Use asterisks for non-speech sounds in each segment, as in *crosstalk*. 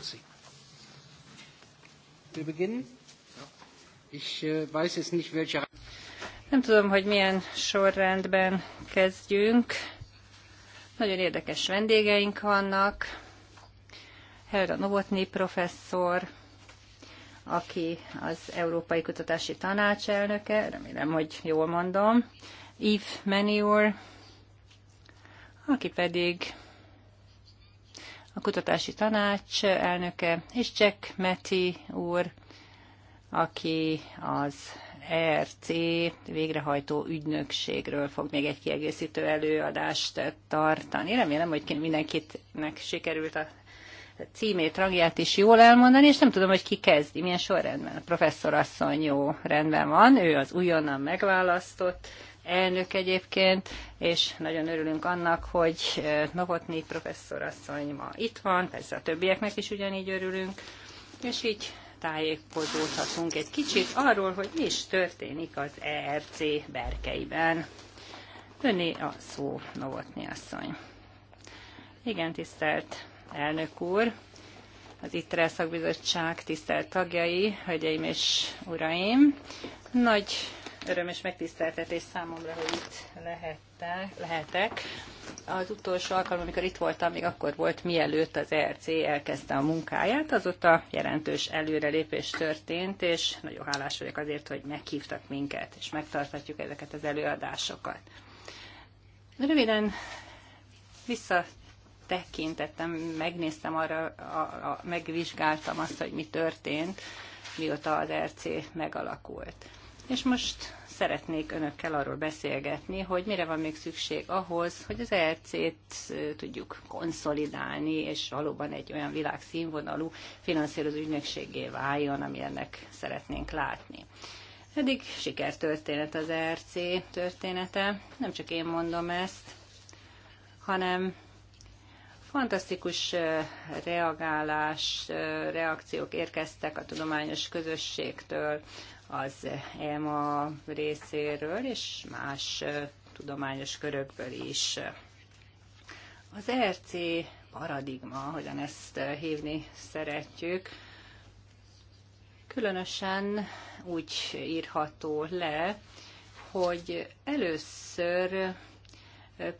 Merci. Wir beginnen. Ich äh, weiß jetzt nicht, welche... Nem tudom, hogy milyen sorrendben kezdjünk. Nagyon érdekes vendégeink vannak. Helga Novotny professzor, aki az Európai Kutatási Tanács elnöke, remélem, hogy jól mondom, Yves Menior, aki pedig a kutatási tanács elnöke, és Jack Meti úr, aki az ERC végrehajtó ügynökségről fog még egy kiegészítő előadást tartani. Remélem, hogy mindenkinek sikerült a címét, rangját is jól elmondani, és nem tudom, hogy ki kezdi, milyen sorrendben. A professzor asszony jó rendben van, ő az újonnan megválasztott elnök egyébként, és nagyon örülünk annak, hogy Novotny professzorasszony ma itt van, persze a többieknek is ugyanígy örülünk, és így tájékozódhatunk egy kicsit arról, hogy mi is történik az ERC berkeiben. Öné a szó, Novotny asszony. Igen, tisztelt elnök úr, az ITRE szakbizottság tisztelt tagjai, hölgyeim és uraim. Nagy öröm és megtiszteltetés számomra, hogy itt lehettek, lehetek. Az utolsó alkalom, amikor itt voltam, még akkor volt, mielőtt az ERC elkezdte a munkáját, azóta jelentős előrelépés történt, és nagyon hálás vagyok azért, hogy meghívtak minket, és megtartatjuk ezeket az előadásokat. Röviden vissza tekintettem, megnéztem arra, a, a, megvizsgáltam azt, hogy mi történt, mióta az RC megalakult. És most szeretnék önökkel arról beszélgetni, hogy mire van még szükség ahhoz, hogy az ERC-t tudjuk konszolidálni, és valóban egy olyan világszínvonalú finanszírozó ügynökségé váljon, ennek szeretnénk látni. Eddig sikertörténet az ERC története. Nem csak én mondom ezt, hanem fantasztikus reagálás, reakciók érkeztek a tudományos közösségtől, az EMA részéről és más tudományos körökből is. Az ERC paradigma, hogyan ezt hívni szeretjük, különösen úgy írható le, hogy először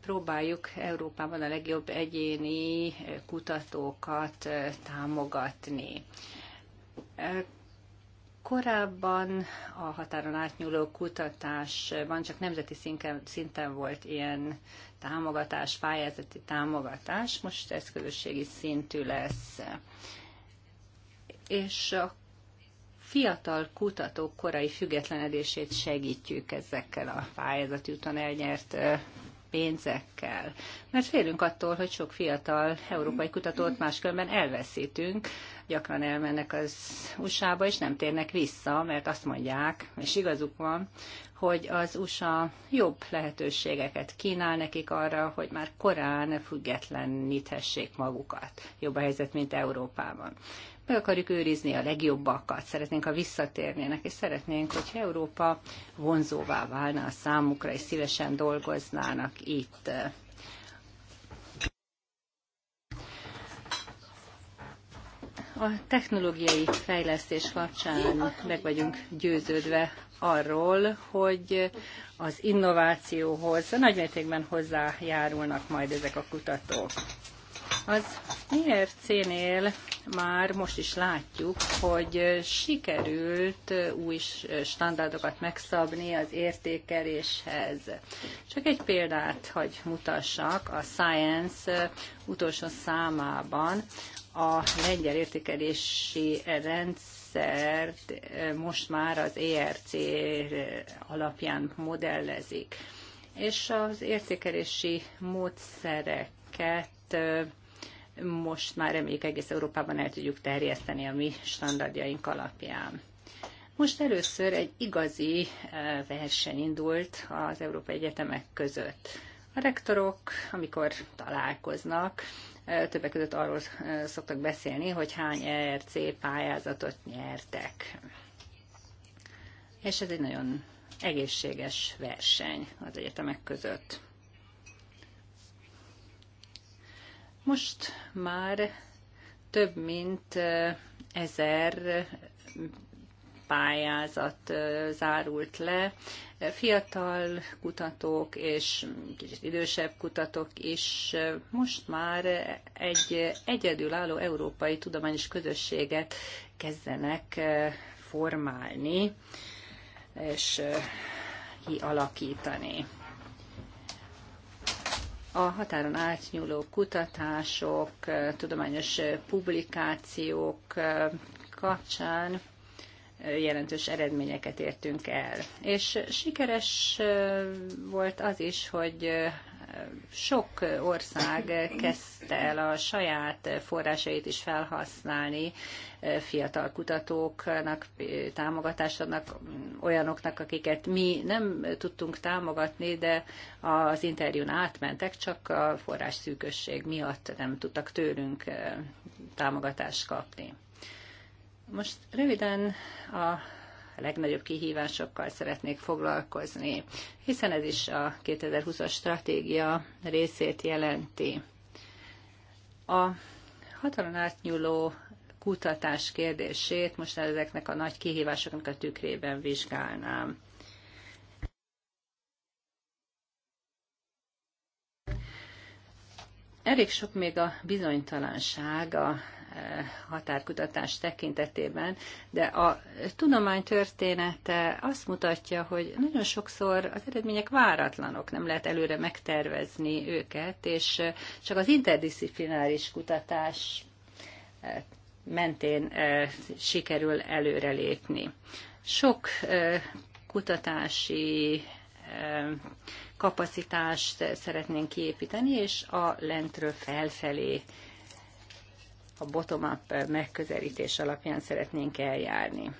próbáljuk Európában a legjobb egyéni kutatókat támogatni. Korábban a határon átnyúló kutatásban csak nemzeti szinten, szinten volt ilyen támogatás, pályázati támogatás, most ez közösségi szintű lesz. És a fiatal kutatók korai függetlenedését segítjük ezekkel a pályázati úton elnyert pénzekkel. Mert félünk attól, hogy sok fiatal európai kutatót máskülönben elveszítünk, gyakran elmennek az USA-ba, és nem térnek vissza, mert azt mondják, és igazuk van, hogy az USA jobb lehetőségeket kínál nekik arra, hogy már korán függetleníthessék magukat. Jobb a helyzet, mint Európában. Meg akarjuk őrizni a legjobbakat, szeretnénk, ha visszatérnének, és szeretnénk, hogy Európa vonzóvá válna a számukra, és szívesen dolgoznának itt. A technológiai fejlesztés kapcsán meg vagyunk győződve arról, hogy az innovációhoz nagymértékben hozzájárulnak majd ezek a kutatók. Az IRC-nél már most is látjuk, hogy sikerült új standardokat megszabni az értékeléshez. Csak egy példát, hogy mutassak, a Science utolsó számában a lengyel értékelési rendszert eh, most már az ERC alapján modellezik. És az értékelési módszereket eh, most már reméljük egész Európában el tudjuk terjeszteni a mi standardjaink alapján. Most először egy igazi eh, verseny indult az Európai Egyetemek között. A rektorok, amikor találkoznak, Többek között arról szoktak beszélni, hogy hány ERC pályázatot nyertek. És ez egy nagyon egészséges verseny az egyetemek között. Most már több mint ezer pályázat zárult le. Fiatal kutatók és kicsit idősebb kutatók is most már egy egyedülálló európai tudományos közösséget kezdenek formálni és kialakítani. A határon átnyúló kutatások, tudományos publikációk kapcsán jelentős eredményeket értünk el. És sikeres volt az is, hogy sok ország kezdte el a saját forrásait is felhasználni fiatal kutatóknak, támogatásodnak, olyanoknak, akiket mi nem tudtunk támogatni, de az interjún átmentek, csak a forrás szűkösség miatt nem tudtak tőlünk támogatást kapni. Most röviden a legnagyobb kihívásokkal szeretnék foglalkozni, hiszen ez is a 2020-as stratégia részét jelenti. A hatalon átnyúló kutatás kérdését most ezeknek a nagy kihívásoknak a tükrében vizsgálnám. Elég sok még a bizonytalanság a határkutatás tekintetében, de a tudomány története azt mutatja, hogy nagyon sokszor az eredmények váratlanok, nem lehet előre megtervezni őket, és csak az interdisziplináris kutatás eh, mentén eh, sikerül előrelépni. Sok eh, kutatási kapacitást szeretnénk kiépíteni, és a lentről felfelé a bottom-up megközelítés alapján szeretnénk eljárni.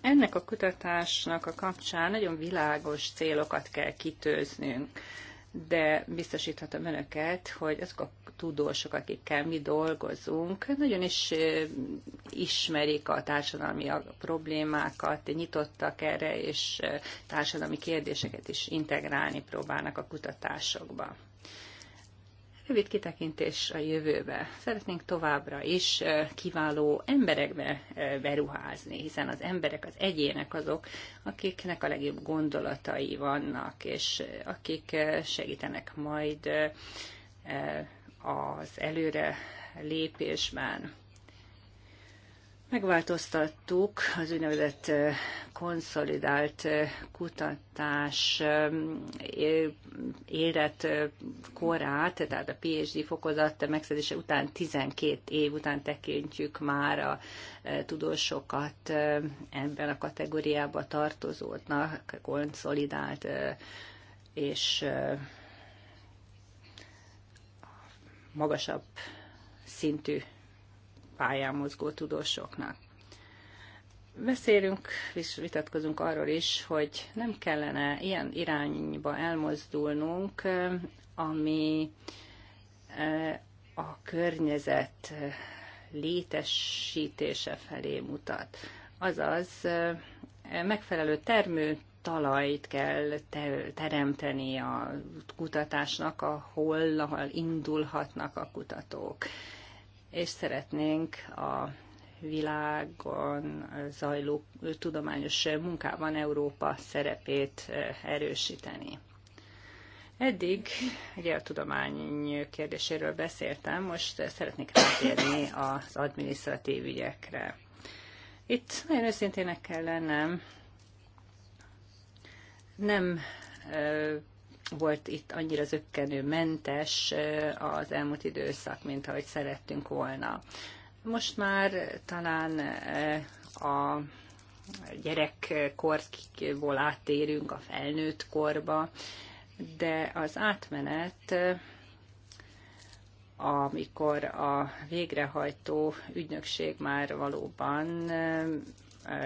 Ennek a kutatásnak a kapcsán nagyon világos célokat kell kitőznünk, de biztosíthatom önöket, hogy azok a tudósok, akikkel mi dolgozunk, nagyon is ismerik a társadalmi problémákat, nyitottak erre, és társadalmi kérdéseket is integrálni próbálnak a kutatásokba. Rövid kitekintés a jövőbe. Szeretnénk továbbra is kiváló emberekbe beruházni, hiszen az emberek, az egyének azok, akiknek a legjobb gondolatai vannak, és akik segítenek majd az előre lépésben. Megváltoztattuk az úgynevezett konszolidált kutatás élet korát, tehát a PhD fokozat megszerzése után 12 év után tekintjük már a tudósokat ebben a kategóriába tartozódnak, konszolidált és magasabb szintű pályán mozgó tudósoknak. Beszélünk, és vitatkozunk arról is, hogy nem kellene ilyen irányba elmozdulnunk, ami eh, a környezet eh, létesítése felé mutat. Azaz eh, megfelelő termő talajt kell teremteni a kutatásnak, ahol, ahol indulhatnak a kutatók és szeretnénk a világon zajló tudományos munkában Európa szerepét eh, erősíteni. Eddig ugye a tudomány kérdéséről beszéltem, most eh, szeretnék rátérni az adminisztratív ügyekre. Itt nagyon őszintének kell lennem, nem eh, volt itt annyira zöggenőmentes az elmúlt időszak, mint ahogy szerettünk volna. Most már talán a gyerekkorból áttérünk a felnőtt korba, de az átmenet, amikor a végrehajtó ügynökség már valóban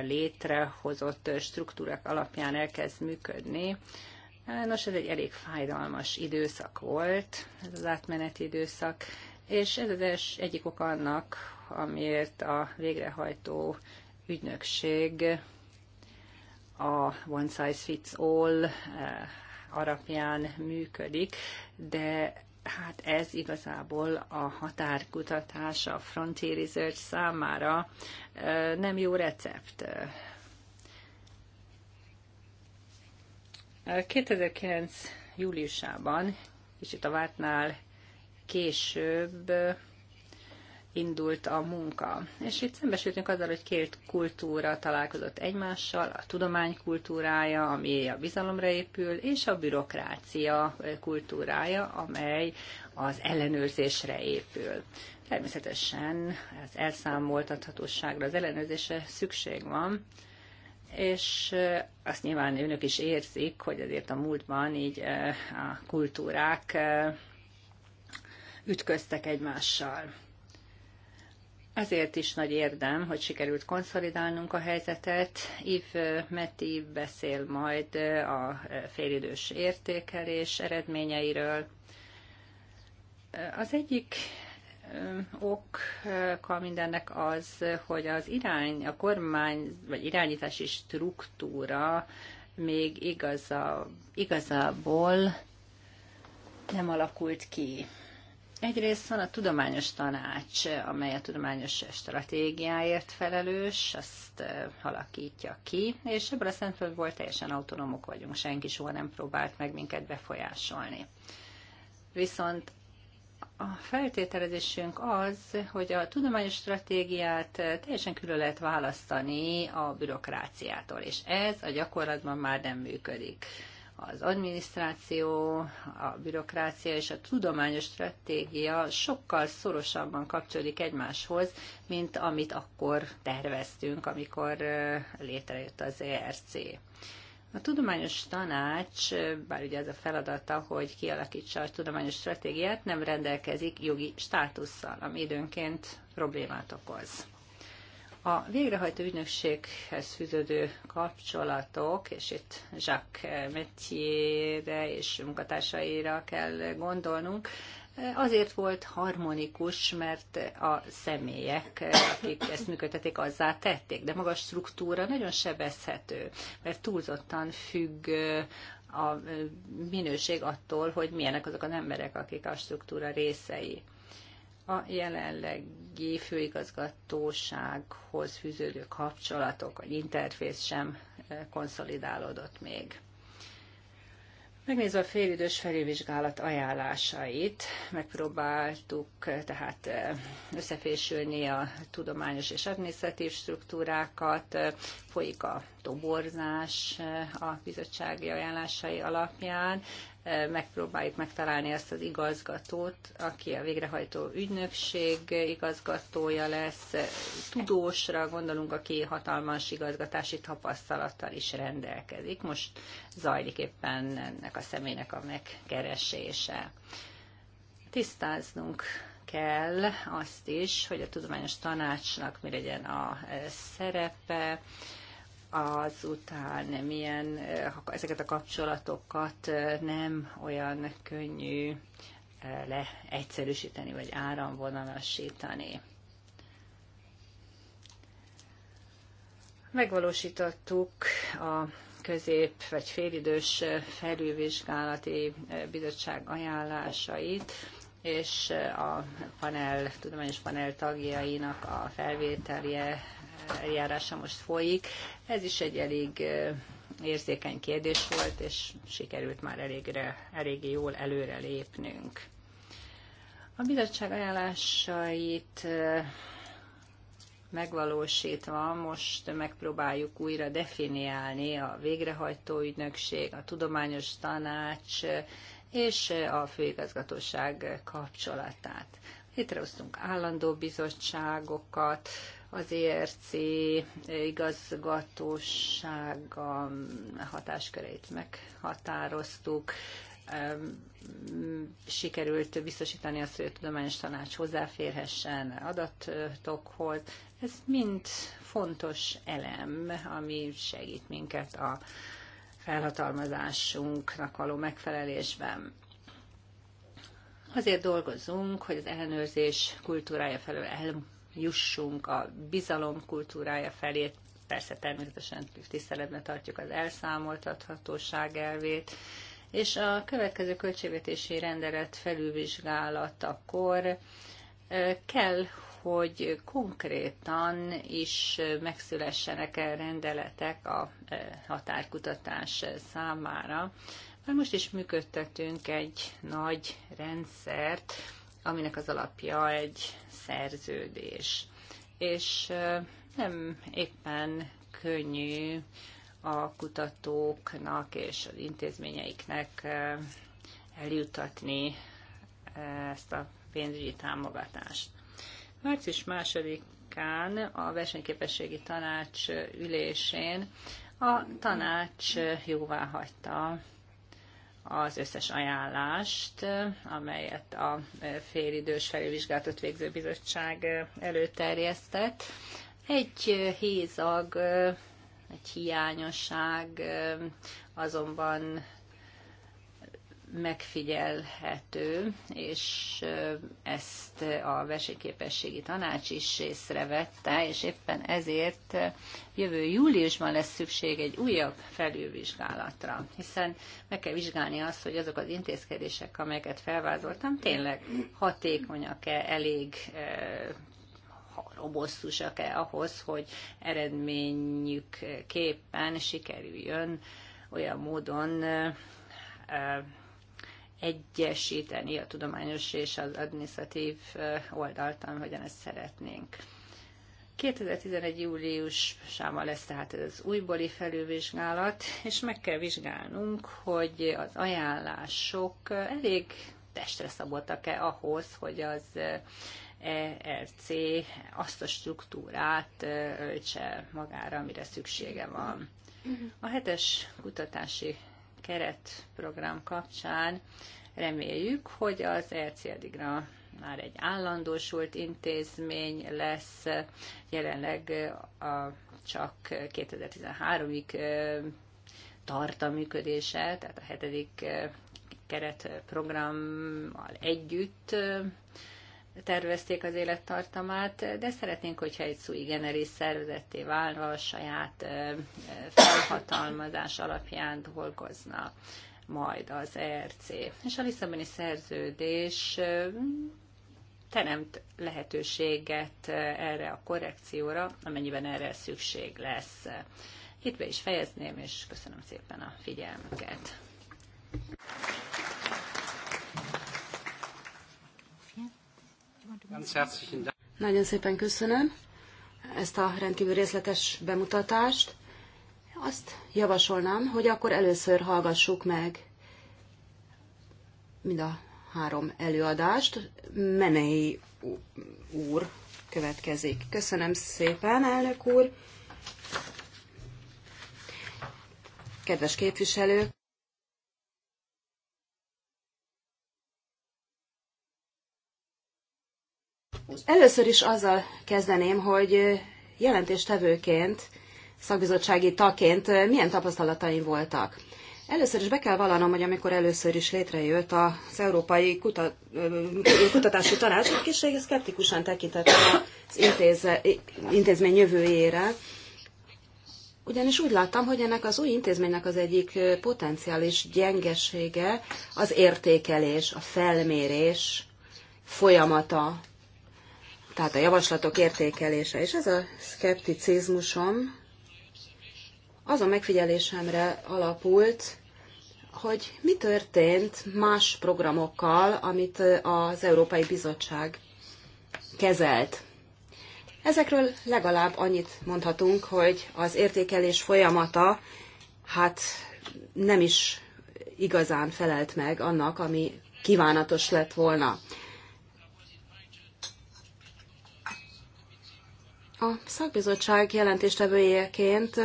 létrehozott struktúrák alapján elkezd működni, Nos, ez egy elég fájdalmas időszak volt, ez az átmeneti időszak, és ez az egyik ok annak, amiért a végrehajtó ügynökség a one size fits all alapján működik, de hát ez igazából a határkutatás a Frontier Research számára nem jó recept. 2009. júliusában, kicsit a vártnál később indult a munka. És itt szembesültünk azzal, hogy két kultúra találkozott egymással, a tudomány kultúrája, ami a bizalomra épül, és a bürokrácia kultúrája, amely az ellenőrzésre épül. Természetesen az elszámoltathatóságra, az ellenőrzésre szükség van, és azt nyilván önök is érzik, hogy azért a múltban így a kultúrák ütköztek egymással. Ezért is nagy érdem, hogy sikerült konszolidálnunk a helyzetet. Ív Meti beszél majd a félidős értékelés eredményeiről. Az egyik ok, mindennek az, hogy az irány, a kormány vagy irányítási struktúra még igaza, igazából nem alakult ki. Egyrészt van a tudományos tanács, amely a tudományos stratégiáért felelős, azt alakítja ki, és ebből a szempontból teljesen autonómok vagyunk, senki soha nem próbált meg minket befolyásolni. Viszont a feltételezésünk az, hogy a tudományos stratégiát teljesen külön lehet választani a bürokráciától, és ez a gyakorlatban már nem működik. Az adminisztráció, a bürokrácia és a tudományos stratégia sokkal szorosabban kapcsolódik egymáshoz, mint amit akkor terveztünk, amikor eh, létrejött az ERC. A tudományos tanács, bár ugye ez a feladata, hogy kialakítsa a tudományos stratégiát, nem rendelkezik jogi státusszal, ami időnként problémát okoz. A végrehajtó ügynökséghez fűződő kapcsolatok, és itt Jacques Metjére és munkatársaira kell gondolnunk, azért volt harmonikus, mert a személyek, akik ezt működtetik, azzá tették. De maga a struktúra nagyon sebezhető, mert túlzottan függ a minőség attól, hogy milyenek azok az emberek, akik a struktúra részei. A jelenlegi főigazgatósághoz fűződő kapcsolatok, vagy interfész sem konszolidálódott még. Megnézve a félidős felülvizsgálat ajánlásait, megpróbáltuk eh, tehát eh, összefésülni a tudományos és administratív struktúrákat, eh, folyik a toborzás a bizottsági ajánlásai alapján, megpróbáljuk megtalálni azt az igazgatót, aki a végrehajtó ügynökség igazgatója lesz. Tudósra gondolunk, aki hatalmas igazgatási tapasztalattal is rendelkezik. Most zajlik éppen ennek a személynek a megkeresése. Tisztáznunk kell azt is, hogy a tudományos tanácsnak mi legyen a szerepe, azután ilyen, eh, ezeket a kapcsolatokat eh, nem olyan könnyű eh, leegyszerűsíteni, vagy áramvonalasítani. Megvalósítottuk a közép vagy félidős felülvizsgálati bizottság ajánlásait, és a panel, tudományos panel tagjainak a felvételje eljárása most folyik. Ez is egy elég érzékeny kérdés volt, és sikerült már elégre, eléggé jól előre lépnünk. A bizottság ajánlásait megvalósítva most megpróbáljuk újra definiálni a végrehajtó ügynökség, a tudományos tanács és a főigazgatóság kapcsolatát. Létrehoztunk állandó bizottságokat, az ERC igazgatósága hatásköreit meghatároztuk, sikerült biztosítani azt, hogy a tudományos tanács hozzáférhessen adatokhoz. Ez mind fontos elem, ami segít minket a felhatalmazásunknak való megfelelésben. Azért dolgozunk, hogy az ellenőrzés kultúrája felől el jussunk a bizalom kultúrája felé. Persze természetesen tiszteletben tartjuk az elszámoltathatóság elvét, és a következő költségvetési rendelet felülvizsgálatakor eh, kell, hogy konkrétan is megszülessenek el rendeletek a eh, határkutatás számára. Már most is működtetünk egy nagy rendszert, aminek az alapja egy szerződés. És nem éppen könnyű a kutatóknak és az intézményeiknek eljutatni ezt a pénzügyi támogatást. Március másodikán a versenyképességi tanács ülésén a tanács jóvá hagyta az összes ajánlást, amelyet a félidős felülvizsgálatot végző bizottság előterjesztett. Egy hézag, egy hiányosság azonban megfigyelhető, és ezt a versenyképességi tanács is észrevette, és éppen ezért jövő júliusban lesz szükség egy újabb felülvizsgálatra, hiszen meg kell vizsgálni azt, hogy azok az intézkedések, amelyeket felvázoltam, tényleg hatékonyak-e, elég robosztusak-e ahhoz, hogy eredményük képpen sikerüljön olyan módon egyesíteni a tudományos és az administratív oldalt, ahogyan ezt szeretnénk. 2011. júliusában lesz tehát ez az újbóli felülvizsgálat, és meg kell vizsgálnunk, hogy az ajánlások elég testre szabottak-e ahhoz, hogy az ERC azt a struktúrát öltse magára, amire szüksége van. A hetes kutatási keretprogram kapcsán reméljük, hogy az ELC addigra már egy állandósult intézmény lesz. Jelenleg a, csak 2013-ig tart a működése, tehát a hetedik keretprogrammal együtt tervezték az élettartamát, de szeretnénk, hogyha egy sui generis szervezetté válva a saját felhatalmazás alapján dolgozna majd az ERC. És a Lisszaboni szerződés teremt lehetőséget erre a korrekcióra, amennyiben erre szükség lesz. Itt be is fejezném, és köszönöm szépen a figyelmüket. Nagyon szépen köszönöm ezt a rendkívül részletes bemutatást. Azt javasolnám, hogy akkor először hallgassuk meg mind a három előadást. Menei úr következik. Köszönöm szépen, elnök úr! Kedves képviselők! Először is azzal kezdeném, hogy jelentéstevőként, szakbizottsági taként milyen tapasztalataim voltak. Először is be kell vallanom, hogy amikor először is létrejött az Európai Kuta- Kutatási Tanács, a kicsit szkeptikusan tekintett az intéz, intézmény jövőjére, ugyanis úgy láttam, hogy ennek az új intézménynek az egyik potenciális gyengesége az értékelés, a felmérés folyamata, tehát a javaslatok értékelése. És ez a szkepticizmusom a megfigyelésemre alapult, hogy mi történt más programokkal, amit az Európai Bizottság kezelt. Ezekről legalább annyit mondhatunk, hogy az értékelés folyamata hát nem is igazán felelt meg annak, ami kívánatos lett volna. A szakbizottság jelentéstevőjeként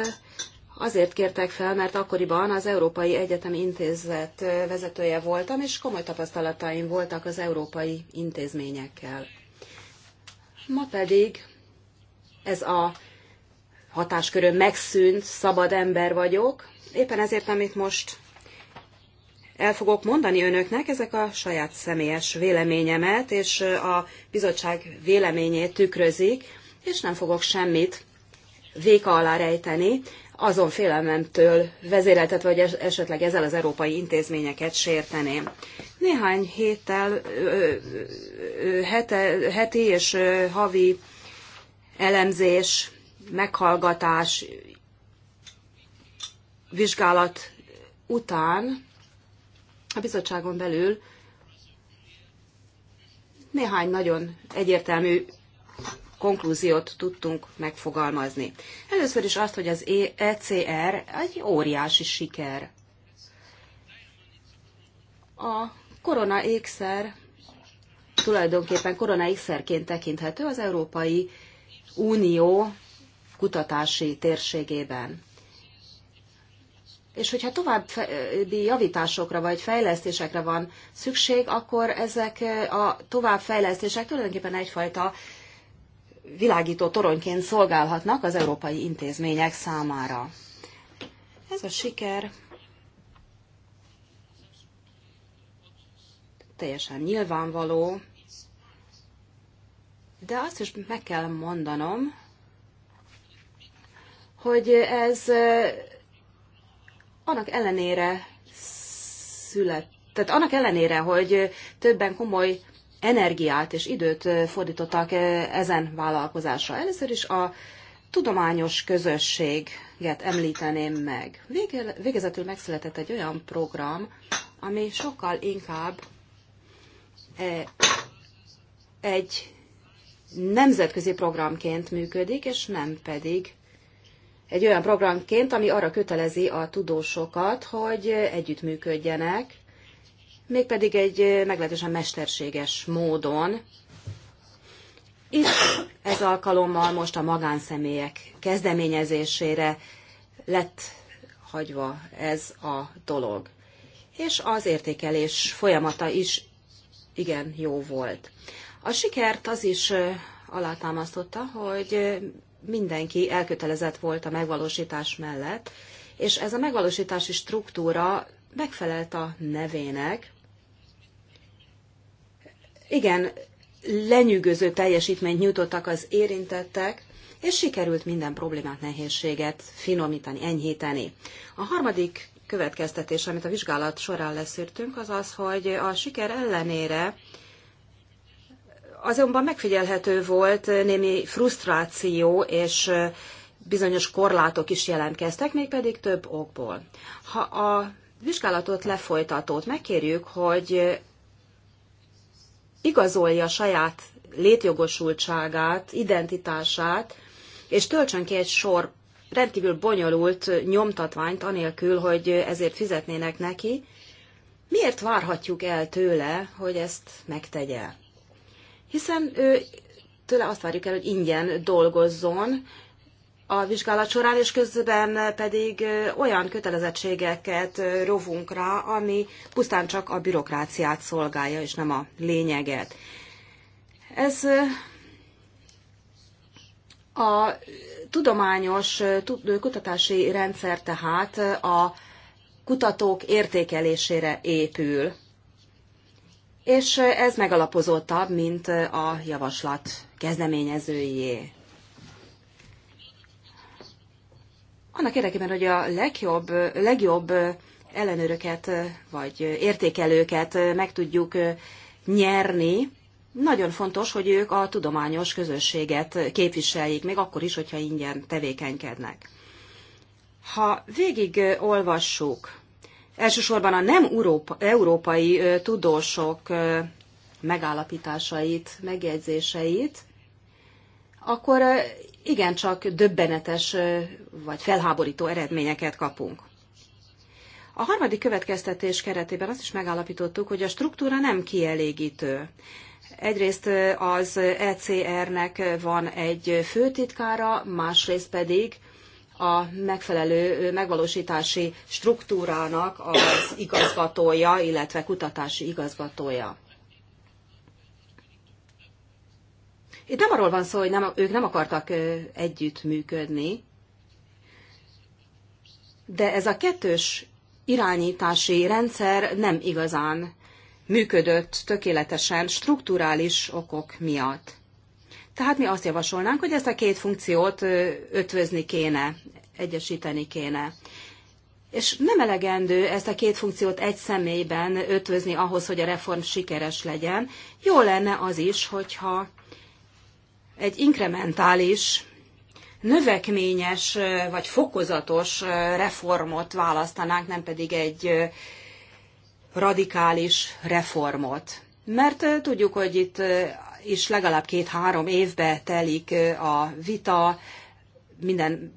azért kértek fel, mert akkoriban az Európai Egyetemi Intézet vezetője voltam, és komoly tapasztalataim voltak az európai intézményekkel. Ma pedig ez a hatáskörön megszűnt, szabad ember vagyok. Éppen ezért, amit most el fogok mondani önöknek, ezek a saját személyes véleményemet, és a bizottság véleményét tükrözik, és nem fogok semmit véka alá rejteni, azon félelmemtől vezéreltetve, hogy esetleg ezzel az európai intézményeket sérteném. Néhány héttel, hete, heti és havi elemzés, meghallgatás, vizsgálat után a bizottságon belül néhány nagyon egyértelmű konklúziót tudtunk megfogalmazni. Először is azt, hogy az ECR e egy óriási siker. A korona ékszer tulajdonképpen korona ékszerként tekinthető az Európai Unió kutatási térségében. És hogyha további javításokra vagy fejlesztésekre van szükség, akkor ezek a továbbfejlesztések tulajdonképpen egyfajta világító toronyként szolgálhatnak az európai intézmények számára. Ez a siker teljesen nyilvánvaló, de azt is meg kell mondanom, hogy ez eh, annak ellenére született, tehát annak ellenére, hogy többen komoly energiát és időt fordítottak ezen vállalkozásra. Először is a tudományos közösséget említeném meg. Végezetül megszületett egy olyan program, ami sokkal inkább egy nemzetközi programként működik, és nem pedig egy olyan programként, ami arra kötelezi a tudósokat, hogy együttműködjenek, mégpedig egy meglehetősen mesterséges módon. Itt ez alkalommal most a magánszemélyek kezdeményezésére lett hagyva ez a dolog. És az értékelés folyamata is igen jó volt. A sikert az is alátámasztotta, hogy mindenki elkötelezett volt a megvalósítás mellett, és ez a megvalósítási struktúra megfelelt a nevének, igen lenyűgöző teljesítményt nyújtottak az érintettek, és sikerült minden problémát, nehézséget finomítani, enyhíteni. A harmadik következtetés, amit a vizsgálat során leszűrtünk, az az, hogy a siker ellenére azonban megfigyelhető volt némi frusztráció és bizonyos korlátok is jelentkeztek, mégpedig több okból. Ha a vizsgálatot lefolytatót megkérjük, hogy igazolja saját létjogosultságát, identitását, és töltsön ki egy sor rendkívül bonyolult nyomtatványt anélkül, hogy ezért fizetnének neki, miért várhatjuk el tőle, hogy ezt megtegye? Hiszen ő tőle azt várjuk el, hogy ingyen dolgozzon, a vizsgálat során, és közben pedig olyan kötelezettségeket rovunk rá, ami pusztán csak a bürokráciát szolgálja, és nem a lényeget. Ez a tudományos kutatási rendszer tehát a kutatók értékelésére épül, és ez megalapozottabb, mint a javaslat kezdeményezőjé. annak érdekében, hogy a legjobb, legjobb ellenőröket vagy értékelőket meg tudjuk nyerni, nagyon fontos, hogy ők a tudományos közösséget képviseljék, még akkor is, hogyha ingyen tevékenykednek. Ha végig olvassuk, elsősorban a nem európai tudósok megállapításait, megjegyzéseit, akkor igencsak döbbenetes vagy felháborító eredményeket kapunk. A harmadik következtetés keretében azt is megállapítottuk, hogy a struktúra nem kielégítő. Egyrészt az ECR-nek van egy főtitkára, másrészt pedig a megfelelő megvalósítási struktúrának az igazgatója, illetve kutatási igazgatója. Itt nem arról van szó, hogy nem, ők nem akartak együttműködni, de ez a kettős irányítási rendszer nem igazán működött tökéletesen strukturális okok miatt. Tehát mi azt javasolnánk, hogy ezt a két funkciót ötvözni kéne, egyesíteni kéne. És nem elegendő ezt a két funkciót egy személyben ötvözni ahhoz, hogy a reform sikeres legyen. Jó lenne az is, hogyha egy inkrementális, növekményes vagy fokozatos reformot választanánk, nem pedig egy radikális reformot. Mert tudjuk, hogy itt is legalább két-három évbe telik a vita, minden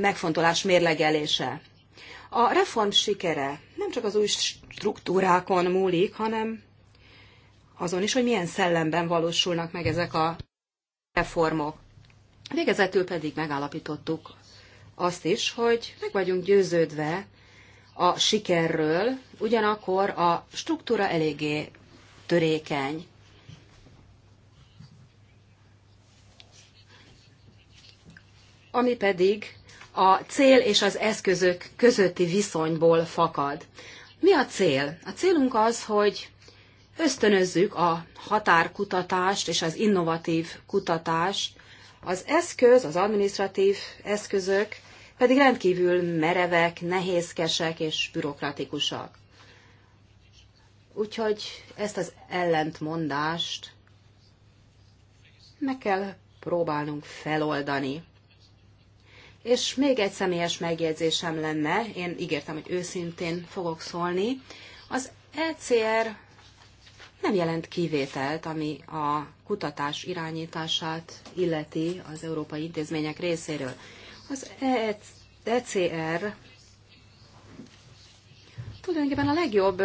megfontolás mérlegelése. A reform sikere nem csak az új struktúrákon múlik, hanem azon is, hogy milyen szellemben valósulnak meg ezek a reformok. Végezetül pedig megállapítottuk azt is, hogy meg vagyunk győződve a sikerről, ugyanakkor a struktúra eléggé törékeny. Ami pedig a cél és az eszközök közötti viszonyból fakad. Mi a cél? A célunk az, hogy ösztönözzük a határkutatást és az innovatív kutatást, az eszköz, az administratív eszközök pedig rendkívül merevek, nehézkesek és bürokratikusak. Úgyhogy ezt az ellentmondást meg kell próbálnunk feloldani. És még egy személyes megjegyzésem lenne, én ígértem, hogy őszintén fogok szólni. Az ECR nem jelent kivételt, ami a kutatás irányítását illeti az európai intézmények részéről. Az ECR tulajdonképpen a legjobb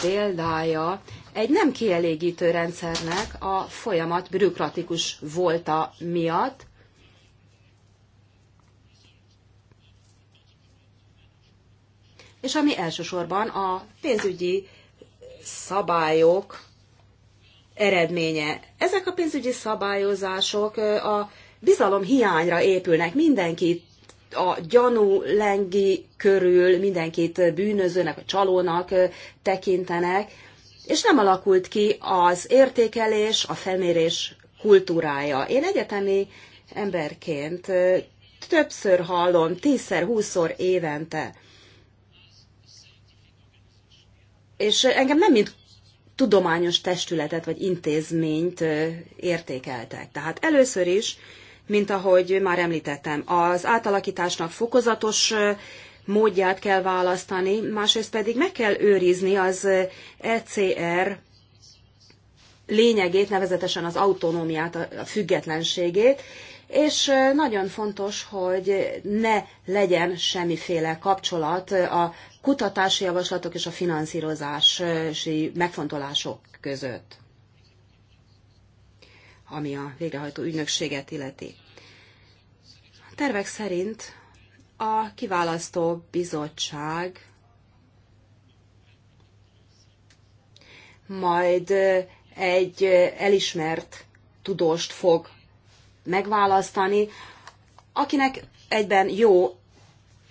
példája egy nem kielégítő rendszernek a folyamat bürokratikus volta miatt, és ami elsősorban a pénzügyi szabályok eredménye. Ezek a pénzügyi szabályozások a bizalom hiányra épülnek. Mindenkit a gyanú lengi körül, mindenkit bűnözőnek, a csalónak tekintenek, és nem alakult ki az értékelés, a felmérés kultúrája. Én egyetemi emberként többször hallom, tízszer, húszszor évente. És engem nem mint tudományos testületet vagy intézményt értékeltek. Tehát először is, mint ahogy már említettem, az átalakításnak fokozatos módját kell választani, másrészt pedig meg kell őrizni az ECR lényegét, nevezetesen az autonómiát, a függetlenségét, és nagyon fontos, hogy ne legyen semmiféle kapcsolat a kutatási javaslatok és a finanszírozási megfontolások között, ami a végrehajtó ügynökséget illeti. A tervek szerint a kiválasztó bizottság majd egy elismert tudóst fog megválasztani, akinek egyben jó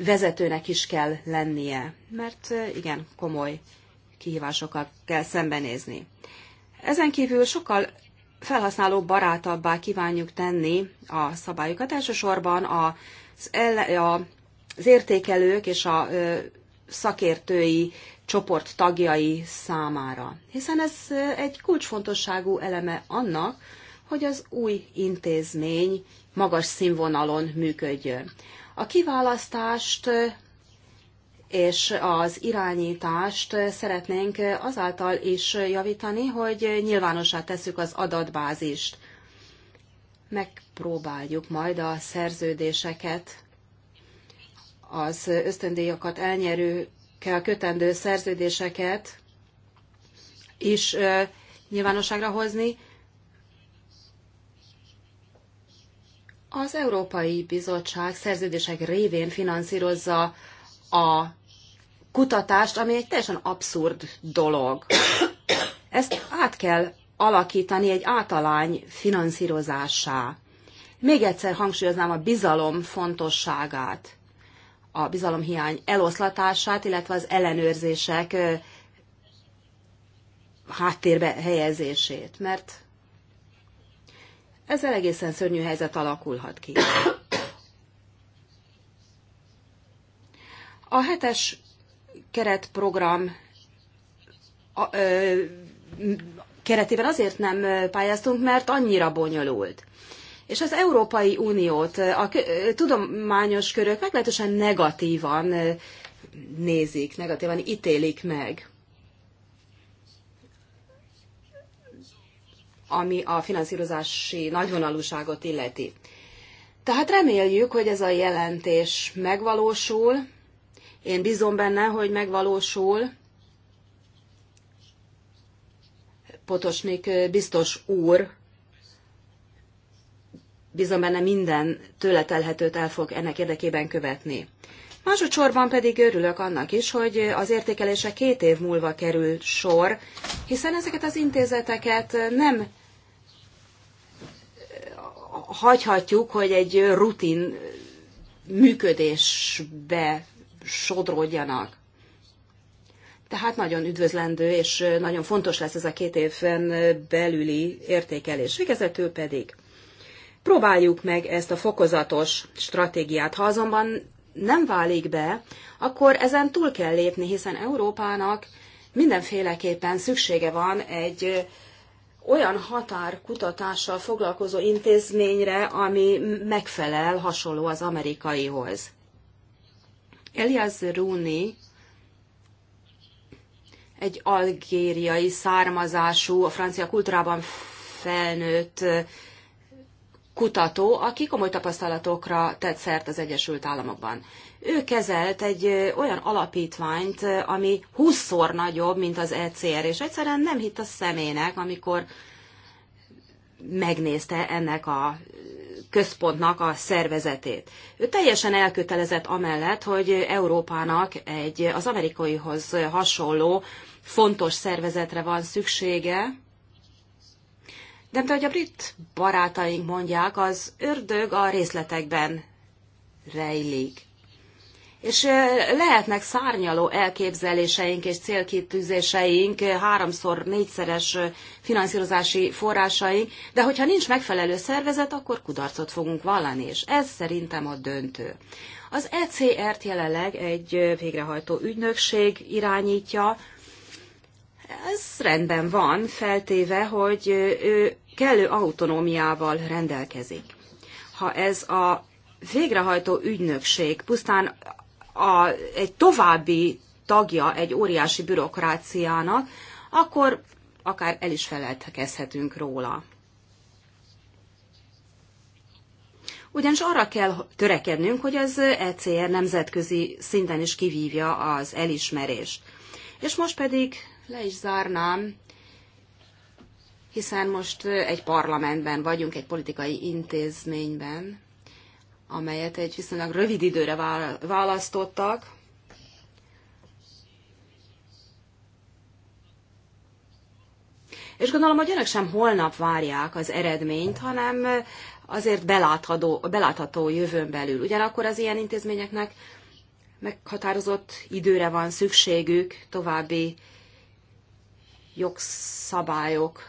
vezetőnek is kell lennie, mert igen komoly kihívásokkal kell szembenézni. Ezen kívül sokkal felhasználó barátabbá kívánjuk tenni a szabályokat. Elsősorban az, ele, a, az értékelők és a szakértői csoport tagjai számára. Hiszen ez egy kulcsfontosságú eleme annak, hogy az új intézmény magas színvonalon működjön. A kiválasztást és az irányítást szeretnénk azáltal is javítani, hogy nyilvánossá tesszük az adatbázist. Megpróbáljuk majd a szerződéseket, az ösztöndíjakat kell kötendő szerződéseket is nyilvánosságra hozni, Az Európai Bizottság szerződések révén finanszírozza a kutatást, ami egy teljesen abszurd dolog. Ezt át kell alakítani egy általány finanszírozássá. Még egyszer hangsúlyoznám a bizalom fontosságát, a bizalomhiány eloszlatását, illetve az ellenőrzések háttérbe helyezését, mert ezzel egészen szörnyű helyzet alakulhat ki. A hetes keretprogram keretében azért nem pályáztunk, mert annyira bonyolult. És az Európai Uniót a tudományos körök meglehetősen negatívan nézik, negatívan ítélik meg. ami a finanszírozási nagyvonalúságot illeti. Tehát reméljük, hogy ez a jelentés megvalósul. Én bízom benne, hogy megvalósul. Potosnik biztos úr, bízom benne minden tőle telhetőt el fog ennek érdekében követni. Másodszorban pedig örülök annak is, hogy az értékelése két év múlva kerül sor, hiszen ezeket az intézeteket nem hagyhatjuk, hogy egy rutin működésbe sodródjanak. Tehát nagyon üdvözlendő, és nagyon fontos lesz ez a két évben belüli értékelés. Végezetül pedig próbáljuk meg ezt a fokozatos stratégiát. Ha azonban nem válik be, akkor ezen túl kell lépni, hiszen Európának mindenféleképpen szüksége van egy olyan határkutatással foglalkozó intézményre, ami megfelel, hasonló az amerikaihoz. Elias Rooney egy algériai származású, a francia kultúrában felnőtt kutató, aki komoly tapasztalatokra tett szert az Egyesült Államokban. Ő kezelt egy olyan alapítványt, ami 20-szor nagyobb, mint az ECR, és egyszerűen nem hitt a szemének, amikor megnézte ennek a központnak a szervezetét. Ő teljesen elkötelezett amellett, hogy Európának egy az amerikaihoz hasonló fontos szervezetre van szüksége, de ahogy a brit barátaink mondják, az ördög a részletekben rejlik. És lehetnek szárnyaló elképzeléseink és célkitűzéseink, háromszor, négyszeres finanszírozási forrásaink, de hogyha nincs megfelelő szervezet, akkor kudarcot fogunk vallani, és ez szerintem a döntő. Az ECR-t jelenleg egy végrehajtó ügynökség irányítja, ez rendben van, feltéve, hogy ő kellő autonómiával rendelkezik. Ha ez a végrehajtó ügynökség pusztán a, egy további tagja egy óriási bürokráciának, akkor akár el is feledkezhetünk róla. Ugyanis arra kell törekednünk, hogy az ECR nemzetközi szinten is kivívja az elismerést. És most pedig le is zárnám, hiszen most egy parlamentben vagyunk, egy politikai intézményben amelyet egy viszonylag rövid időre választottak. És gondolom, hogy önök sem holnap várják az eredményt, hanem azért belátható, belátható jövőn belül. Ugyanakkor az ilyen intézményeknek meghatározott időre van szükségük további jogszabályok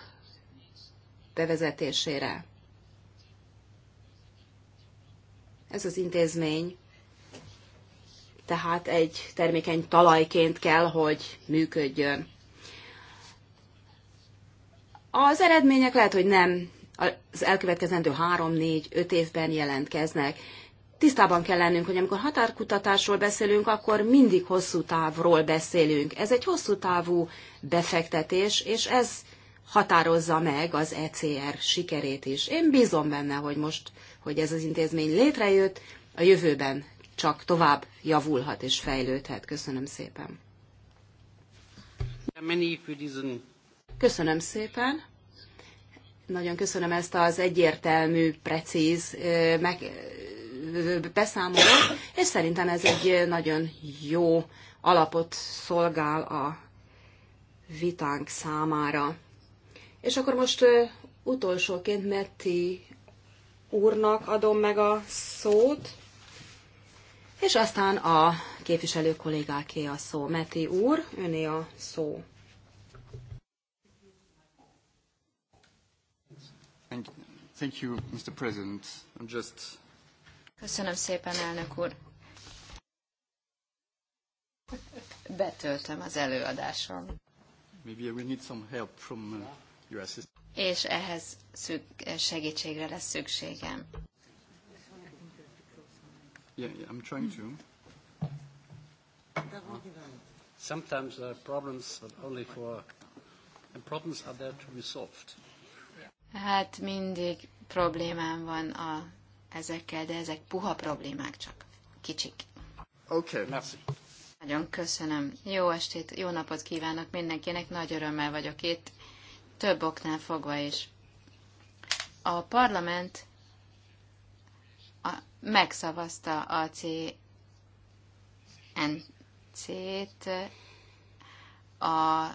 bevezetésére. Ez az intézmény tehát egy termékeny talajként kell, hogy működjön. Az eredmények lehet, hogy nem az elkövetkezendő 3-4-5 évben jelentkeznek. Tisztában kell lennünk, hogy amikor határkutatásról beszélünk, akkor mindig hosszú távról beszélünk. Ez egy hosszú távú befektetés, és ez határozza meg az ECR sikerét is. Én bízom benne, hogy most hogy ez az intézmény létrejött, a jövőben csak tovább javulhat és fejlődhet. Köszönöm szépen. Köszönöm szépen. Nagyon köszönöm ezt az egyértelmű, precíz meg, beszámolót, és szerintem ez egy nagyon jó alapot szolgál a vitánk számára. És akkor most utolsóként Metti úrnak adom meg a szót, és aztán a képviselő kollégáké a szó. Meti úr, öné a szó. Thank you, Mr. President. I'm just... Köszönöm szépen, elnök úr. Betöltöm az előadásom. Maybe I will need some help from uh, your assistant és ehhez szük, segítségre lesz szükségem. Yeah, yeah, I'm trying to. Sometimes there are problems that only for and problems are there to be solved. Hát mindig problémám van a, ezekkel, de ezek puha problémák csak. Kicsik. Oké. Okay. Merci. Nagyon köszönöm. Jó estét, jó napot kívánok mindenkinek. Nagy örömmel vagyok itt több oknál fogva is. A parlament a, megszavazta a CNC-t, a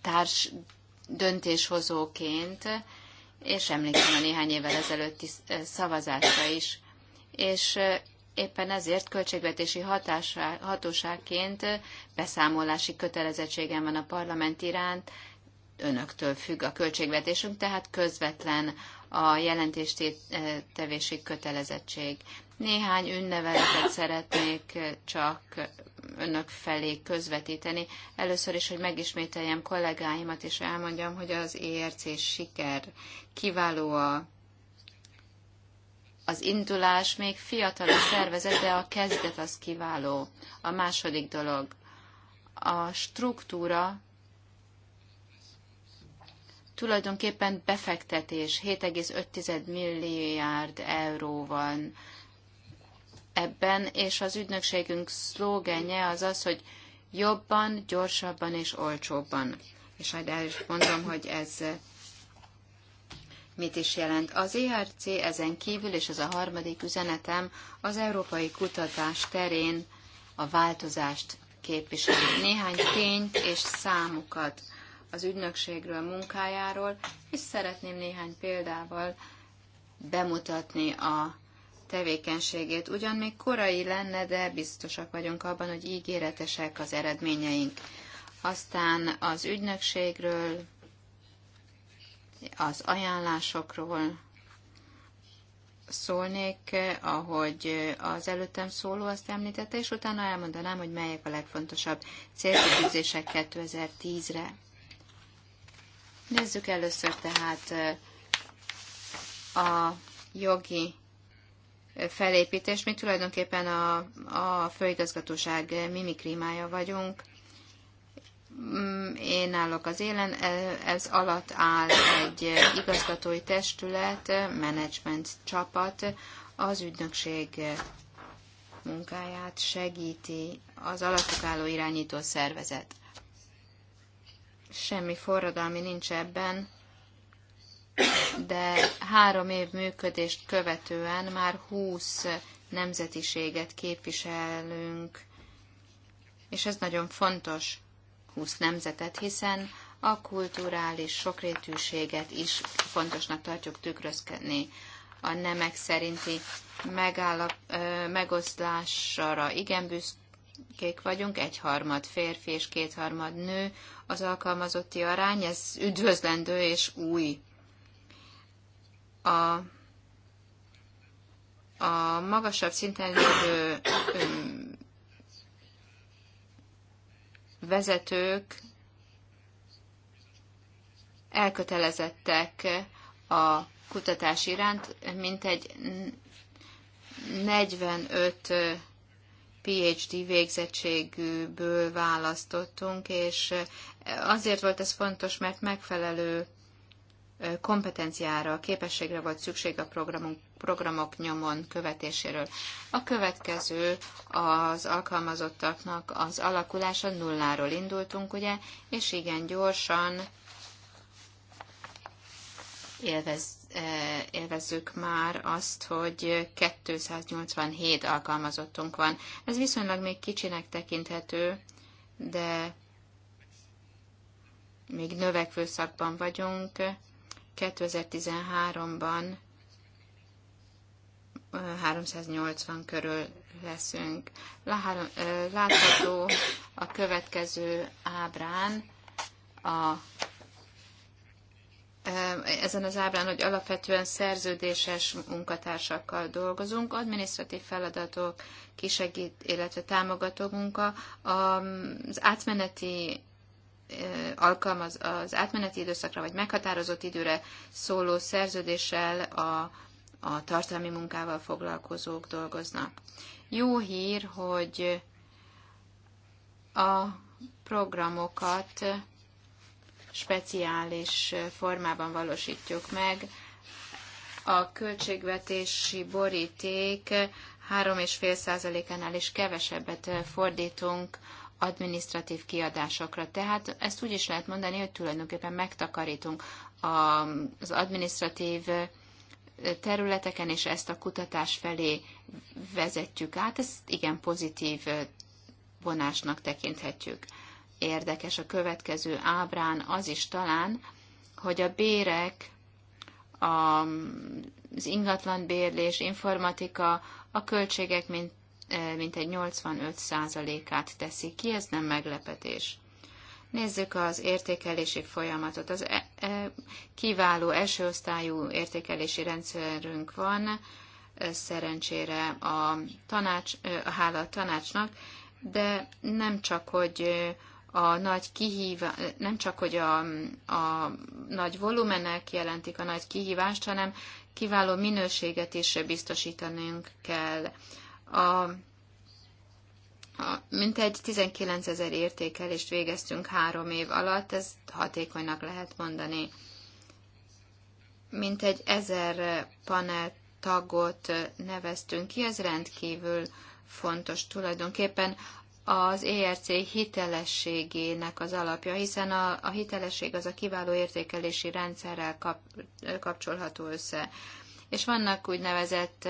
társ döntéshozóként, és emlékszem a néhány évvel ezelőtti eh, szavazásra is, és eh, éppen ezért költségvetési hatásra, hatóságként beszámolási kötelezettségem van a parlament iránt, önöktől függ a költségvetésünk, tehát közvetlen a jelentéstevési kötelezettség. Néhány ünneveletet szeretnék csak önök felé közvetíteni. Először is, hogy megismételjem kollégáimat, és elmondjam, hogy az ERC siker kiváló a az indulás még fiatal a szervezet, de a kezdet az kiváló. A második dolog. A struktúra tulajdonképpen befektetés 7,5 milliárd euró van ebben, és az ügynökségünk szlógenje az az, hogy jobban, gyorsabban és olcsóbban. És majd el is mondom, hogy ez mit is jelent. Az ERC ezen kívül, és ez a harmadik üzenetem, az európai kutatás terén a változást képviseli. Néhány tényt és számokat az ügynökségről, munkájáról, és szeretném néhány példával bemutatni a tevékenységét. Ugyan még korai lenne, de biztosak vagyunk abban, hogy ígéretesek az eredményeink. Aztán az ügynökségről, az ajánlásokról szólnék, ahogy az előttem szóló azt említette, és utána elmondanám, hogy melyek a legfontosabb célkitűzések 2010-re. Nézzük először tehát a jogi felépítés. Mi tulajdonképpen a, a főigazgatóság mimikrímája vagyunk. Mm, én állok az élen, e, ez alatt áll egy igazgatói testület, menedzsment csapat, az ügynökség munkáját segíti az alattuk álló irányító szervezet. Semmi forradalmi nincs ebben, de három év működést követően már 20 nemzetiséget képviselünk, és ez nagyon fontos 20 nemzetet, hiszen a kulturális sokrétűséget is fontosnak tartjuk tükrözködni. A nemek szerinti megállap, ö, megoszlásra igen büszkék vagyunk, egyharmad férfi és kétharmad nő az alkalmazotti arány, ez üdvözlendő és új. A, a magasabb szinten lévő vezetők elkötelezettek a kutatás iránt, mint egy 45 PhD végzettségűből választottunk, és azért volt ez fontos, mert megfelelő kompetenciára, képességre volt szükség a programunk, programok nyomon követéséről. A következő az alkalmazottaknak az alakulása nulláról indultunk, ugye, és igen gyorsan élvez, élvezzük már azt, hogy 287 alkalmazottunk van. Ez viszonylag még kicsinek tekinthető, de még növekvő szakban vagyunk, 2013-ban 380 körül leszünk. Látható a következő ábrán, a, ezen az ábrán, hogy alapvetően szerződéses munkatársakkal dolgozunk, adminisztratív feladatok, kisegít, illetve támogató munka, az átmeneti alkalmaz az átmeneti időszakra, vagy meghatározott időre szóló szerződéssel a, a tartalmi munkával foglalkozók dolgoznak. Jó hír, hogy a programokat speciális formában valósítjuk meg. A költségvetési boríték 3,5%-ánál is kevesebbet fordítunk administratív kiadásokra. Tehát ezt úgy is lehet mondani, hogy tulajdonképpen megtakarítunk az administratív területeken, és ezt a kutatás felé vezetjük át. Ezt igen pozitív vonásnak tekinthetjük. Érdekes a következő ábrán az is talán, hogy a bérek, az bérlés, informatika, a költségek, mint Eh, mintegy 85%-át teszi ki, ez nem meglepetés. Nézzük az értékelési folyamatot. Az e- e- kiváló osztályú értékelési rendszerünk van, eh, szerencsére a tanács, eh, a hála a tanácsnak, de nem csak, hogy a nagy kihívás, nem csak, hogy a, a nagy volumenek jelentik a nagy kihívást, hanem kiváló minőséget is biztosítanunk kell a mintegy 19 ezer értékelést végeztünk három év alatt, ez hatékonynak lehet mondani. Mintegy ezer panel tagot neveztünk ki, ez rendkívül fontos tulajdonképpen az ERC hitelességének az alapja, hiszen a, a hitelesség az a kiváló értékelési rendszerrel kap, kapcsolható össze. És vannak úgynevezett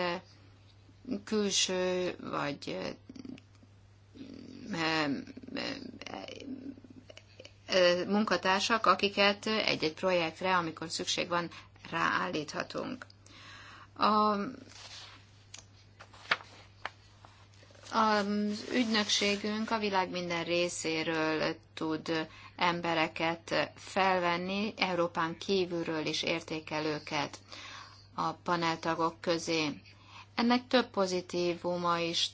külső vagy munkatársak, akiket egy-egy projektre, amikor szükség van, ráállíthatunk. A, az ügynökségünk a világ minden részéről tud embereket felvenni, Európán kívülről is értékelőket a paneltagok közé. Ennek több pozitívuma is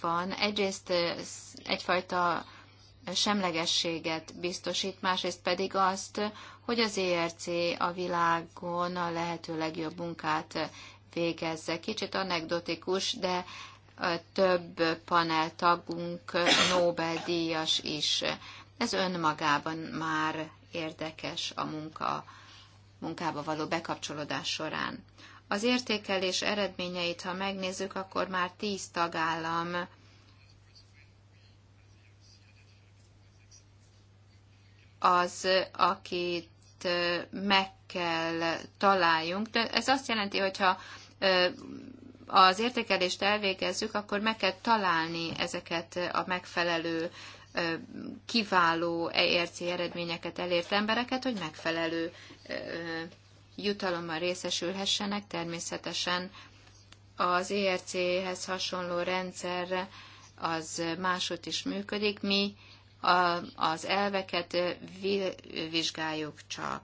van. Egyrészt egyfajta semlegességet biztosít, másrészt pedig azt, hogy az ERC a világon a lehető legjobb munkát végezze. Kicsit anekdotikus, de több panel tagunk Nobel-díjas is. Ez önmagában már érdekes a munka, munkába való bekapcsolódás során. Az értékelés eredményeit, ha megnézzük, akkor már tíz tagállam az, akit meg kell találjunk. De ez azt jelenti, hogyha az értékelést elvégezzük, akkor meg kell találni ezeket a megfelelő, kiváló ERC eredményeket elért embereket, hogy megfelelő jutalommal részesülhessenek, természetesen az ERC-hez hasonló rendszer az másút is működik, mi a, az elveket vi, vizsgáljuk csak.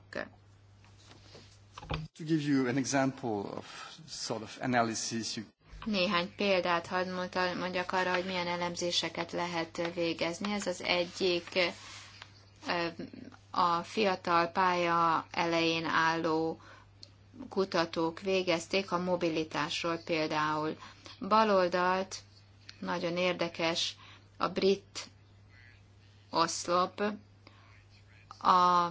To give you an example of sort of analysis you... Néhány példát hadd mondjak arra, hogy milyen elemzéseket lehet végezni. Ez az egyik a fiatal pálya elején álló kutatók végezték a mobilitásról például. Baloldalt nagyon érdekes a brit oszlop, a,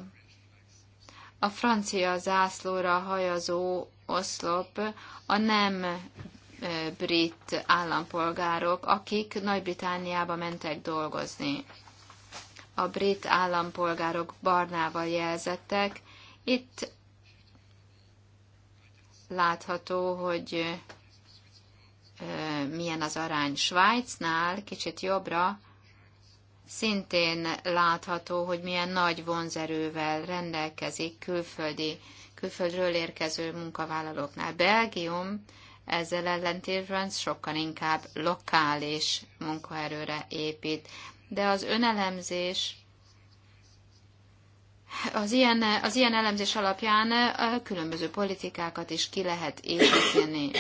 a francia zászlóra hajazó oszlop a nem brit állampolgárok, akik Nagy-Britániába mentek dolgozni a brit állampolgárok barnával jelzettek. Itt látható, hogy milyen az arány Svájcnál, kicsit jobbra, szintén látható, hogy milyen nagy vonzerővel rendelkezik külföldi, külföldről érkező munkavállalóknál. Belgium ezzel ellentétben sokkal inkább lokális munkaerőre épít de az önelemzés az ilyen, az ilyen elemzés alapján a különböző politikákat is ki lehet építeni.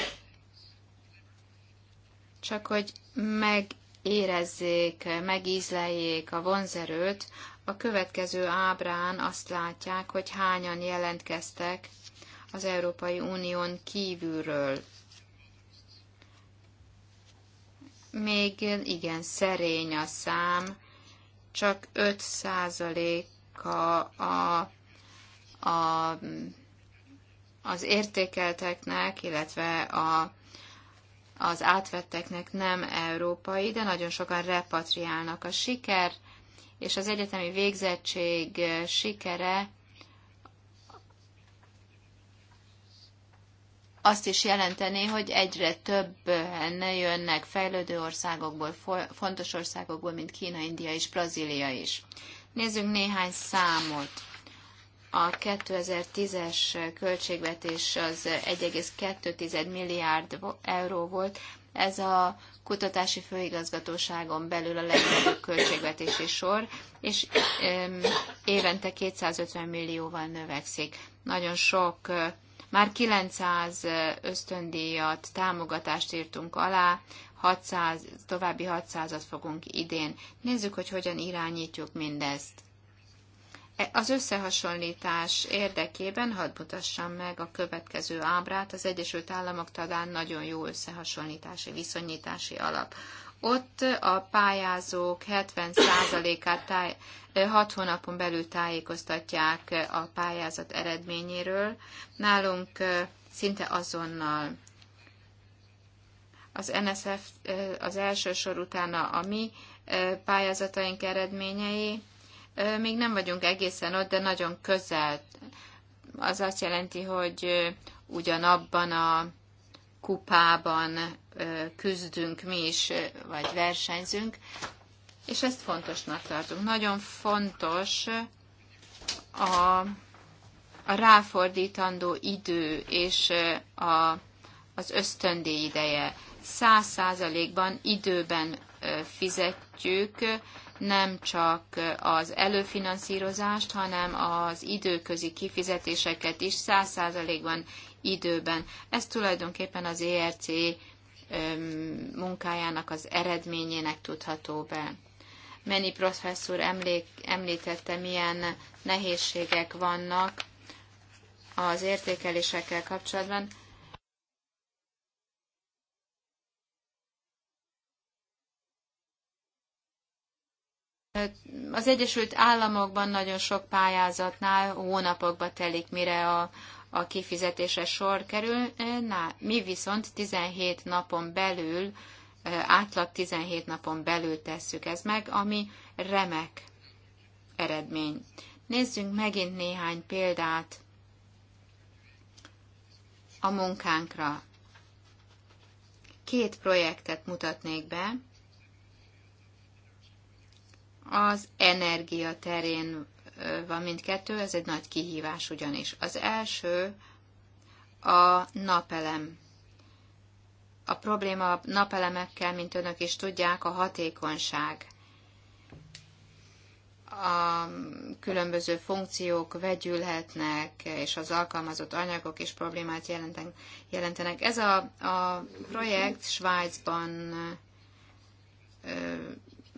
Csak hogy megérezzék, megízleljék a vonzerőt, a következő ábrán azt látják, hogy hányan jelentkeztek az Európai Unión kívülről még igen szerény a szám, csak 5%-a a, a, az értékelteknek, illetve a, az átvetteknek nem európai, de nagyon sokan repatriálnak. A siker és az egyetemi végzettség sikere azt is jelenteni, hogy egyre többen jönnek fejlődő országokból, fontos országokból, mint Kína, India és Brazília is. Nézzünk néhány számot. A 2010-es költségvetés az 1,2 milliárd euró volt. Ez a kutatási főigazgatóságon belül a legnagyobb költségvetési sor, és évente 250 millióval növekszik. Nagyon sok már 900 ösztöndíjat, támogatást írtunk alá, 600, további 600-at fogunk idén. Nézzük, hogy hogyan irányítjuk mindezt. E, az összehasonlítás érdekében hadd mutassam meg a következő ábrát. Az Egyesült Államok talán nagyon jó összehasonlítási, viszonyítási alap. Ott a pályázók 70%-át táj, 6 hónapon belül tájékoztatják a pályázat eredményéről. Nálunk szinte azonnal az NSF az első sor utána a mi pályázataink eredményei. Még nem vagyunk egészen ott, de nagyon közel. Az azt jelenti, hogy ugyanabban a kupában küzdünk mi is, vagy versenyzünk, és ezt fontosnak tartunk. Nagyon fontos a, a ráfordítandó idő és a, az ösztöndíj ideje. Száz százalékban időben fizetjük nem csak az előfinanszírozást, hanem az időközi kifizetéseket is száz százalékban időben. Ez tulajdonképpen az ERC munkájának az eredményének tudható be. Mennyi professzor emlék, említette, milyen nehézségek vannak az értékelésekkel kapcsolatban. Az Egyesült Államokban nagyon sok pályázatnál hónapokba telik, mire a, a kifizetése sor kerül, na, mi viszont 17 napon belül, átlag 17 napon belül tesszük ez meg, ami remek eredmény. Nézzünk megint néhány példát a munkánkra. Két projektet mutatnék be. Az energia terén van mindkettő, ez egy nagy kihívás ugyanis. Az első a napelem. A probléma a napelemekkel, mint önök is tudják, a hatékonyság. A különböző funkciók vegyülhetnek, és az alkalmazott anyagok is problémát jelentenek. Ez a, a projekt Svájcban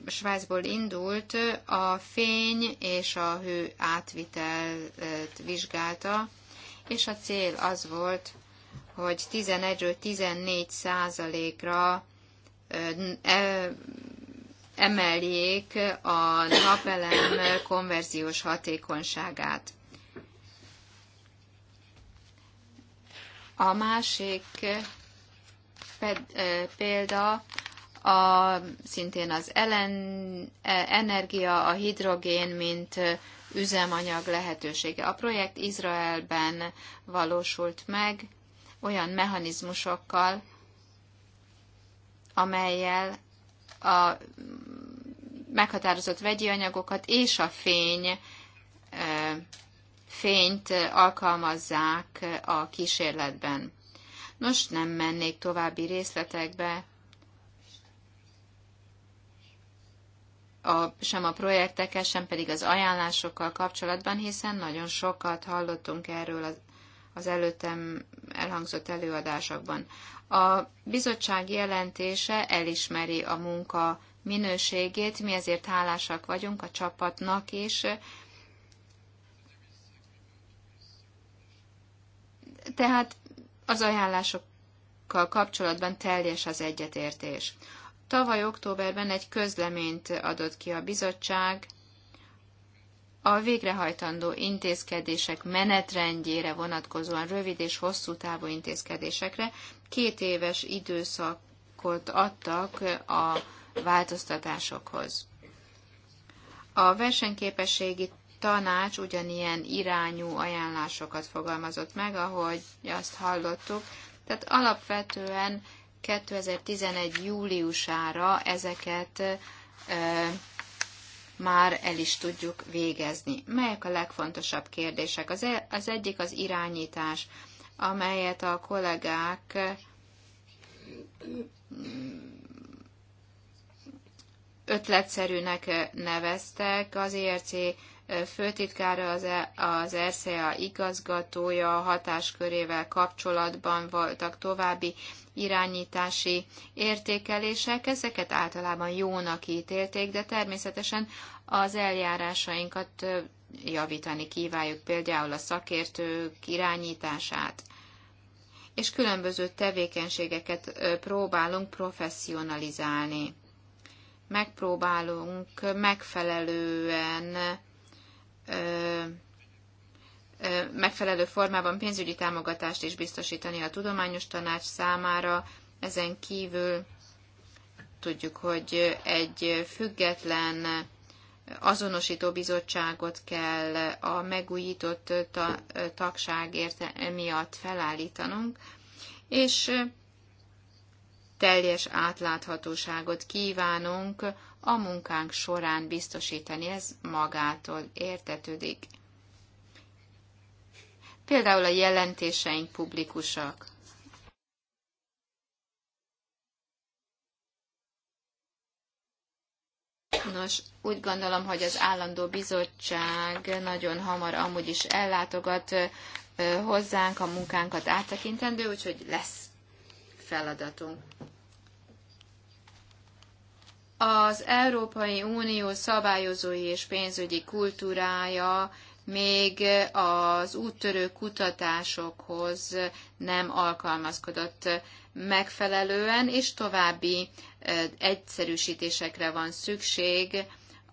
Svájcból indult, a fény és a hő átvitelt vizsgálta, és a cél az volt, hogy 11-ről 14 százalékra e, emeljék a napelem konverziós hatékonyságát. A másik példa a, szintén az ellen, e, energia, a hidrogén, mint üzemanyag lehetősége. A projekt Izraelben valósult meg olyan mechanizmusokkal, amelyel a meghatározott vegyi anyagokat és a fény fényt alkalmazzák a kísérletben. Nos, nem mennék további részletekbe, a, sem a projektekkel, sem pedig az ajánlásokkal kapcsolatban, hiszen nagyon sokat hallottunk erről az, az előttem elhangzott előadásokban. A bizottság jelentése elismeri a munka minőségét, mi ezért hálásak vagyunk a csapatnak is. Tehát az ajánlásokkal kapcsolatban teljes az egyetértés. Tavaly októberben egy közleményt adott ki a bizottság a végrehajtandó intézkedések menetrendjére vonatkozóan rövid és hosszú távú intézkedésekre két éves időszakot adtak a változtatásokhoz. A versenyképességi tanács ugyanilyen irányú ajánlásokat fogalmazott meg, ahogy azt hallottuk, tehát alapvetően 2011. júliusára ezeket már el is tudjuk végezni. Melyek a legfontosabb kérdések? Az, e- az egyik az irányítás, amelyet a kollégák ötletszerűnek neveztek. Az ERC főtitkára, az, e- az RCA igazgatója hatáskörével kapcsolatban voltak további irányítási értékelések. Ezeket általában jónak ítélték, de természetesen az eljárásainkat javítani kívánjuk, például a szakértők irányítását és különböző tevékenységeket próbálunk professzionalizálni. Megpróbálunk megfelelően megfelelő formában pénzügyi támogatást is biztosítani a tudományos tanács számára. Ezen kívül tudjuk, hogy egy független azonosító bizottságot kell a megújított tagság érte miatt felállítanunk, és teljes átláthatóságot kívánunk a munkánk során biztosítani, ez magától értetődik. Például a jelentéseink publikusak. Nos, úgy gondolom, hogy az állandó bizottság nagyon hamar amúgy is ellátogat hozzánk, a munkánkat áttekintendő, úgyhogy lesz feladatunk az Európai Unió szabályozói és pénzügyi kultúrája még az úttörő kutatásokhoz nem alkalmazkodott megfelelően, és további egyszerűsítésekre van szükség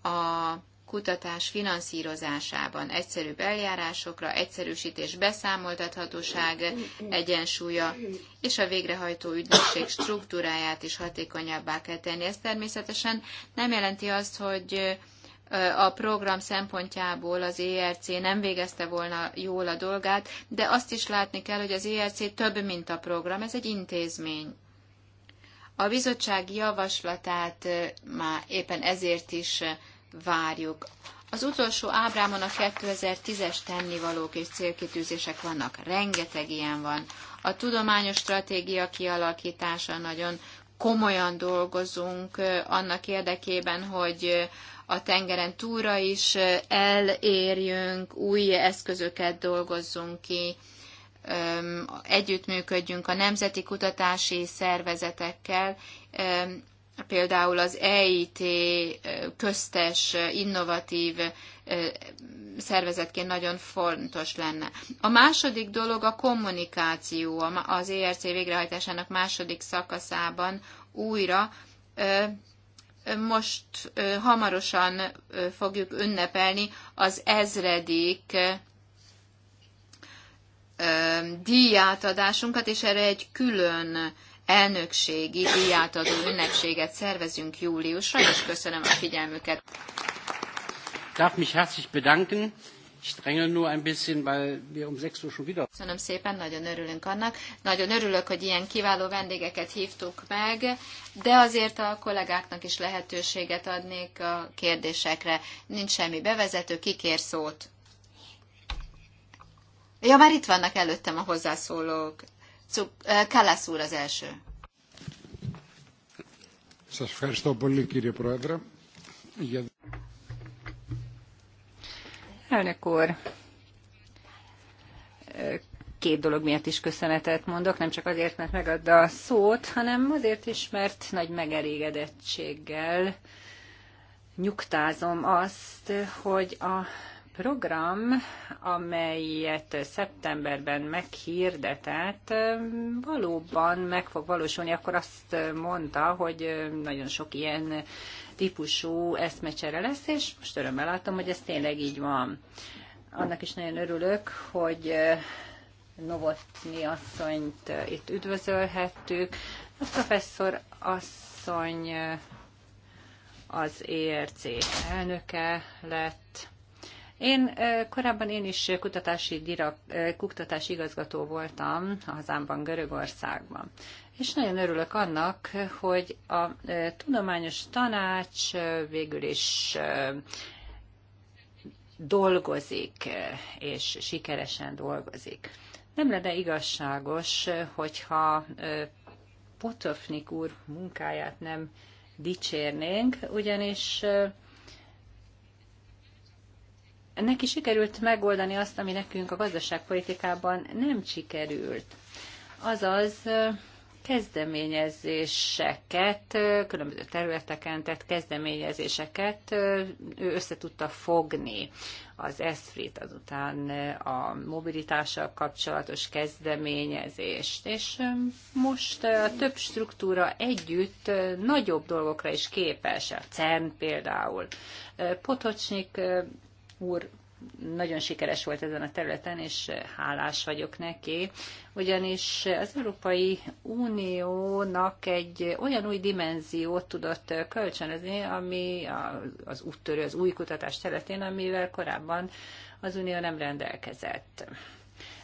a kutatás finanszírozásában, egyszerűbb eljárásokra, egyszerűsítés beszámoltathatóság egyensúlya, és a végrehajtó ügynökség struktúráját is hatékonyabbá kell tenni. Ez természetesen nem jelenti azt, hogy a program szempontjából az ERC nem végezte volna jól a dolgát, de azt is látni kell, hogy az ERC több, mint a program, ez egy intézmény. A bizottság javaslatát már éppen ezért is várjuk. Az utolsó ábrámon a 2010-es tennivalók és célkitűzések vannak. Rengeteg ilyen van. A tudományos stratégia kialakítása nagyon komolyan dolgozunk annak érdekében, hogy a tengeren túra is elérjünk, új eszközöket dolgozzunk ki, együttműködjünk a nemzeti kutatási szervezetekkel, például az EIT köztes, innovatív szervezetként nagyon fontos lenne. A második dolog a kommunikáció az ERC végrehajtásának második szakaszában újra. Most hamarosan fogjuk ünnepelni az ezredik díjátadásunkat, és erre egy külön elnökségi díjátadó ünnepséget szervezünk júliusra, és köszönöm a figyelmüket. Darf mich herzlich bedanken. Ich dränge nur ein bisschen, weil wir um 6 Uhr schon wieder. Köszönöm szépen, nagyon örülünk annak. Nagyon örülök, hogy ilyen kiváló vendégeket hívtuk meg, de azért a kollégáknak is lehetőséget adnék a kérdésekre. Nincs semmi bevezető, kikér szót? Ja, már itt vannak előttem a hozzászólók. Kalász úr az első. Elnök úr, két dolog miatt is köszönetet mondok, nem csak azért, mert megadta a szót, hanem azért is, mert nagy megelégedettséggel nyugtázom azt, hogy a program, amelyet szeptemberben meghirdetett, valóban meg fog valósulni, akkor azt mondta, hogy nagyon sok ilyen típusú eszmecsere lesz, és most örömmel látom, hogy ez tényleg így van. Annak is nagyon örülök, hogy Novotni asszonyt itt üdvözölhettük. A professzor asszony az ERC elnöke lett, én korábban én is kutatási, direkt, kutatási igazgató voltam hazámban, Görögországban. És nagyon örülök annak, hogy a tudományos tanács végül is dolgozik, és sikeresen dolgozik. Nem lenne igazságos, hogyha Potofnik úr munkáját nem dicsérnénk, ugyanis neki sikerült megoldani azt, ami nekünk a gazdaságpolitikában nem sikerült. Azaz kezdeményezéseket, különböző területeken tett kezdeményezéseket ő össze tudta fogni. Az ESFRIT azután a mobilitással kapcsolatos kezdeményezést, és most a több struktúra együtt nagyobb dolgokra is képes, a CERN például. Potocsnik úr nagyon sikeres volt ezen a területen, és hálás vagyok neki, ugyanis az Európai Uniónak egy olyan új dimenziót tudott kölcsönözni, ami az úttörő, az új kutatás területén, amivel korábban az Unió nem rendelkezett.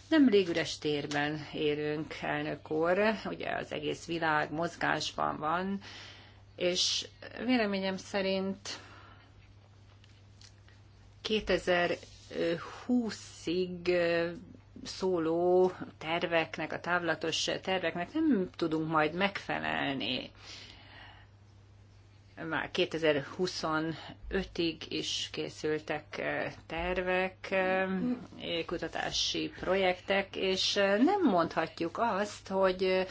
Nem légüres térben élünk, elnök úr, ugye az egész világ mozgásban van, és véleményem szerint 2020-ig szóló terveknek, a távlatos terveknek nem tudunk majd megfelelni már 2025-ig is készültek eh, tervek, eh, kutatási projektek, és eh, nem mondhatjuk azt, hogy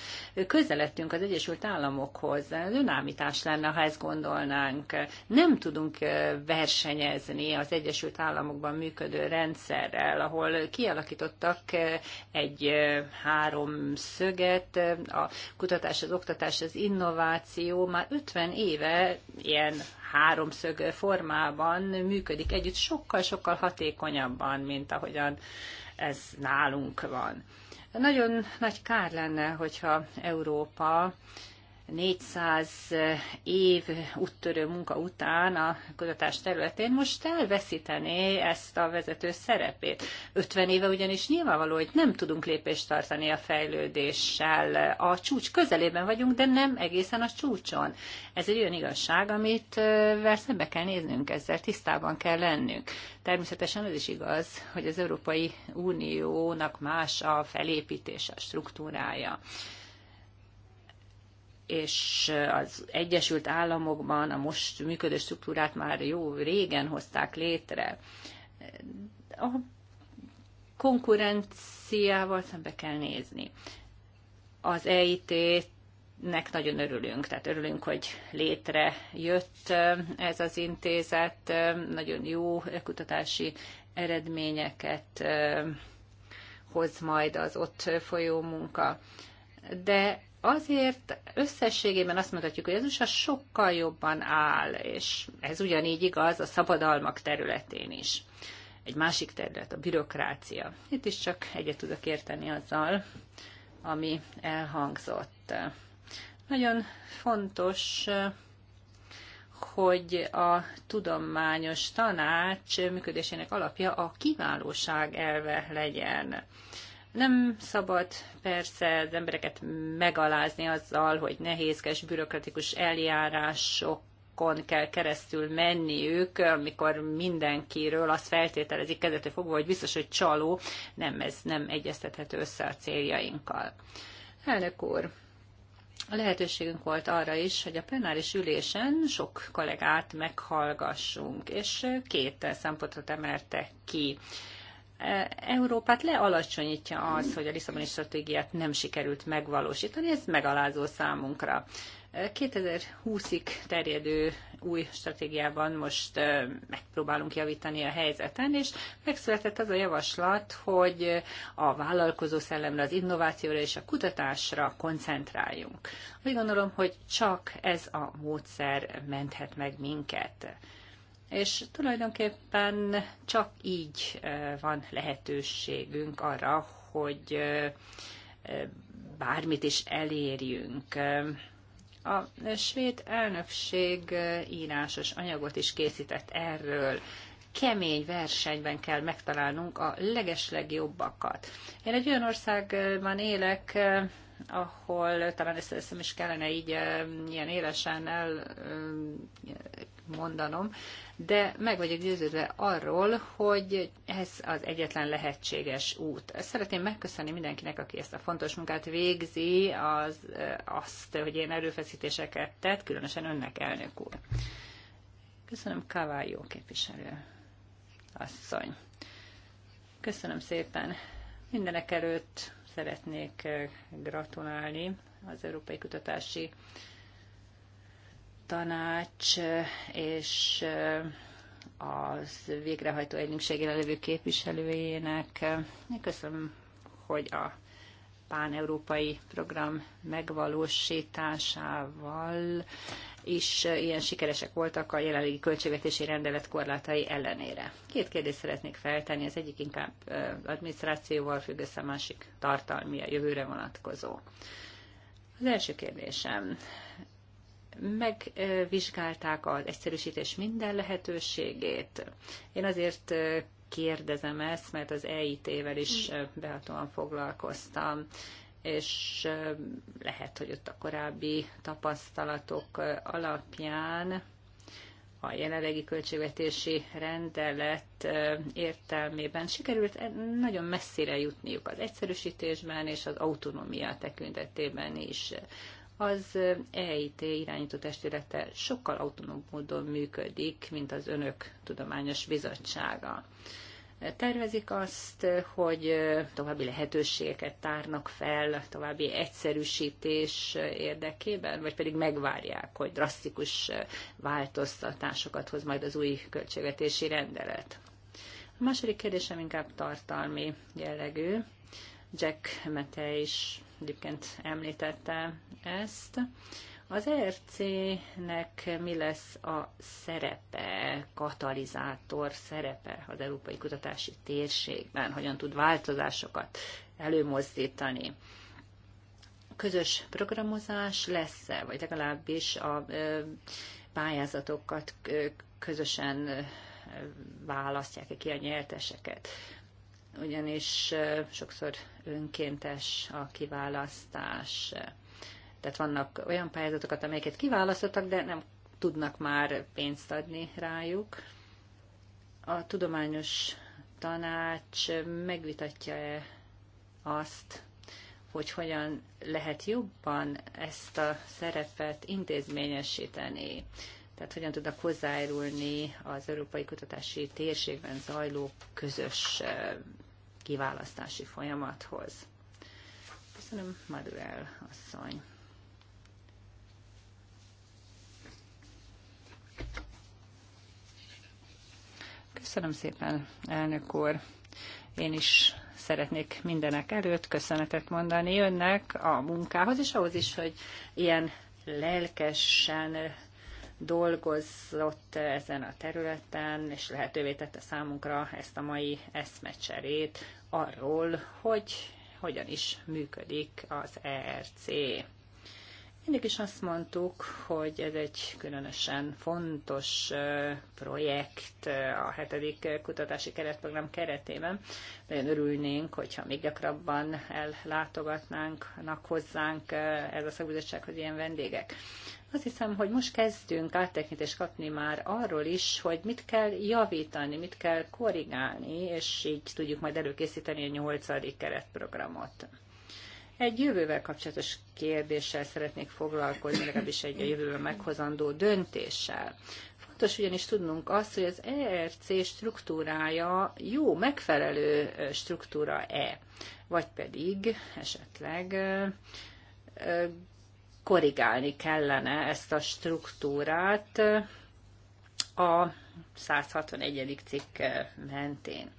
közeledtünk az Egyesült Államokhoz. Önállítás lenne, ha ezt gondolnánk. Nem tudunk versenyezni az Egyesült Államokban működő rendszerrel, ahol kialakítottak egy háromszöget, a kutatás, az oktatás, az innováció már 50 éve ilyen háromszög formában működik együtt sokkal-sokkal hatékonyabban, mint ahogyan ez nálunk van. Nagyon nagy kár lenne, hogyha Európa 400 év úttörő munka után a kutatás területén most elveszítené ezt a vezető szerepét. 50 éve ugyanis nyilvánvaló, hogy nem tudunk lépést tartani a fejlődéssel. A csúcs közelében vagyunk, de nem egészen a csúcson. Ez egy olyan igazság, amit szembe kell néznünk, ezzel tisztában kell lennünk. Természetesen az is igaz, hogy az Európai Uniónak más a felépítése, a struktúrája és az Egyesült Államokban a most működő struktúrát már jó régen hozták létre. A konkurenciával szembe kell nézni. Az EIT-nek nagyon örülünk, tehát örülünk, hogy létrejött ez az intézet, nagyon jó kutatási eredményeket hoz majd az ott folyó munka. De azért összességében azt mondhatjuk, hogy az USA sokkal jobban áll, és ez ugyanígy igaz a szabadalmak területén is. Egy másik terület, a bürokrácia. Itt is csak egyet tudok érteni azzal, ami elhangzott. Nagyon fontos, hogy a tudományos tanács működésének alapja a kiválóság elve legyen nem szabad persze az embereket megalázni azzal, hogy nehézkes bürokratikus eljárások kon kell keresztül menniük, amikor mindenkiről azt feltételezik kezdetől fogva, hogy biztos, hogy csaló, nem ez nem egyeztethető össze a céljainkkal. Elnök úr, a lehetőségünk volt arra is, hogy a plenáris ülésen sok kollégát meghallgassunk, és két szempontot emeltek ki. E, Európát lealacsonyítja az, hogy a Lisszaboni stratégiát nem sikerült megvalósítani, ez megalázó számunkra. 2020-ig e, terjedő új stratégiában most e, megpróbálunk javítani a helyzeten, és megszületett az a javaslat, hogy a vállalkozó szellemre, az innovációra és a kutatásra koncentráljunk. Úgy gondolom, hogy csak ez a módszer menthet meg minket és tulajdonképpen csak így eh, van lehetőségünk arra, hogy eh, eh, bármit is elérjünk. A svéd elnökség írásos anyagot is készített erről. Kemény versenyben kell megtalálnunk a legeslegjobbakat. Én egy olyan országban élek, ahol talán ezt, ezt is kellene így ilyen élesen el mondanom, de meg vagyok győződve arról, hogy ez az egyetlen lehetséges út. Szeretném megköszönni mindenkinek, aki ezt a fontos munkát végzi, az, eh, azt, hogy én erőfeszítéseket tett, különösen önnek, elnök úr. Köszönöm, Kavályó képviselő asszony. Köszönöm szépen. Mindenek előtt szeretnék eh, gratulálni az Európai Kutatási tanács és eh, az végrehajtó egynökségére levő képviselőjének. Köszönöm, hogy a pán-európai program megvalósításával is eh, ilyen sikeresek voltak a jelenlegi költségvetési rendelet korlátai ellenére. Két kérdést szeretnék feltenni, az egyik inkább eh, adminisztrációval függ össze, a másik tartalmi, a jövőre vonatkozó. Az első kérdésem, megvizsgálták az egyszerűsítés minden lehetőségét. Én azért kérdezem ezt, mert az EIT-vel is mm. behatóan foglalkoztam, és lehet, hogy ott a korábbi tapasztalatok alapján a jelenlegi költségvetési rendelet értelmében sikerült eh, nagyon messzire jutniuk az egyszerűsítésben és az autonómia tekintetében is az EIT irányító testülete sokkal autonóm módon működik, mint az önök tudományos bizottsága. Tervezik azt, hogy további lehetőségeket tárnak fel, további egyszerűsítés érdekében, vagy pedig megvárják, hogy drasztikus változtatásokat hoz majd az új költségvetési rendelet. A második kérdésem inkább tartalmi jellegű. Jack Mete is egyébként említette ezt. Az ERC-nek mi lesz a szerepe, katalizátor szerepe az európai kutatási térségben? Hogyan tud változásokat előmozdítani? Közös programozás lesz-e, vagy legalábbis a pályázatokat közösen választják -e ki a nyerteseket ugyanis sokszor önkéntes a kiválasztás. Tehát vannak olyan pályázatokat, amelyeket kiválasztottak, de nem tudnak már pénzt adni rájuk. A tudományos tanács megvitatja-e azt, hogy hogyan lehet jobban ezt a szerepet intézményesíteni? Tehát hogyan tudnak hozzájárulni az európai kutatási térségben zajló közös kiválasztási folyamathoz. Köszönöm, Maduel asszony. Köszönöm szépen, elnök úr. Én is szeretnék mindenek előtt köszönetet mondani önnek a munkához, és ahhoz is, hogy ilyen lelkesen dolgozott ezen a területen, és lehetővé tette számunkra ezt a mai eszmecserét arról, hogy hogyan is működik az ERC. Mindig is azt mondtuk, hogy ez egy különösen fontos projekt a hetedik kutatási keretprogram keretében. Nagyon örülnénk, hogyha még gyakrabban ellátogatnánk hozzánk ez a szakbizottsághoz ilyen vendégek. Azt hiszem, hogy most kezdünk áttekintést kapni már arról is, hogy mit kell javítani, mit kell korrigálni, és így tudjuk majd előkészíteni a nyolcadik keretprogramot. Egy jövővel kapcsolatos kérdéssel szeretnék foglalkozni, legalábbis egy a jövőben meghozandó döntéssel. Fontos ugyanis tudnunk azt, hogy az ERC struktúrája jó, megfelelő struktúra-e, vagy pedig esetleg korrigálni kellene ezt a struktúrát a 161. cikk mentén.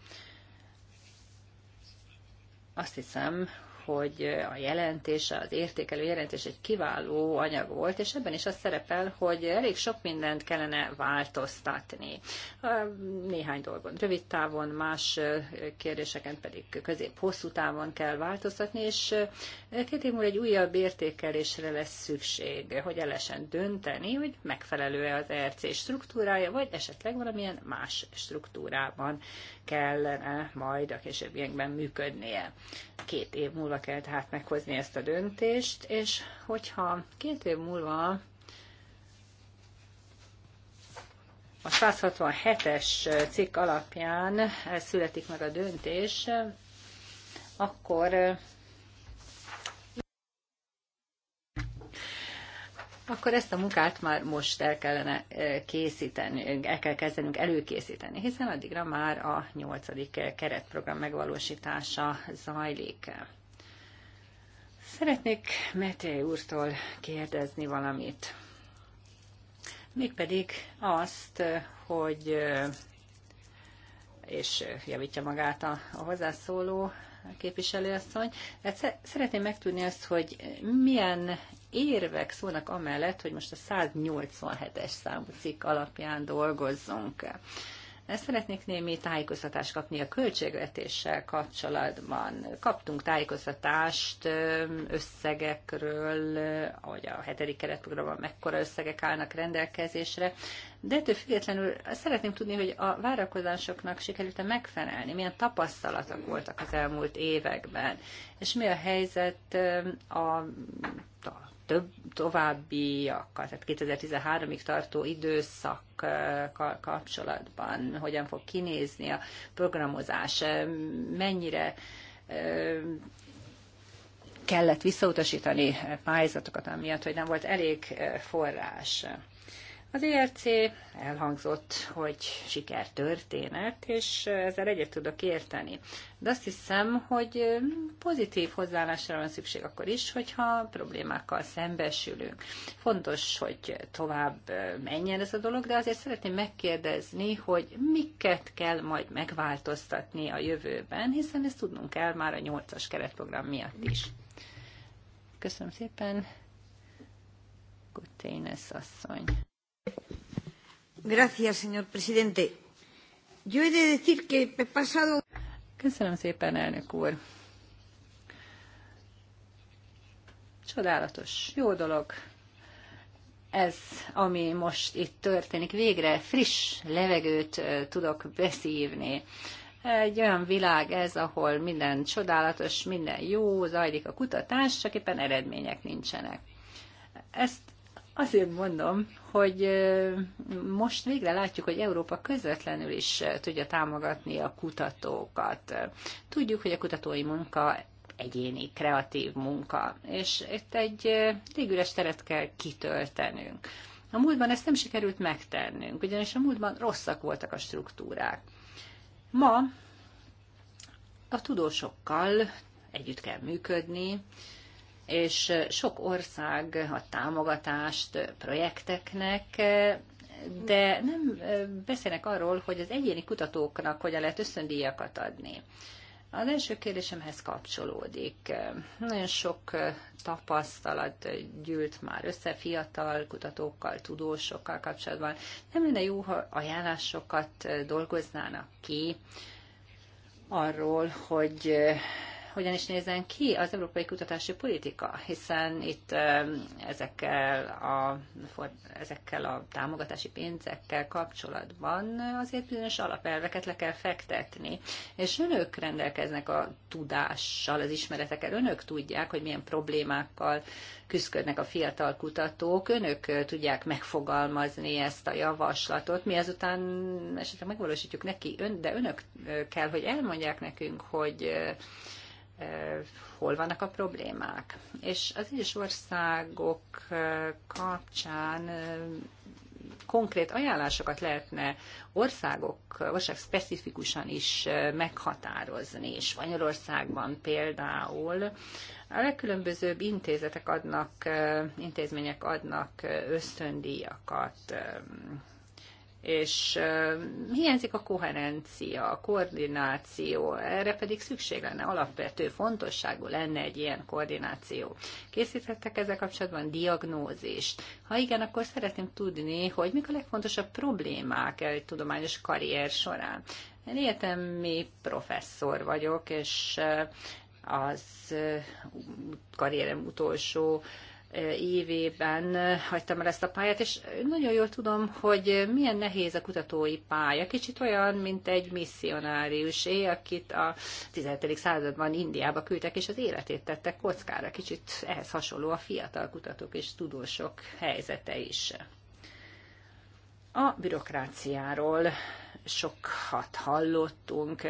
Azt hiszem, hogy a jelentés, az értékelő jelentés egy kiváló anyag volt, és ebben is az szerepel, hogy elég sok mindent kellene változtatni. Néhány dolgon rövid távon, más kérdéseken pedig közép-hosszú távon kell változtatni, és két év múlva egy újabb értékelésre lesz szükség, hogy el dönteni, hogy megfelelő-e az ERC struktúrája, vagy esetleg valamilyen más struktúrában kellene majd a későbbiekben működnie. Két év múlva múlva kell tehát meghozni ezt a döntést, és hogyha két év múlva a 167-es cikk alapján születik meg a döntés, akkor akkor ezt a munkát már most el kellene eh, készíteni, el kell kezdenünk előkészíteni, hiszen addigra már a nyolcadik eh, keretprogram megvalósítása zajlik. Szeretnék Meté úrtól kérdezni valamit. Mégpedig azt, hogy és javítja magát a, a hozzászóló képviselőasszony. Hát szeretném megtudni azt, hogy milyen érvek szólnak amellett, hogy most a 187-es számú cikk alapján dolgozzunk. Szeretnék némi tájékoztatást kapni a költségvetéssel kapcsolatban. Kaptunk tájékoztatást összegekről, hogy a hetedik keretprogramban mekkora összegek állnak rendelkezésre, de ettől függetlenül szeretném tudni, hogy a várakozásoknak sikerült-e megfelelni, milyen tapasztalatok voltak az elmúlt években, és mi a helyzet a több továbbiakkal, tehát 2013-ig tartó időszakkal kapcsolatban, hogyan fog kinézni a programozás, mennyire kellett visszautasítani pályázatokat, amiatt, hogy nem volt elég forrás. Az ERC elhangzott, hogy siker történet, és ezzel egyet tudok érteni. De azt hiszem, hogy pozitív hozzáállásra van szükség akkor is, hogyha problémákkal szembesülünk. Fontos, hogy tovább menjen ez a dolog, de azért szeretném megkérdezni, hogy miket kell majd megváltoztatni a jövőben, hiszen ezt tudnunk kell már a 8-as keretprogram miatt is. Köszönöm szépen. Guténes asszony señor presidente. Yo he de decir que he pasado... Köszönöm szépen, elnök úr. Csodálatos, jó dolog. Ez, ami most itt történik, végre friss levegőt tudok beszívni. Egy olyan világ ez, ahol minden csodálatos, minden jó, zajlik a kutatás, csak éppen eredmények nincsenek. Ezt Azért mondom, hogy most végre látjuk, hogy Európa közvetlenül is tudja támogatni a kutatókat. Tudjuk, hogy a kutatói munka egyéni, kreatív munka, és itt egy légüres teret kell kitöltenünk. A múltban ezt nem sikerült megtennünk, ugyanis a múltban rosszak voltak a struktúrák. Ma a tudósokkal együtt kell működni, és sok ország a támogatást projekteknek, de nem beszélnek arról, hogy az egyéni kutatóknak hogyan lehet összöndíjakat adni. Az első kérdésemhez kapcsolódik. Nagyon sok tapasztalat gyűlt már össze fiatal kutatókkal, tudósokkal kapcsolatban. Nem lenne jó, ha ajánlásokat dolgoznának ki arról, hogy hogyan is nézzen ki az európai kutatási politika, hiszen itt ezekkel a, ezekkel a támogatási pénzekkel kapcsolatban azért bizonyos alapelveket le kell fektetni, és önök rendelkeznek a tudással, az ismeretekkel, önök tudják, hogy milyen problémákkal küzdködnek a fiatal kutatók, önök tudják megfogalmazni ezt a javaslatot, mi azután esetleg megvalósítjuk neki, de önök kell, hogy elmondják nekünk, hogy hol vannak a problémák. És az egyes országok kapcsán konkrét ajánlásokat lehetne országok, ország specifikusan is meghatározni. És Spanyolországban például a legkülönbözőbb intézetek adnak, intézmények adnak ösztöndíjakat és hiányzik a koherencia, a koordináció, erre pedig szükség lenne, alapvető fontosságú lenne egy ilyen koordináció. Készítettek ezzel kapcsolatban diagnózist? Ha igen, akkor szeretném tudni, hogy mik a legfontosabb problémák egy tudományos karrier során. Én egyetemi professzor vagyok, és az karrierem utolsó évében hagytam el ezt a pályát, és nagyon jól tudom, hogy milyen nehéz a kutatói pálya. Kicsit olyan, mint egy misszionáriusé, akit a 17. században Indiába küldtek, és az életét tettek kockára. Kicsit ehhez hasonló a fiatal kutatók és tudósok helyzete is. A bürokráciáról sokat hallottunk,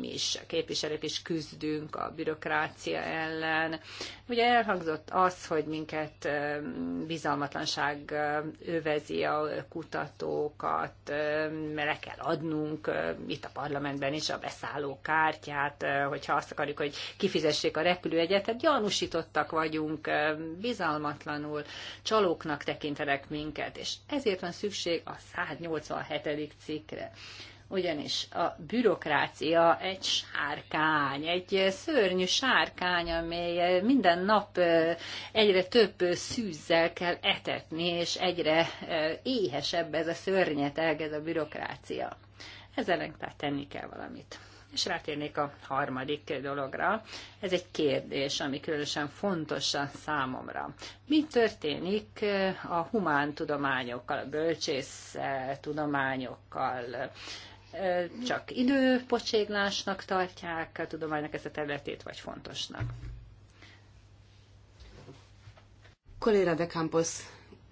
mi is a képviselők is küzdünk a bürokrácia ellen. Ugye elhangzott az, hogy minket bizalmatlanság övezi a kutatókat, mert le kell adnunk itt a parlamentben is a beszálló kártyát, hogyha azt akarjuk, hogy kifizessék a repülőegyet, tehát gyanúsítottak vagyunk, bizalmatlanul, csalóknak tekintenek minket, és ezért van szükség a 187. cikkre ugyanis a bürokrácia egy sárkány, egy szörnyű sárkány, amely minden nap egyre több szűzzel kell etetni, és egyre éhesebb ez a szörnyeteg, ez a bürokrácia. Ezzel tehát tenni kell valamit. És rátérnék a harmadik dologra. Ez egy kérdés, ami különösen fontos a számomra. Mi történik a humántudományokkal, a bölcsész tudományokkal? csak időpocséglásnak tartják a tudománynak ezt a területét, vagy fontosnak. Koléra de Campos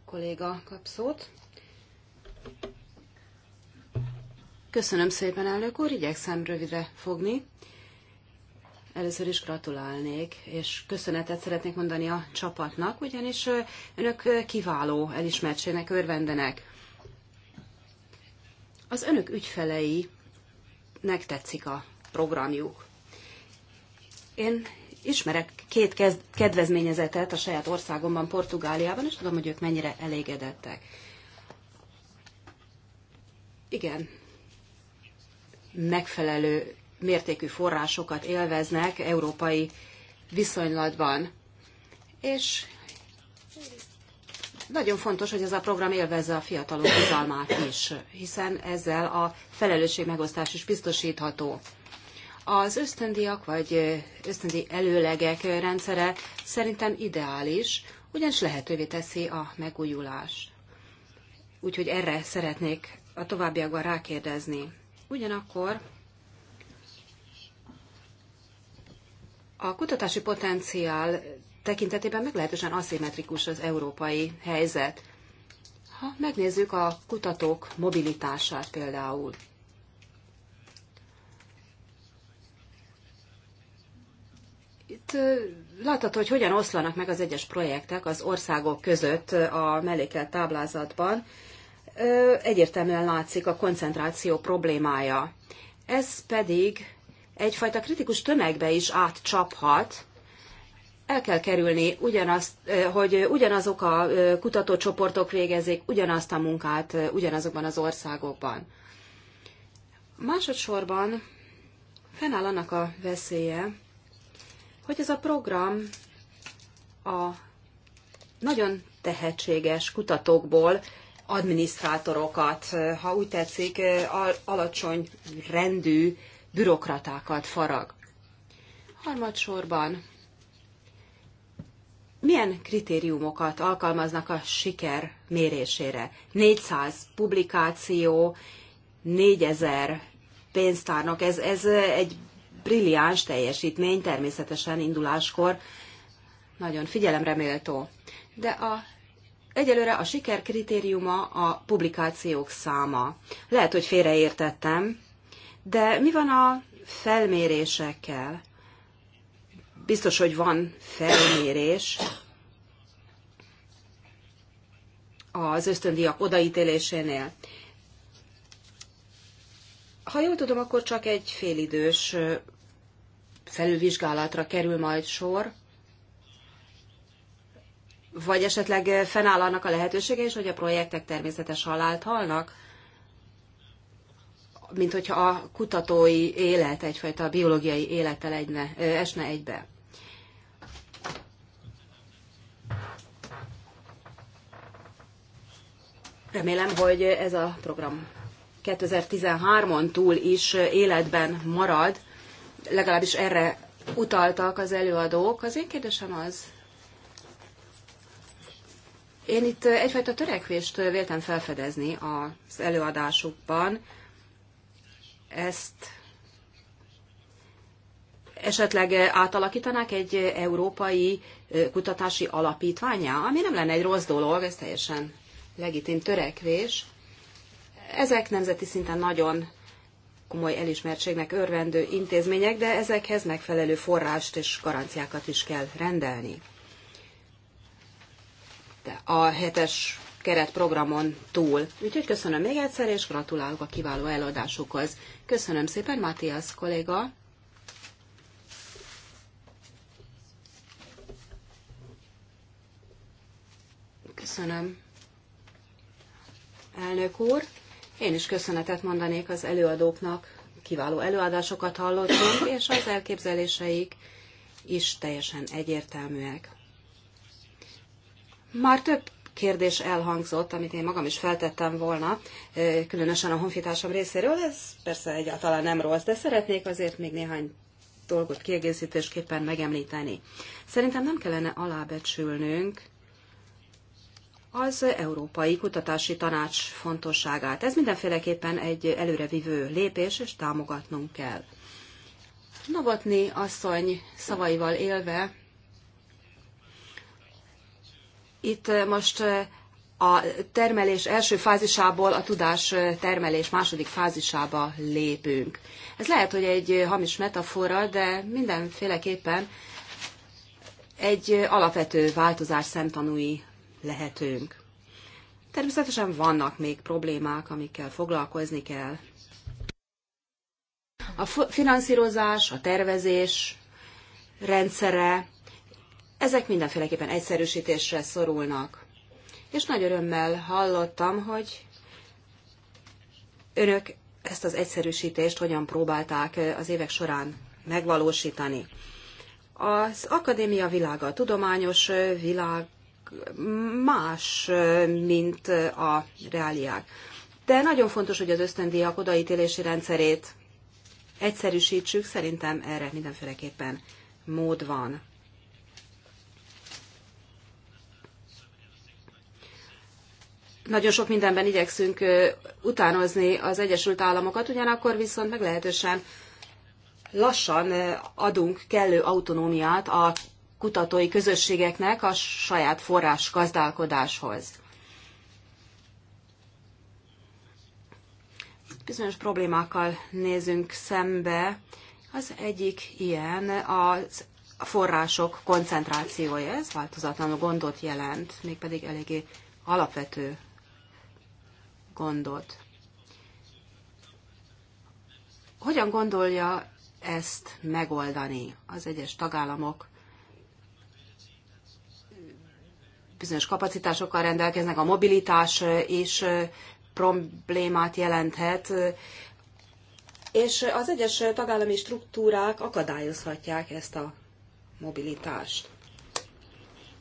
kolléga kap szót. Köszönöm szépen, elnök úr, igyekszem rövidre fogni. Először is gratulálnék, és köszönetet szeretnék mondani a csapatnak, ugyanis önök kiváló elismertségnek örvendenek. Az önök nek tetszik a programjuk. Én ismerek két kedvezményezetet a saját országomban, Portugáliában, és tudom, hogy ők mennyire elégedettek. Igen, megfelelő mértékű forrásokat élveznek európai viszonylatban. És nagyon fontos, hogy ez a program élvezze a fiatalok bizalmát is, hiszen ezzel a felelősség megosztás is biztosítható. Az ösztöndiak vagy ösztöndi előlegek rendszere szerintem ideális, ugyanis lehetővé teszi a megújulás. Úgyhogy erre szeretnék a továbbiakban rákérdezni. Ugyanakkor a kutatási potenciál tekintetében meglehetősen aszimmetrikus az európai helyzet. Ha megnézzük a kutatók mobilitását például, itt látható, hogy hogyan oszlanak meg az egyes projektek az országok között a mellékelt táblázatban. Egyértelműen látszik a koncentráció problémája. Ez pedig egyfajta kritikus tömegbe is átcsaphat, el kell kerülni, ugyanazt, hogy ugyanazok a kutatócsoportok végezik, ugyanazt a munkát ugyanazokban az országokban. Másodszorban fennáll annak a veszélye, hogy ez a program a nagyon tehetséges kutatókból adminisztrátorokat, ha úgy tetszik, alacsony rendű bürokratákat farag. Harmadsorban milyen kritériumokat alkalmaznak a siker mérésére? 400 publikáció, 4000 pénztárnok, ez, ez egy brilliáns teljesítmény, természetesen induláskor nagyon figyelemre méltó. De a, egyelőre a siker kritériuma a publikációk száma. Lehet, hogy félreértettem, de mi van a felmérésekkel? Biztos, hogy van felmérés az ösztöndiak odaítélésénél. Ha jól tudom, akkor csak egy félidős felülvizsgálatra kerül majd sor, vagy esetleg fennáll annak a lehetősége is, hogy a projektek természetes halált halnak, mint hogyha a kutatói élet egyfajta biológiai élettel egyne, esne egybe. Remélem, hogy ez a program 2013-on túl is életben marad, legalábbis erre utaltak az előadók. Az én kérdésem az, én itt egyfajta törekvést véltem felfedezni az előadásukban. Ezt esetleg átalakítanák egy európai kutatási alapítványá, ami nem lenne egy rossz dolog, ez teljesen legitim törekvés. Ezek nemzeti szinten nagyon komoly elismertségnek örvendő intézmények, de ezekhez megfelelő forrást és garanciákat is kell rendelni. De a hetes keretprogramon túl. Úgyhogy köszönöm még egyszer, és gratulálok a kiváló előadásukhoz. Köszönöm szépen, Matthias kolléga. Köszönöm elnök úr. Én is köszönetet mondanék az előadóknak, kiváló előadásokat hallottunk, és az elképzeléseik is teljesen egyértelműek. Már több kérdés elhangzott, amit én magam is feltettem volna, különösen a honfitársam részéről, ez persze egyáltalán nem rossz, de szeretnék azért még néhány dolgot kiegészítésképpen megemlíteni. Szerintem nem kellene alábecsülnünk az Európai Kutatási Tanács fontosságát. Ez mindenféleképpen egy előrevívő lépés, és támogatnunk kell. Novotni asszony szavaival élve, itt most a termelés első fázisából a tudás termelés második fázisába lépünk. Ez lehet, hogy egy hamis metafora, de mindenféleképpen egy alapvető változás szemtanúi lehetünk. Természetesen vannak még problémák, amikkel foglalkozni kell. A finanszírozás, a tervezés rendszere, ezek mindenféleképpen egyszerűsítésre szorulnak. És nagy örömmel hallottam, hogy önök ezt az egyszerűsítést hogyan próbálták eh, az évek során megvalósítani. Az akadémia világa, a tudományos eh, világ más, mint a reáliák. De nagyon fontos, hogy az ösztöndíjak odaítélési rendszerét egyszerűsítsük, szerintem erre mindenféleképpen mód van. Nagyon sok mindenben igyekszünk utánozni az Egyesült Államokat, ugyanakkor viszont meglehetősen lassan adunk kellő autonómiát a kutatói közösségeknek a saját forrás gazdálkodáshoz. Bizonyos problémákkal nézünk szembe. Az egyik ilyen az források koncentrációja. Ez változatlanul gondot jelent, mégpedig eléggé alapvető gondot. Hogyan gondolja ezt megoldani az egyes tagállamok? bizonyos kapacitásokkal rendelkeznek, a mobilitás is problémát jelenthet, és az egyes tagállami struktúrák akadályozhatják ezt a mobilitást.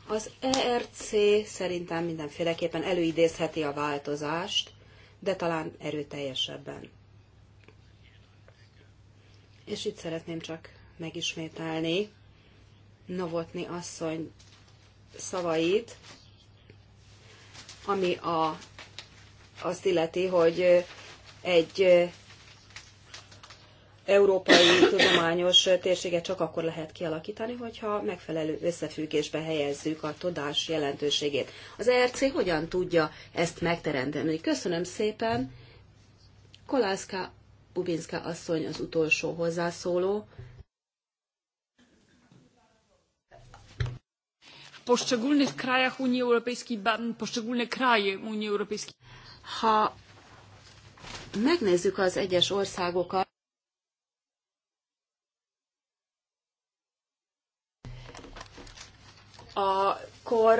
Az ERC szerintem mindenféleképpen előidézheti a változást, de talán erőteljesebben. És itt szeretném csak megismételni Novotni asszony szavait, ami a, azt illeti, hogy egy európai tudományos térséget csak akkor lehet kialakítani, hogyha megfelelő összefüggésbe helyezzük a tudás jelentőségét. Az ERC hogyan tudja ezt megteremteni? Köszönöm szépen. Kolászka Bubinska asszony az utolsó hozzászóló. poszczególnych krajach Unii Europejskiej, poszczególne kraje Unii Europejskiej. Ha megnézzük az egyes országokat, akkor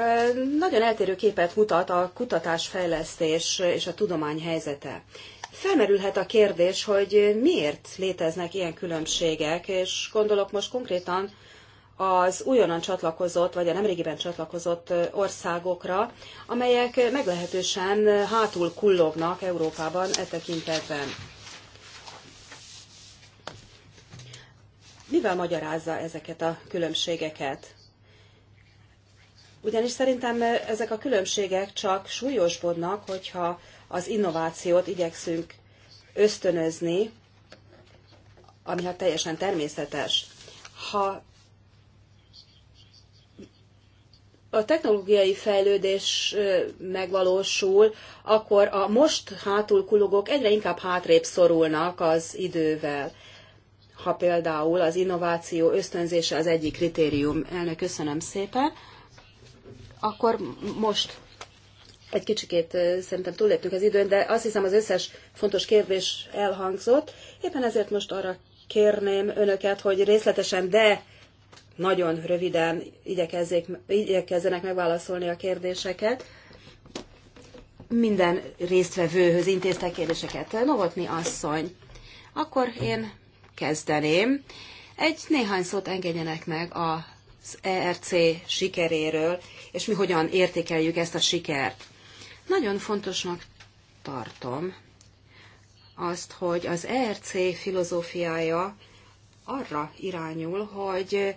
nagyon eltérő képet mutat a kutatásfejlesztés és a tudomány helyzete. Felmerülhet a kérdés, hogy miért léteznek ilyen különbségek, és gondolok most konkrétan az újonnan csatlakozott, vagy a nemrégiben csatlakozott országokra, amelyek meglehetősen hátul kullognak Európában e tekintetben. Mivel magyarázza ezeket a különbségeket? Ugyanis szerintem ezek a különbségek csak súlyosbodnak, hogyha az innovációt igyekszünk ösztönözni, ami hát teljesen természetes. Ha a technológiai fejlődés megvalósul, akkor a most hátul kulogók egyre inkább hátrébb szorulnak az idővel. Ha például az innováció ösztönzése az egyik kritérium, elnök, köszönöm szépen, akkor most egy kicsikét szerintem túlléptünk az időn, de azt hiszem az összes fontos kérdés elhangzott. Éppen ezért most arra kérném önöket, hogy részletesen, de nagyon röviden igyekezzenek megválaszolni a kérdéseket. Minden résztvevőhöz intéztek kérdéseket. Novotni asszony. Akkor én kezdeném. Egy néhány szót engedjenek meg az ERC sikeréről, és mi hogyan értékeljük ezt a sikert. Nagyon fontosnak tartom azt, hogy az ERC filozófiája arra irányul, hogy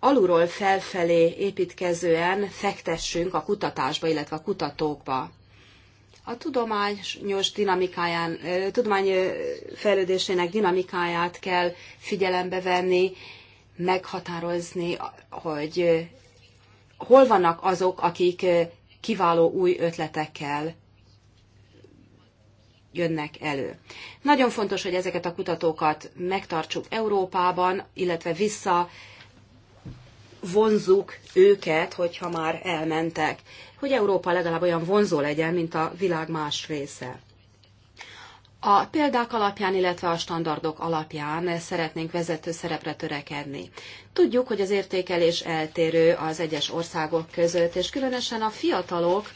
alulról felfelé építkezően fektessünk a kutatásba, illetve a kutatókba. A tudományos dinamikáján, tudomány fejlődésének dinamikáját kell figyelembe venni, meghatározni, hogy hol vannak azok, akik kiváló új ötletekkel jönnek elő. Nagyon fontos, hogy ezeket a kutatókat megtartsuk Európában, illetve vissza vonzuk őket, hogyha már elmentek, hogy Európa legalább olyan vonzó legyen, mint a világ más része. A példák alapján, illetve a standardok alapján szeretnénk vezető szerepre törekedni. Tudjuk, hogy az értékelés eltérő az egyes országok között, és különösen a fiatalok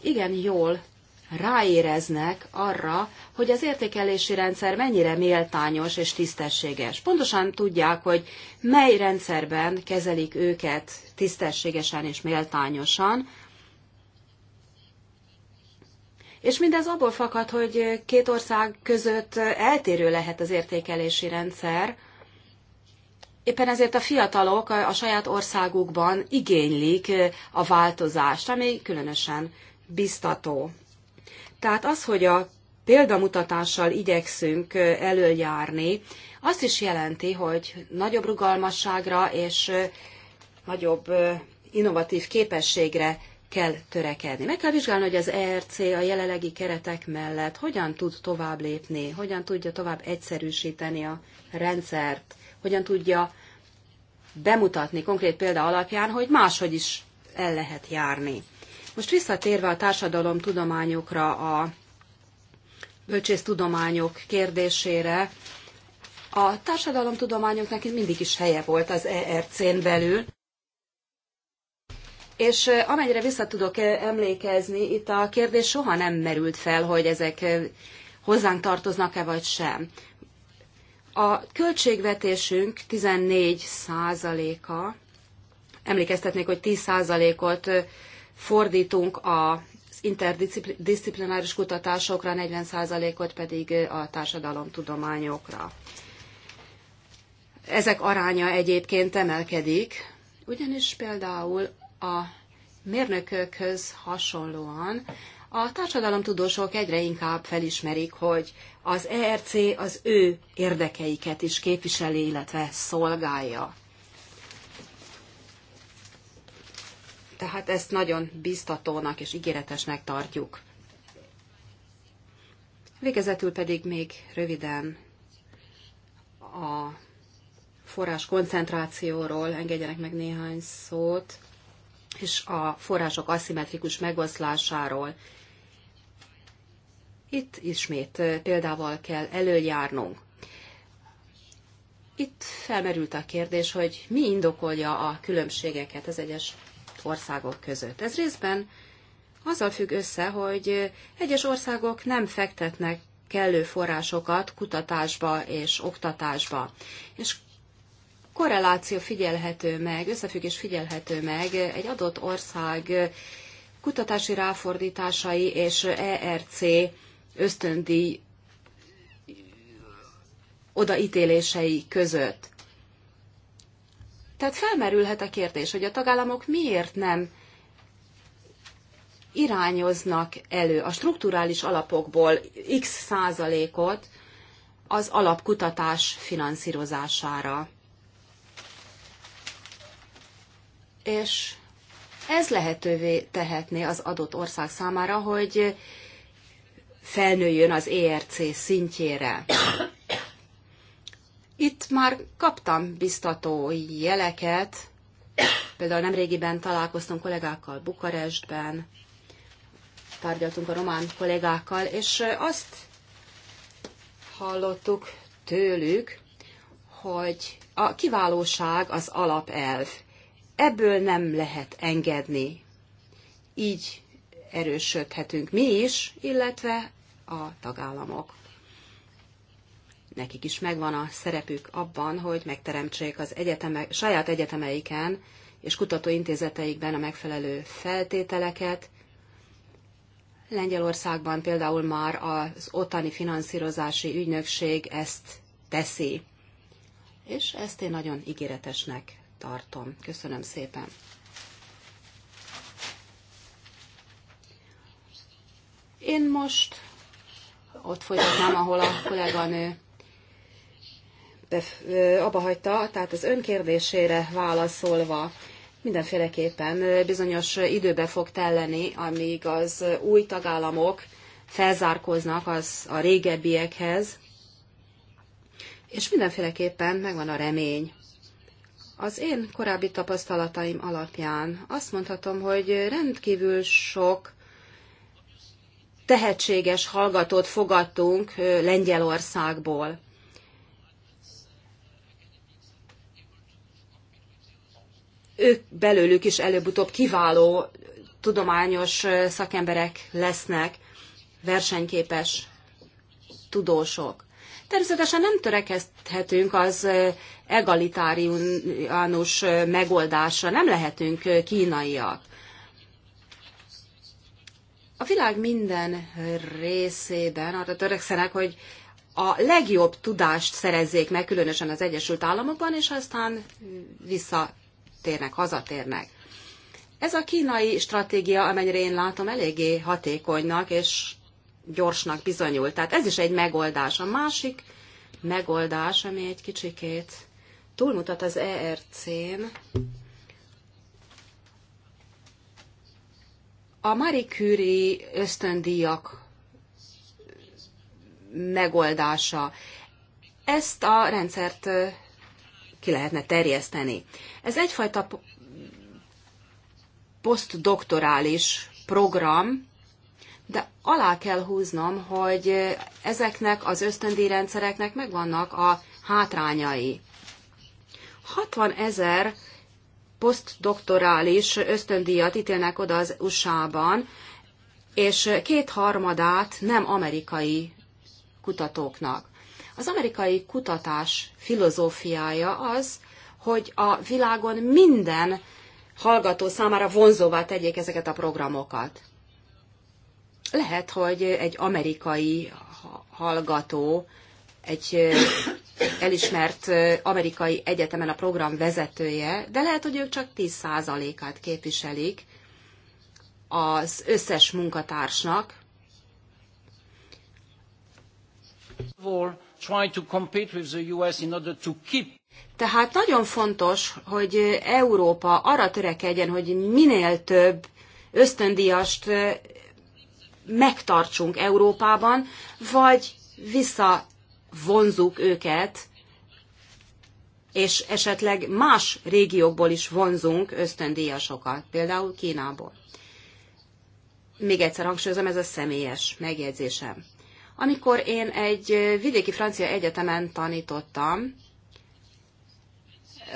igen jól ráéreznek arra, hogy az értékelési rendszer mennyire méltányos és tisztességes. Pontosan tudják, hogy mely rendszerben kezelik őket tisztességesen és méltányosan, és mindez abból fakad, hogy két ország között eltérő lehet az értékelési rendszer. Éppen ezért a fiatalok a saját országukban igénylik a változást, ami különösen biztató. Tehát az, hogy a példamutatással igyekszünk előjárni, azt is jelenti, hogy nagyobb rugalmasságra és nagyobb innovatív képességre kell törekedni. Meg kell vizsgálni, hogy az ERC a jelenlegi keretek mellett hogyan tud tovább lépni, hogyan tudja tovább egyszerűsíteni a rendszert, hogyan tudja bemutatni konkrét példa alapján, hogy máshogy is el lehet járni. Most visszatérve a társadalomtudományokra, a bölcsésztudományok kérdésére, a társadalomtudományoknak mindig is helye volt az ERC-n belül, és amennyire vissza tudok emlékezni, itt a kérdés soha nem merült fel, hogy ezek hozzánk tartoznak-e vagy sem. A költségvetésünk 14 százaléka, emlékeztetnék, hogy 10 százalékot fordítunk a interdisziplináris kutatásokra, 40%-ot pedig a társadalomtudományokra. Ezek aránya egyébként emelkedik, ugyanis például a mérnökökhöz hasonlóan a társadalomtudósok egyre inkább felismerik, hogy az ERC az ő érdekeiket is képviseli, illetve szolgálja. Tehát ezt nagyon biztatónak és ígéretesnek tartjuk. Végezetül pedig még röviden a forrás koncentrációról engedjenek meg néhány szót, és a források aszimmetrikus megoszlásáról. Itt ismét példával kell előjárnunk. Itt felmerült a kérdés, hogy mi indokolja a különbségeket az egyes országok között. Ez részben azzal függ össze, hogy egyes országok nem fektetnek kellő forrásokat kutatásba és oktatásba. És korreláció figyelhető meg, összefüggés figyelhető meg egy adott ország kutatási ráfordításai és ERC ösztöndi odaítélései között. Tehát felmerülhet a kérdés, hogy a tagállamok miért nem irányoznak elő a strukturális alapokból x százalékot az alapkutatás finanszírozására. És ez lehetővé tehetné az adott ország számára, hogy felnőjön az ERC szintjére. Itt már kaptam biztató jeleket, például nemrégiben találkoztam kollégákkal Bukarestben, tárgyaltunk a román kollégákkal, és azt hallottuk tőlük, hogy a kiválóság az alapelv. Ebből nem lehet engedni. Így erősödhetünk mi is, illetve a tagállamok nekik is megvan a szerepük abban, hogy megteremtsék az egyetemek, saját egyetemeiken és kutatóintézeteikben a megfelelő feltételeket. Lengyelországban például már az ottani finanszírozási ügynökség ezt teszi, és ezt én nagyon ígéretesnek tartom. Köszönöm szépen! Én most ott folytatnám, ahol a kolléganő ebbe, abba hagyta, tehát az ön kérdésére válaszolva mindenféleképpen bizonyos időbe fog telleni, amíg az új tagállamok felzárkoznak az a régebbiekhez, és mindenféleképpen megvan a remény. Az én korábbi tapasztalataim alapján azt mondhatom, hogy rendkívül sok tehetséges hallgatót fogadtunk Lengyelországból. ők belőlük is előbb-utóbb kiváló tudományos szakemberek lesznek, versenyképes tudósok. Természetesen nem törekedhetünk az egalitáriánus megoldásra, nem lehetünk kínaiak. A világ minden részében arra törekszenek, hogy a legjobb tudást szerezzék meg, különösen az Egyesült Államokban, és aztán vissza térnek, hazatérnek. Ez a kínai stratégia, amennyire én látom, eléggé hatékonynak és gyorsnak bizonyult. Tehát ez is egy megoldás. A másik megoldás, ami egy kicsikét túlmutat az ERC-n, a Marie Curie ösztöndíjak megoldása. Ezt a rendszert ki lehetne terjeszteni. Ez egyfajta posztdoktorális program, de alá kell húznom, hogy ezeknek az ösztöndíjrendszereknek megvannak a hátrányai. 60 ezer posztdoktorális ösztöndíjat ítélnek oda az USA-ban, és kétharmadát nem amerikai kutatóknak. Az amerikai kutatás filozófiája az, hogy a világon minden hallgató számára vonzóvá tegyék ezeket a programokat. Lehet, hogy egy amerikai hallgató egy elismert amerikai egyetemen a program vezetője, de lehet, hogy ők csak 10%-át képviselik az összes munkatársnak try to compete with the US in order to keep tehát nagyon fontos, hogy Európa arra törekedjen, hogy minél több ösztöndíjast megtartsunk Európában, vagy visszavonzuk őket, és esetleg más régiókból is vonzunk ösztöndíjasokat, például Kínából. Még egyszer hangsúlyozom, ez a személyes megjegyzésem. Amikor én egy vidéki francia egyetemen tanítottam,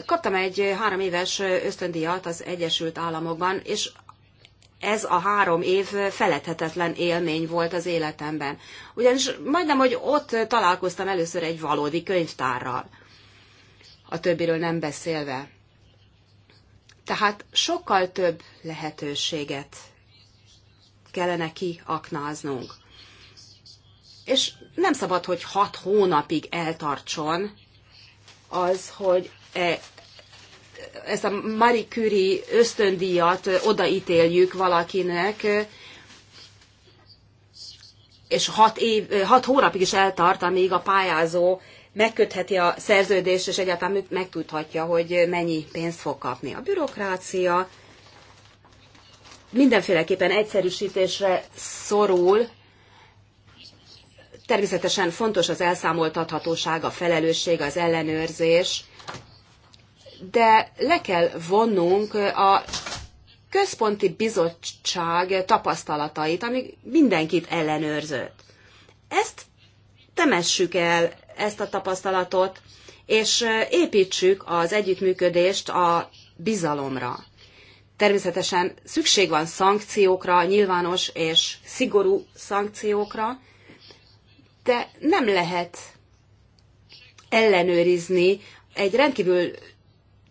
kaptam egy három éves ösztöndíjat az Egyesült Államokban, és ez a három év feledhetetlen élmény volt az életemben. Ugyanis majdnem, hogy ott találkoztam először egy valódi könyvtárral, a többiről nem beszélve. Tehát sokkal több lehetőséget kellene kiaknáznunk. És nem szabad, hogy hat hónapig eltartson az, hogy e, ezt a Marie Curie ösztöndíjat odaítéljük valakinek, és hat, év, hat hónapig is eltart, amíg a pályázó megkötheti a szerződést, és egyáltalán megtudhatja, hogy mennyi pénzt fog kapni. A bürokrácia mindenféleképpen egyszerűsítésre szorul, Természetesen fontos az elszámoltathatóság, a felelősség, az ellenőrzés, de le kell vonnunk a központi bizottság tapasztalatait, ami mindenkit ellenőrzött. Ezt temessük el, ezt a tapasztalatot, és építsük az együttműködést a bizalomra. Természetesen szükség van szankciókra, nyilvános és szigorú szankciókra, de nem lehet ellenőrizni egy rendkívül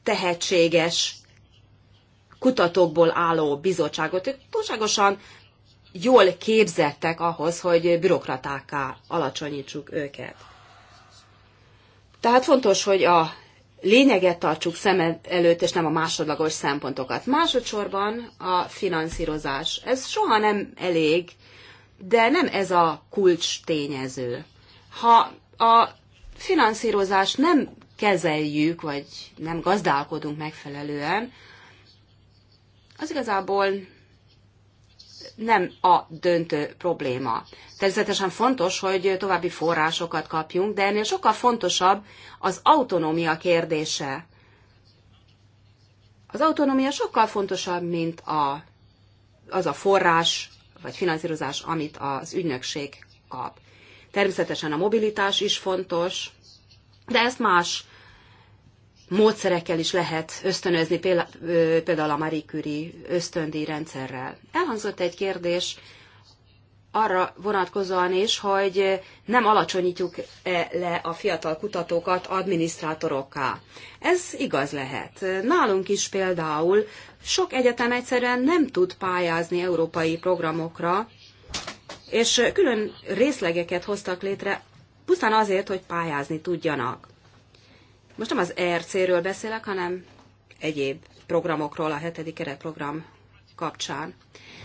tehetséges kutatókból álló bizottságot. Ők túlságosan jól képzettek ahhoz, hogy bürokratákká alacsonyítsuk őket. Tehát fontos, hogy a lényeget tartsuk szem előtt, és nem a másodlagos szempontokat. Másodszorban a finanszírozás. Ez soha nem elég de nem ez a kulcs tényező. Ha a finanszírozást nem kezeljük, vagy nem gazdálkodunk megfelelően, az igazából nem a döntő probléma. Természetesen fontos, hogy további forrásokat kapjunk, de ennél sokkal fontosabb az autonómia kérdése. Az autonómia sokkal fontosabb, mint a, az a forrás, vagy finanszírozás, amit az ügynökség kap. Természetesen a mobilitás is fontos, de ezt más módszerekkel is lehet ösztönözni, például a Marie Curie ösztöndi rendszerrel. Elhangzott egy kérdés arra vonatkozóan is, hogy nem alacsonyítjuk -e le a fiatal kutatókat adminisztrátorokká. Ez igaz lehet. Nálunk is például sok egyetem egyszerűen nem tud pályázni európai programokra, és külön részlegeket hoztak létre pusztán azért, hogy pályázni tudjanak. Most nem az ERC-ről beszélek, hanem egyéb programokról a hetedik keretprogram kapcsán.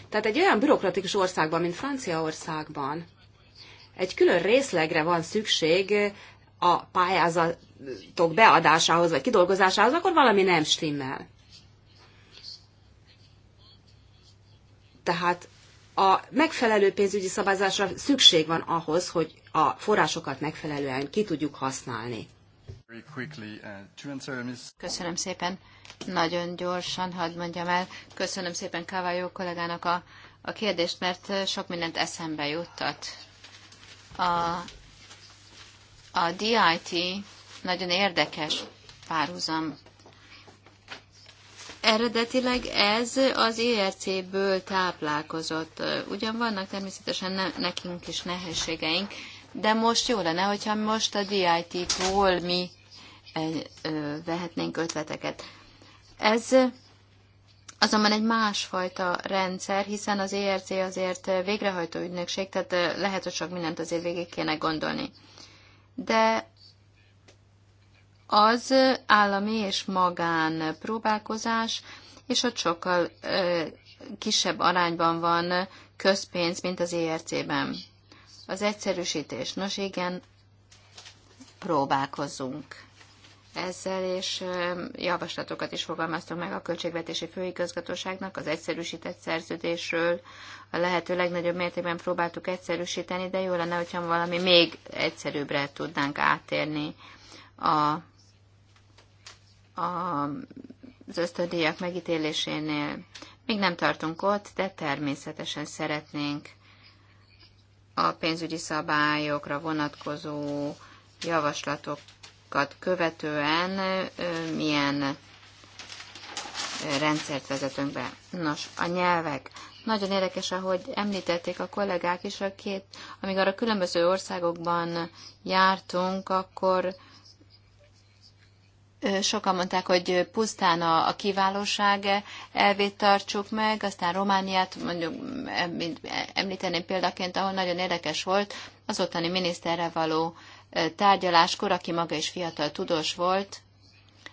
Tehát egy olyan bürokratikus országban, mint Franciaországban, egy külön részlegre van szükség a pályázatok beadásához vagy kidolgozásához, akkor valami nem stimmel. Tehát a megfelelő pénzügyi szabályzásra szükség van ahhoz, hogy a forrásokat megfelelően ki tudjuk használni. Uh, köszönöm szépen. Nagyon gyorsan, hadd mondjam el, köszönöm szépen Kávályó kollégának a, a kérdést, mert uh, sok mindent eszembe juttat. A, a DIT nagyon érdekes párhuzam. Eredetileg ez az ERC-ből táplálkozott. Ugyan vannak természetesen ne, nekünk is nehézségeink, de most jó lenne, hogyha most a DIT-tól mi vehetnénk ötleteket. Ez azonban egy másfajta rendszer, hiszen az ERC azért végrehajtó ügynökség, tehát lehet, hogy sok mindent azért végig kéne gondolni. De az állami és magán próbálkozás, és ott sokkal kisebb arányban van közpénz, mint az ERC-ben. Az egyszerűsítés. Nos igen, próbálkozunk ezzel, és javaslatokat is fogalmaztunk meg a Költségvetési Főigazgatóságnak az egyszerűsített szerződésről. A lehető legnagyobb mértékben próbáltuk egyszerűsíteni, de jó lenne, hogyha valami még egyszerűbbre tudnánk átérni a, a, az ösztöndíjak megítélésénél. Még nem tartunk ott, de természetesen szeretnénk a pénzügyi szabályokra vonatkozó javaslatok választásokat követően milyen rendszert vezetünk be. Nos, a nyelvek. Nagyon érdekes, ahogy említették a kollégák is, a két, amíg arra különböző országokban jártunk, akkor sokan mondták, hogy pusztán a, a kiválóság elvét tartsuk meg, aztán Romániát mondjuk említeném példaként, ahol nagyon érdekes volt az ottani miniszterre való tárgyaláskor, aki maga is fiatal tudós volt,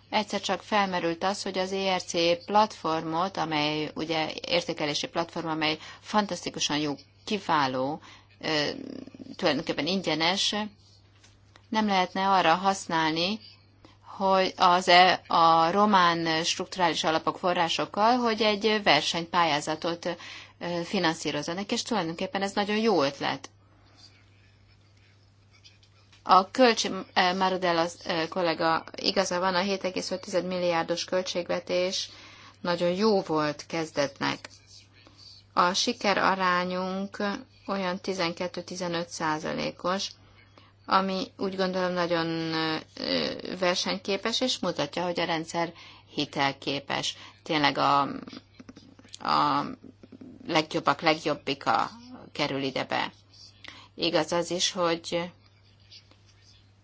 egyszer csak felmerült az, hogy az ERC platformot, amely ugye értékelési platform, amely fantasztikusan jó, kiváló, tulajdonképpen ingyenes, nem lehetne arra használni, hogy az -e a román strukturális alapok forrásokkal, hogy egy versenypályázatot finanszírozzanak, és tulajdonképpen ez nagyon jó ötlet. A kölcs, eh, az eh, kollega igaza van, a 7,5 milliárdos költségvetés nagyon jó volt kezdetnek. A siker arányunk olyan 12-15 százalékos, ami úgy gondolom nagyon eh, versenyképes, és mutatja, hogy a rendszer hitelképes. Tényleg a, a legjobbak legjobbika kerül ide be. Igaz az is, hogy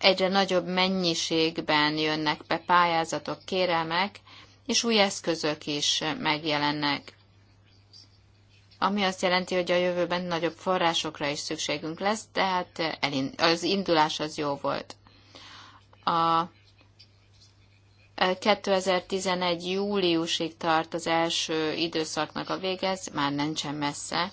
egyre nagyobb mennyiségben jönnek be pályázatok, kérelmek, és új eszközök is megjelennek. Ami azt jelenti, hogy a jövőben nagyobb forrásokra is szükségünk lesz, tehát az indulás az jó volt. A 2011. júliusig tart az első időszaknak a vége, ez már nincsen messze,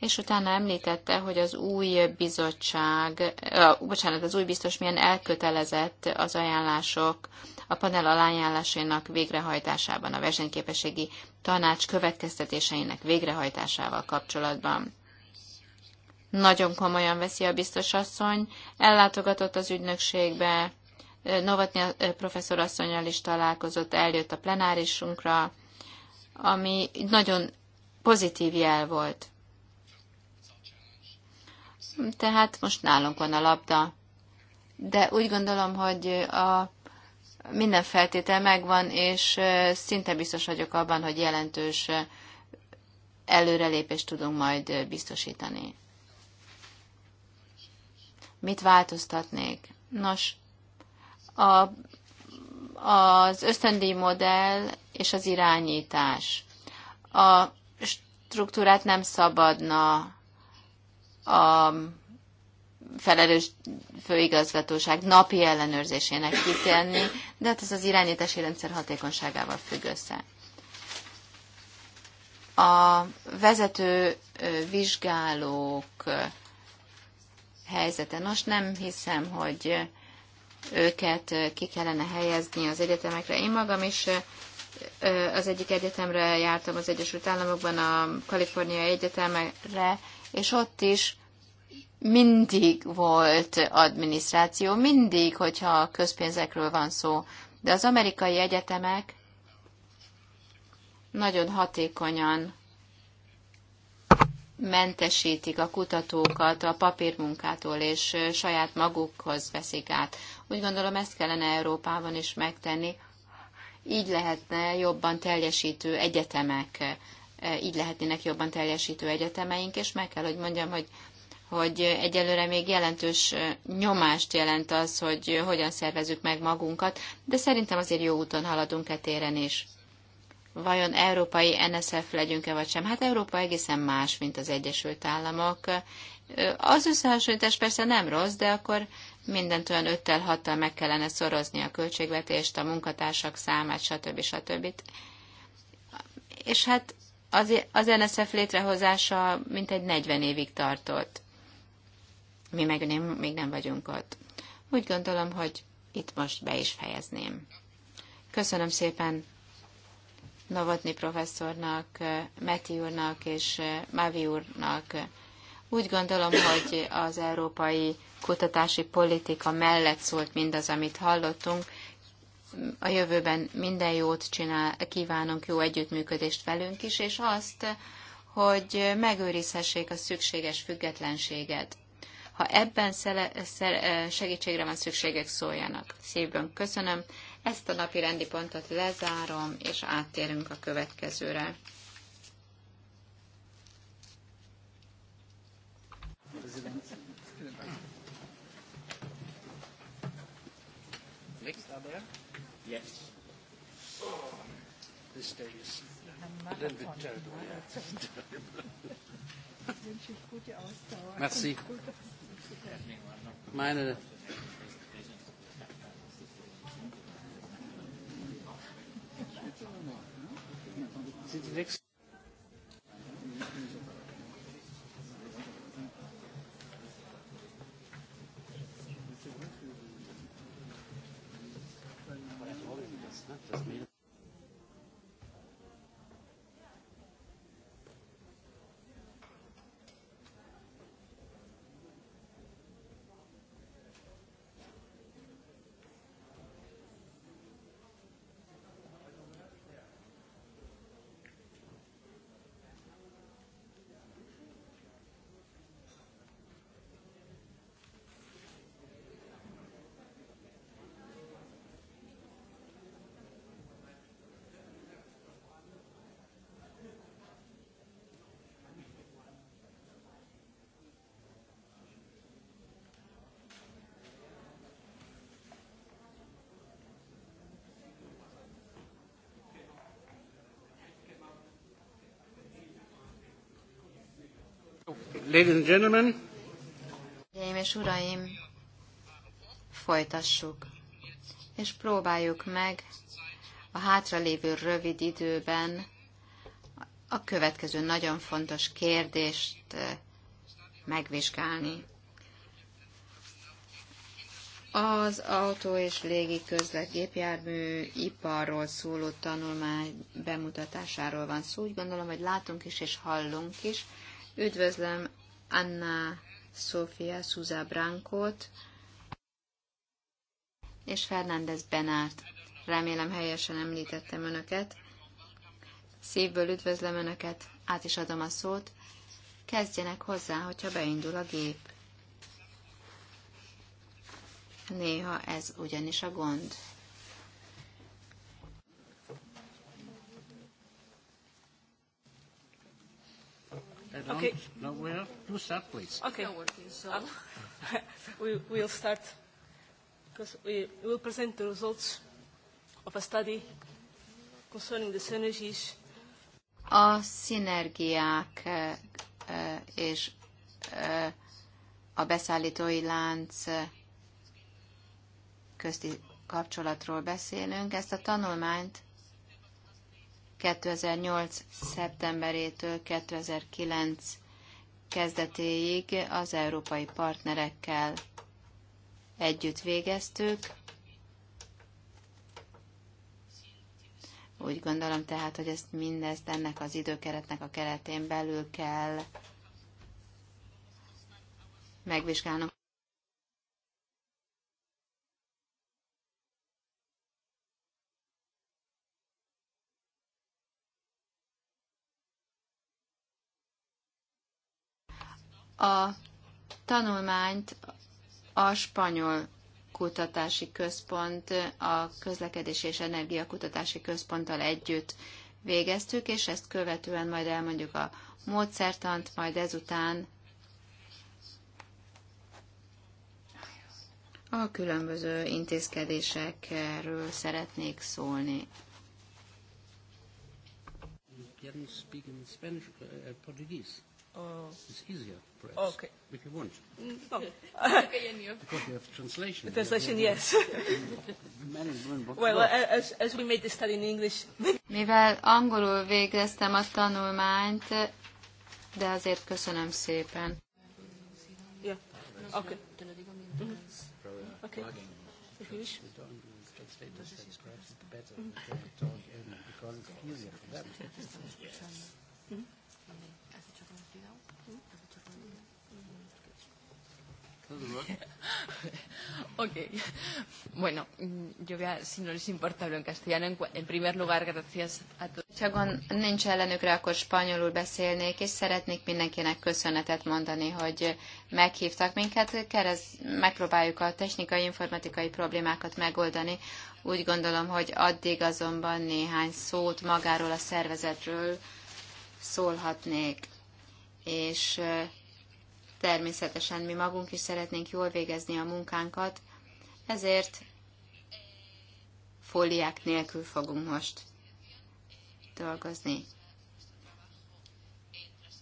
és utána említette, hogy az új bizottság, uh, bocsánat, az új biztos milyen elkötelezett az ajánlások, a panel alányállásainak végrehajtásában, a versenyképességi tanács következtetéseinek végrehajtásával kapcsolatban. Nagyon komolyan veszi a biztos asszony, ellátogatott az ügynökségbe, Novatni professzor asszonyal is találkozott, eljött a plenárisunkra, ami nagyon pozitív jel volt. Tehát most nálunk van a labda. De úgy gondolom, hogy a minden feltétel megvan, és szinte biztos vagyok abban, hogy jelentős előrelépést tudunk majd biztosítani. Mit változtatnék? Nos, a, az ösztöndíj modell és az irányítás. A struktúrát nem szabadna a felelős főigazgatóság napi ellenőrzésének kitérni, de hát ez az irányítási rendszer hatékonyságával függ össze. A vezető vizsgálók helyzete. Most nem hiszem, hogy őket ki kellene helyezni az egyetemekre. Én magam is az egyik egyetemre jártam az Egyesült Államokban, a Kalifornia Egyetemre, és ott is mindig volt adminisztráció, mindig, hogyha a közpénzekről van szó. De az amerikai egyetemek nagyon hatékonyan mentesítik a kutatókat a papírmunkától, és saját magukhoz veszik át. Úgy gondolom, ezt kellene Európában is megtenni. Így lehetne jobban teljesítő egyetemek E, így lehetnének jobban teljesítő egyetemeink, és meg kell, hogy mondjam, hogy hogy egyelőre még jelentős e, nyomást jelent az, hogy hogyan szervezzük meg magunkat, de szerintem azért jó úton haladunk e téren is. Vajon európai NSF legyünk-e vagy sem? Hát Európa egészen más, mint az Egyesült Államok. E, az összehasonlítás persze nem rossz, de akkor mindent olyan öttel, hattal meg kellene szorozni a költségvetést, a munkatársak számát, stb. stb. És hát az, az NSF létrehozása mintegy 40 évig tartott. Mi meg nem, még nem vagyunk ott. Úgy gondolom, hogy itt most be is fejezném. Köszönöm szépen Novotny professzornak, Meti úrnak és Mavi úrnak. Úgy gondolom, hogy az európai kutatási politika mellett szólt mindaz, amit hallottunk, a jövőben minden jót csinál, kívánunk, jó együttműködést velünk is, és azt, hogy megőrizhessék a szükséges függetlenséget. Ha ebben szele, szere, segítségre van szükségek, szóljanak. Szívből köszönöm. Ezt a napi rendi pontot lezárom, és áttérünk a következőre. these days. A little bit terrible, yeah. Merci. Meine sind die Ladies and gentlemen. Hölgyeim és uraim, folytassuk, és próbáljuk meg a hátralévő rövid időben a következő nagyon fontos kérdést eh, megvizsgálni. Az autó és légi közlegépjármű iparról szóló tanulmány bemutatásáról van szó. Úgy gondolom, hogy látunk is és hallunk is Üdvözlöm Anna Sofia Suza Brankót és Fernández Benárt. Remélem helyesen említettem Önöket. Szívből üdvözlöm Önöket, át is adom a szót. Kezdjenek hozzá, hogyha beindul a gép. Néha ez ugyanis a gond. around okay. nowhere. You start, please. Okay. working, so. *laughs* we will start because we will present the results of a study concerning the synergies. A szinergiák eh, eh, és eh, a beszállítói lánc közti kapcsolatról beszélünk. Ezt a tanulmányt 2008. szeptemberétől 2009 kezdetéig az európai partnerekkel együtt végeztük. Úgy gondolom tehát, hogy ezt mindezt ennek az időkeretnek a keretén belül kell megvizsgálnom. A tanulmányt a spanyol kutatási központ, a közlekedés és energiakutatási központtal együtt végeztük, és ezt követően majd elmondjuk a módszertant, majd ezután a különböző intézkedésekről szeretnék szólni. Spanish, uh, Portuguese. Oh. it's easier, perhaps, okay. if you want. because mm, *laughs* you have translation. Translation, yes. *laughs* well, as, as we made the study in English. *laughs* Mivel angolul végeztem a tanulmányt, de azért köszönöm szépen. Yeah. Okay. Mm-hmm. Okay. *laughs* ok. Bueno, yo voy a, si no les importa, hablo en castellano. En, primer lugar, gracias a todos. Csak gond, nincs ellenükre, akkor spanyolul beszélnék, és szeretnék mindenkinek köszönetet mondani, hogy meghívtak minket. Kerez, megpróbáljuk a technikai, informatikai problémákat megoldani. Úgy gondolom, hogy addig azonban néhány szót magáról a szervezetről szólhatnék. És Természetesen mi magunk is szeretnénk jól végezni a munkánkat, ezért fóliák nélkül fogunk most dolgozni.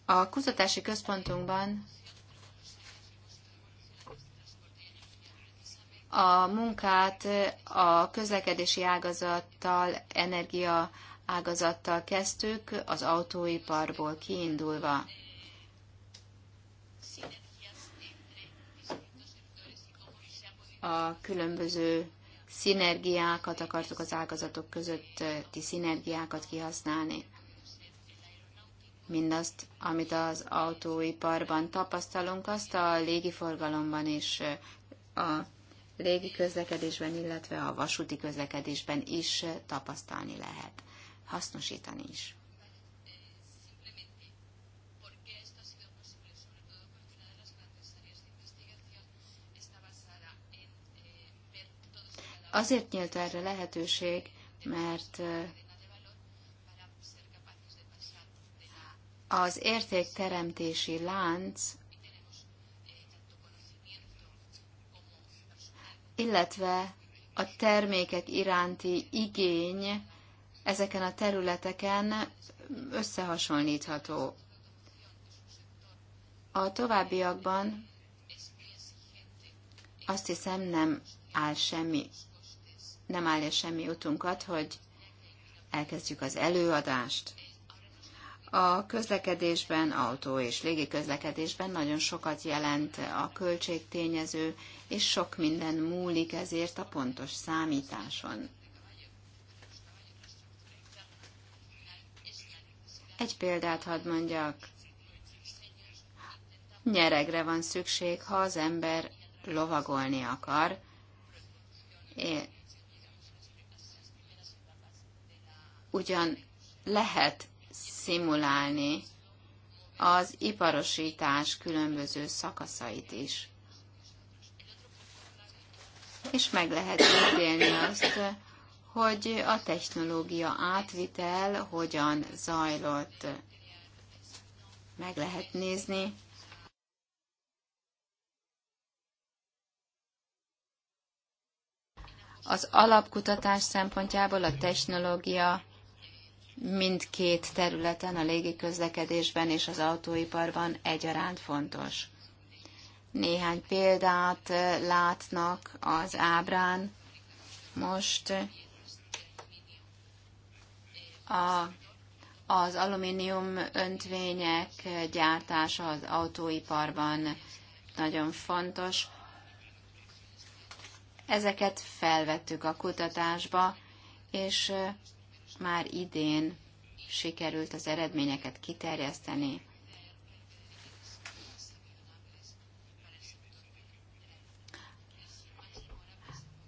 A kutatási központunkban a munkát a közlekedési ágazattal, energia ágazattal kezdtük, az autóiparból kiindulva. a különböző szinergiákat akartuk az ágazatok közötti eh, szinergiákat kihasználni. Mindazt, amit az autóiparban tapasztalunk, azt a légiforgalomban és eh, a légi közlekedésben, illetve a vasúti közlekedésben is eh, tapasztalni lehet, hasznosítani is. Azért nyílt erre lehetőség, mert az értékteremtési lánc, illetve a termékek iránti igény ezeken a területeken összehasonlítható. A továbbiakban azt hiszem nem áll semmi nem állja semmi utunkat, hogy elkezdjük az előadást. A közlekedésben, autó és légi közlekedésben nagyon sokat jelent a költségtényező, és sok minden múlik ezért a pontos számításon. Egy példát hadd mondjak. Nyeregre van szükség, ha az ember lovagolni akar, ugyan lehet szimulálni az iparosítás különböző szakaszait is. És meg lehet ítélni azt, hogy a technológia átvitel hogyan zajlott. Meg lehet nézni, az alapkutatás szempontjából a technológia mindkét területen, a légiközlekedésben és az autóiparban egyaránt fontos. Néhány példát eh, látnak az ábrán. Most a, az alumínium öntvények gyártása az autóiparban nagyon fontos. Ezeket felvettük a kutatásba, és eh, már idén sikerült az eredményeket kiterjeszteni.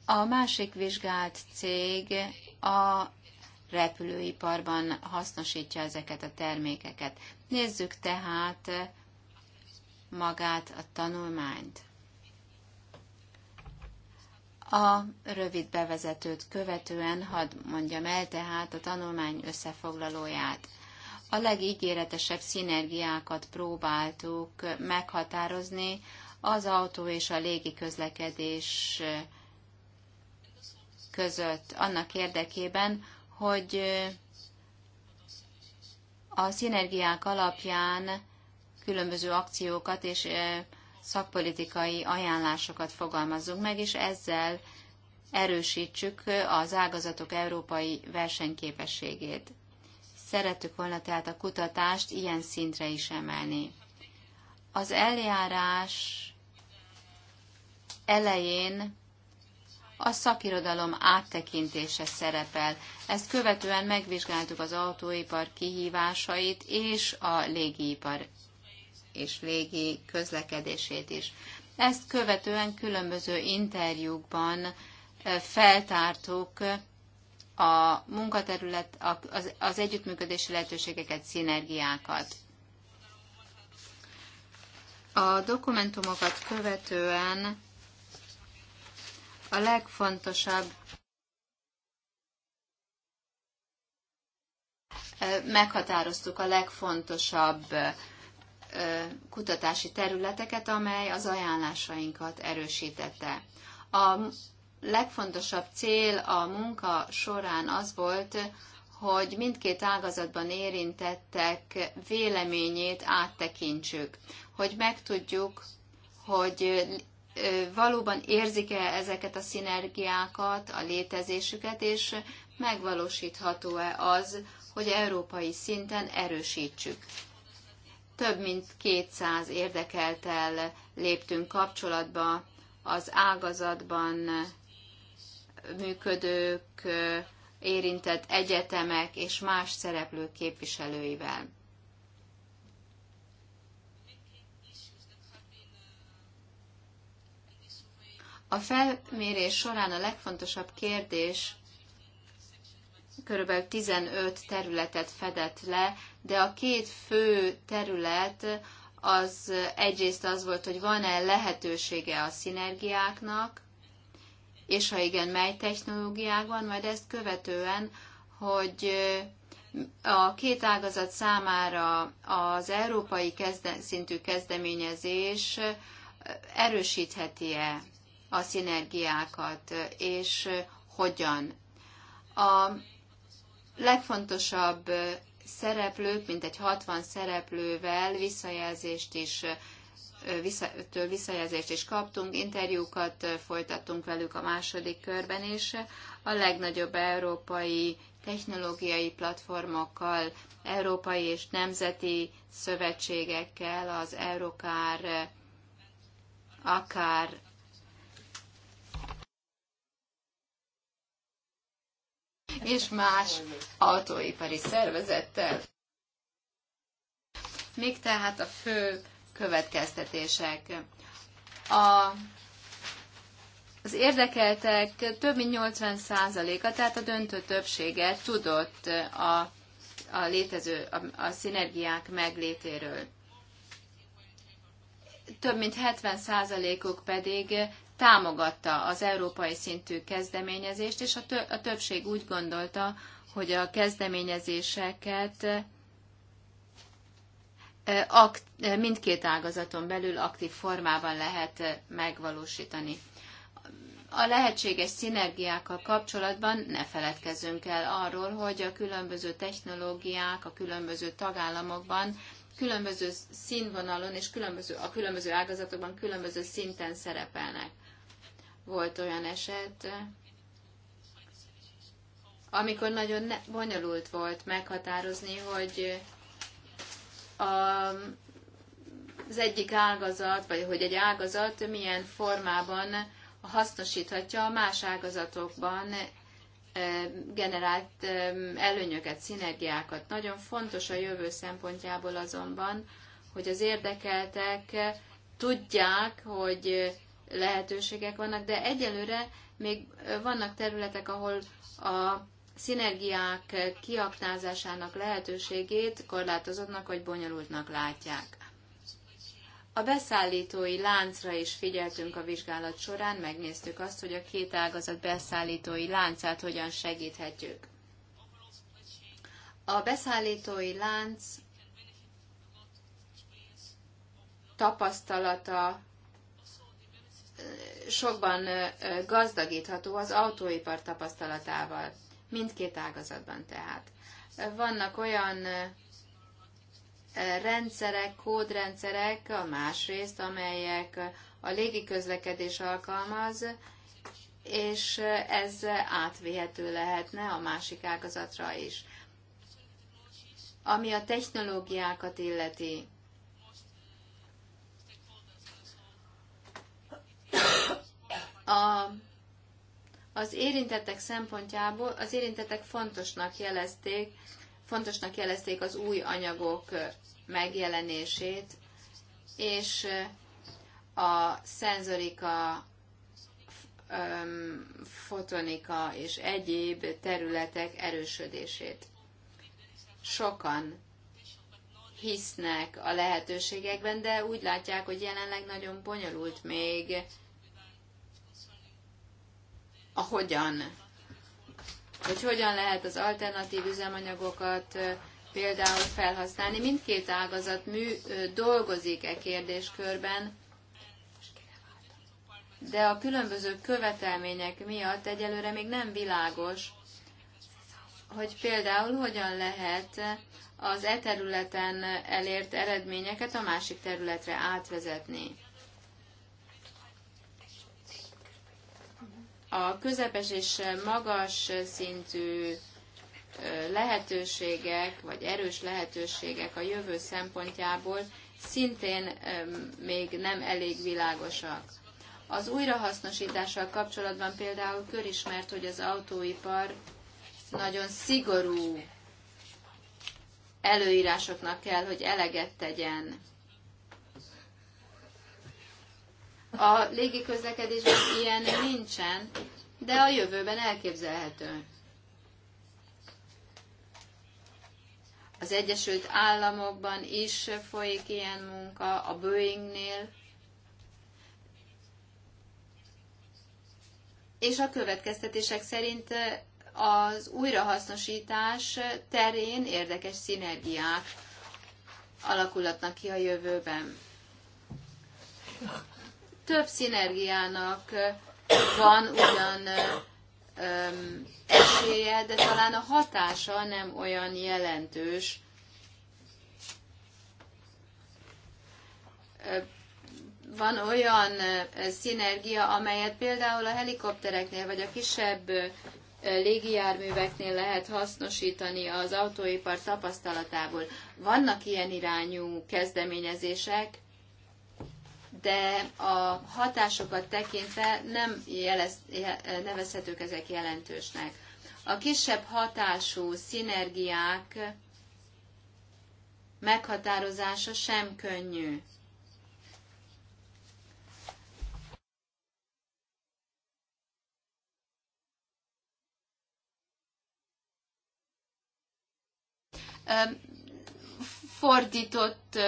A másik vizsgált cég a repülőiparban hasznosítja ezeket a termékeket. Nézzük tehát magát a tanulmányt. A rövid bevezetőt követően hadd mondjam el tehát a tanulmány összefoglalóját. A legígéretesebb szinergiákat próbáltuk meghatározni az autó és a légi közlekedés között annak érdekében, hogy a szinergiák alapján különböző akciókat és szakpolitikai ajánlásokat fogalmazzunk meg, és ezzel erősítsük az ágazatok európai versenyképességét. Szerettük volna tehát a kutatást ilyen szintre is emelni. Az eljárás elején a szakirodalom áttekintése szerepel. Ezt követően megvizsgáltuk az autóipar kihívásait és a légiipar és légi közlekedését is. Ezt követően különböző interjúkban feltártuk a munkaterület, az, együttműködési lehetőségeket, szinergiákat. A dokumentumokat követően a legfontosabb meghatároztuk a legfontosabb kutatási területeket, amely az ajánlásainkat erősítette. A legfontosabb cél a munka során az volt, hogy mindkét ágazatban érintettek véleményét áttekintsük, hogy megtudjuk, hogy valóban érzik-e ezeket a szinergiákat, a létezésüket, és megvalósítható-e az, hogy európai szinten erősítsük több mint 200 érdekeltel léptünk kapcsolatba az ágazatban működők, érintett egyetemek és más szereplők képviselőivel. A felmérés során a legfontosabb kérdés kb. 15 területet fedett le, de a két fő terület az egyrészt az volt, hogy van-e lehetősége a szinergiáknak, és ha igen, mely technológiákban, majd ezt követően, hogy a két ágazat számára az európai kezde- szintű kezdeményezés erősítheti-e a szinergiákat, és hogyan. A legfontosabb szereplők, mint egy 60 szereplővel visszajelzést is vissza, visszajelzést is kaptunk, interjúkat folytattunk velük a második körben, is. a legnagyobb európai technológiai platformokkal, európai és nemzeti szövetségekkel, az Eurokár, akár és más autóipari szervezettel. Még tehát a fő következtetések. A, az érdekeltek több mint 80%-a, tehát a döntő többsége tudott a, a létező, a, a szinergiák meglétéről. Több mint 70%-uk pedig támogatta az európai szintű kezdeményezést, és a többség úgy gondolta, hogy a kezdeményezéseket mindkét ágazaton belül aktív formában lehet megvalósítani. A lehetséges szinergiákkal kapcsolatban ne feledkezzünk el arról, hogy a különböző technológiák a különböző tagállamokban különböző színvonalon és különböző, a különböző ágazatokban különböző szinten szerepelnek. Volt olyan eset, amikor nagyon ne- bonyolult volt meghatározni, hogy a, um, az egyik ágazat, vagy hogy egy ágazat milyen formában hasznosíthatja a más ágazatokban eh, generált eh, előnyöket, szinergiákat. Nagyon fontos a jövő szempontjából azonban, hogy az érdekeltek tudják, hogy lehetőségek vannak, de egyelőre még vannak területek, ahol a szinergiák kiaknázásának lehetőségét korlátozottnak vagy bonyolultnak látják. A beszállítói láncra is figyeltünk a vizsgálat során, megnéztük azt, hogy a két ágazat beszállítói láncát hogyan segíthetjük. A beszállítói lánc tapasztalata sokban gazdagítható az autóipar tapasztalatával, mindkét ágazatban tehát. Vannak olyan rendszerek, kódrendszerek, a másrészt, amelyek a légiközlekedés alkalmaz, és ez átvihető lehetne a másik ágazatra is. Ami a technológiákat illeti, A, az érintettek szempontjából, az érintettek fontosnak jelezték, fontosnak jelezték az új anyagok megjelenését, és a szenzorika, fotonika és egyéb területek erősödését. Sokan hisznek a lehetőségekben, de úgy látják, hogy jelenleg nagyon bonyolult még a hogyan. Hogy hogyan lehet az alternatív üzemanyagokat például felhasználni. Mindkét ágazat mű dolgozik-e kérdéskörben, de a különböző követelmények miatt egyelőre még nem világos, hogy például hogyan lehet az e területen elért eredményeket a másik területre átvezetni. a közepes és magas szintű lehetőségek, vagy erős lehetőségek a jövő szempontjából szintén még nem elég világosak. Az újrahasznosítással kapcsolatban például körismert, hogy az autóipar nagyon szigorú előírásoknak kell, hogy eleget tegyen A közlekedésben ilyen nincsen, de a jövőben elképzelhető. Az Egyesült Államokban is folyik ilyen munka, a Boeingnél. És a következtetések szerint az újrahasznosítás terén érdekes szinergiák alakulatnak ki a jövőben több szinergiának van ugyan esélye, de talán a hatása nem olyan jelentős. Van olyan szinergia, amelyet például a helikoptereknél vagy a kisebb légijárműveknél lehet hasznosítani az autóipar tapasztalatából. Vannak ilyen irányú kezdeményezések, de a hatásokat tekintve nem jelez, nevezhetők ezek jelentősnek. A kisebb hatású szinergiák meghatározása sem könnyű. Fordított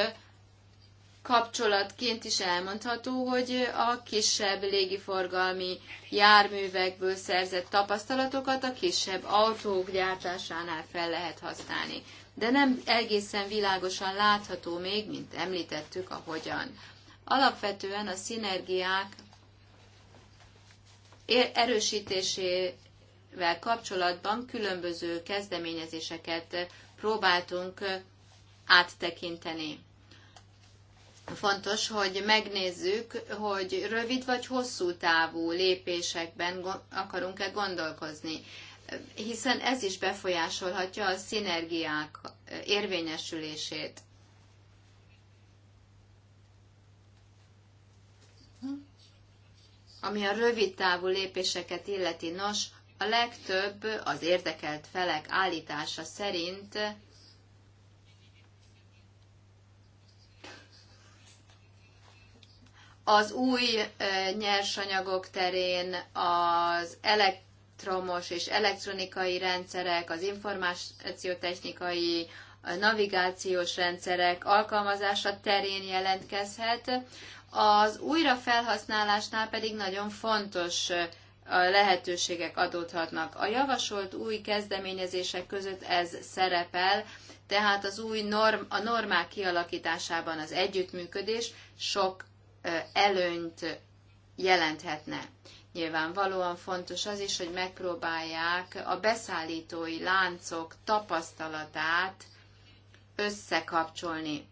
kapcsolatként is elmondható, hogy a kisebb légiforgalmi járművekből szerzett tapasztalatokat a kisebb autók gyártásánál fel lehet használni. De nem egészen világosan látható még, mint említettük, a hogyan. Alapvetően a szinergiák erősítésével kapcsolatban különböző kezdeményezéseket próbáltunk áttekinteni fontos, hogy megnézzük, hogy rövid vagy hosszú távú lépésekben akarunk-e gondolkozni, hiszen ez is befolyásolhatja a szinergiák eh, érvényesülését. Hm? Ami a rövid távú lépéseket illeti, nos, a legtöbb az érdekelt felek állítása szerint Az új nyersanyagok terén az elektromos és elektronikai rendszerek, az információtechnikai, navigációs rendszerek alkalmazása terén jelentkezhet. Az újrafelhasználásnál pedig nagyon fontos lehetőségek adódhatnak. A javasolt új kezdeményezések között ez szerepel, tehát az új norm, a normák kialakításában az együttműködés sok előnyt jelenthetne. Nyilvánvalóan fontos az is, hogy megpróbálják a beszállítói láncok tapasztalatát összekapcsolni.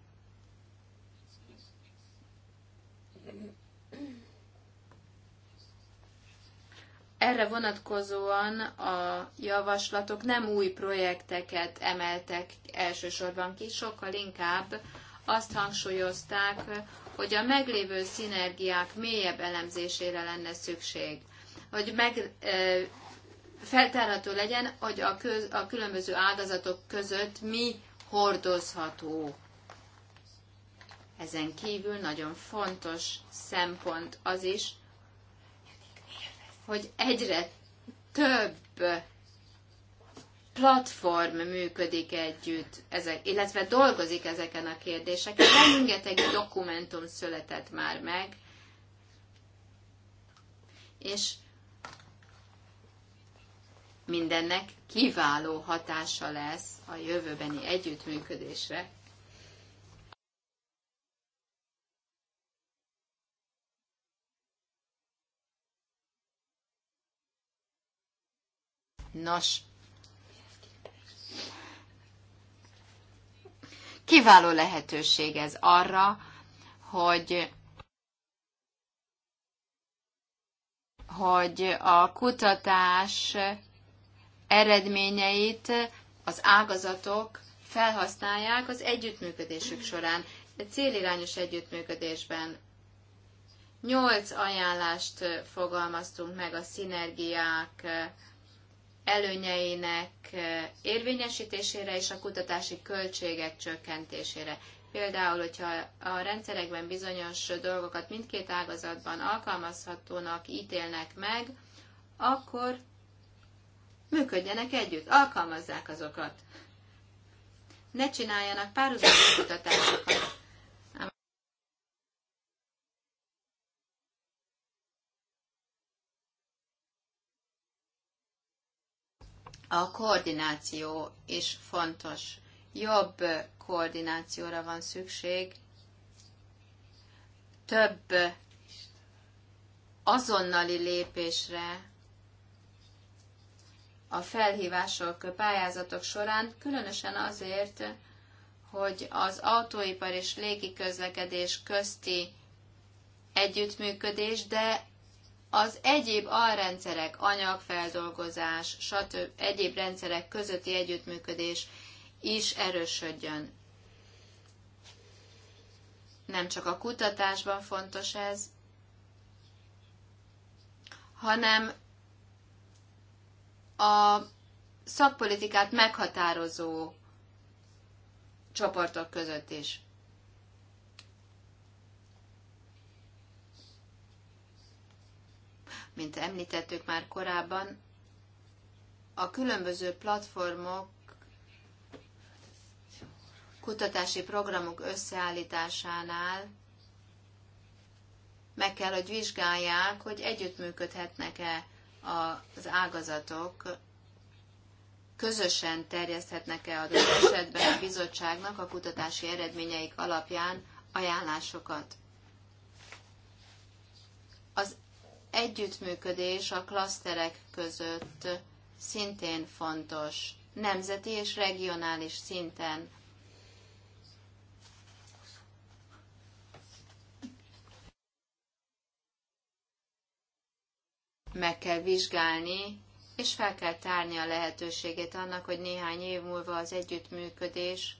Erre vonatkozóan a javaslatok nem új projekteket emeltek elsősorban ki, sokkal inkább azt hangsúlyozták, hogy a meglévő szinergiák mélyebb elemzésére lenne szükség, hogy meg, feltárható legyen, hogy a, köz, a különböző ágazatok között mi hordozható. Ezen kívül nagyon fontos szempont az is, hogy egyre több platform működik együtt, ezek, illetve dolgozik ezeken a kérdéseken. Rengeteg dokumentum született már meg, és mindennek kiváló hatása lesz a jövőbeni együttműködésre. Nos, Kiváló lehetőség ez arra, hogy hogy a kutatás eredményeit az ágazatok felhasználják az együttműködésük során, célirányos együttműködésben. Nyolc ajánlást fogalmaztunk meg a szinergiák előnyeinek érvényesítésére és a kutatási költségek csökkentésére. Például, hogyha a rendszerekben bizonyos dolgokat mindkét ágazatban alkalmazhatónak ítélnek meg, akkor működjenek együtt, alkalmazzák azokat. Ne csináljanak párhuzamos kutatásokat, A koordináció is fontos. Jobb koordinációra van szükség, több azonnali lépésre a felhívások, pályázatok során, különösen azért, hogy az autóipar és légiközlekedés közti együttműködés, de az egyéb alrendszerek, anyagfeldolgozás, stb. egyéb rendszerek közötti együttműködés is erősödjön. Nem csak a kutatásban fontos ez, hanem a szakpolitikát meghatározó csoportok között is. Mint említettük már korábban, a különböző platformok kutatási programok összeállításánál meg kell, hogy vizsgálják, hogy együttműködhetnek-e az ágazatok, közösen terjeszthetnek-e adott esetben a bizottságnak a kutatási eredményeik alapján ajánlásokat. együttműködés a klaszterek között szintén fontos, nemzeti és regionális szinten. Meg kell vizsgálni, és fel kell tárni a lehetőségét annak, hogy néhány év múlva az együttműködés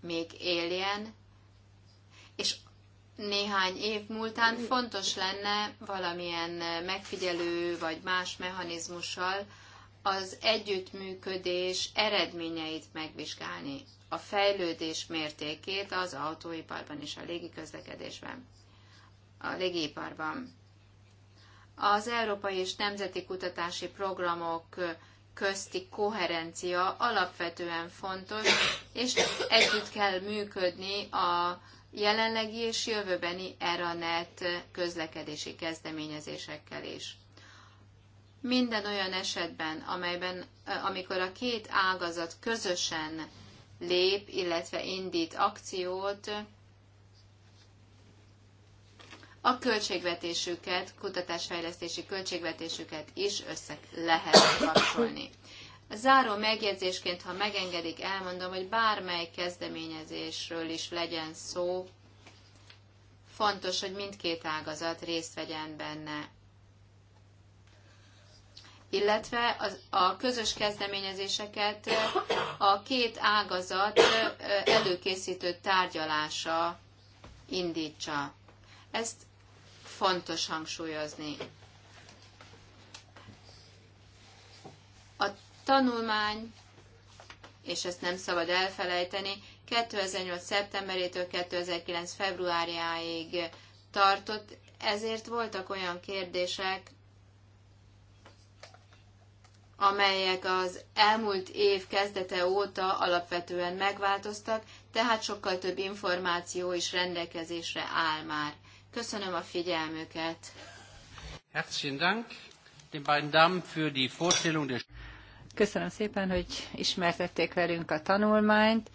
még éljen, és néhány év múltán fontos lenne valamilyen megfigyelő vagy más mechanizmussal az együttműködés eredményeit megvizsgálni, a fejlődés mértékét az autóiparban és a légiközlekedésben, a légiparban Az európai és nemzeti kutatási programok közti koherencia alapvetően fontos, és együtt kell működni a jelenlegi és jövőbeni ERANET közlekedési kezdeményezésekkel is. Minden olyan esetben, amelyben, amikor a két ágazat közösen lép, illetve indít akciót, a költségvetésüket, kutatásfejlesztési költségvetésüket is össze lehet kapcsolni. A záró megjegyzésként, ha megengedik, elmondom, hogy bármely kezdeményezésről is legyen szó, fontos, hogy mindkét ágazat részt vegyen benne. Illetve az, a közös kezdeményezéseket a két ágazat előkészítő tárgyalása indítsa. Ezt fontos hangsúlyozni. A tanulmány, és ezt nem szabad elfelejteni, 2008. szeptemberétől 2009. februárjáig tartott, ezért voltak olyan kérdések, amelyek az elmúlt év kezdete óta alapvetően megváltoztak, tehát sokkal több információ is rendelkezésre áll már. Köszönöm a figyelmüket! Herzlichen Dank den beiden Damen für die Vorstellung der Köszönöm szépen, hogy ismertették velünk a tanulmányt.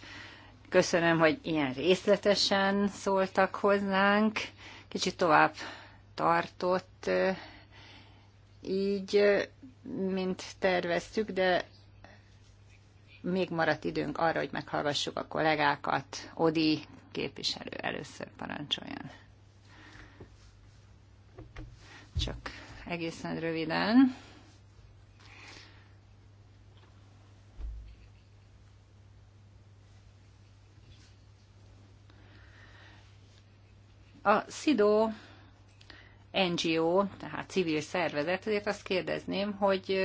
Köszönöm, hogy ilyen részletesen szóltak hozzánk. Kicsit tovább tartott így, mint terveztük, de még maradt időnk arra, hogy meghallgassuk a kollégákat. Odi képviselő először parancsoljon. Csak egészen röviden. A SIDO NGO, tehát civil szervezet, ezért azt kérdezném, hogy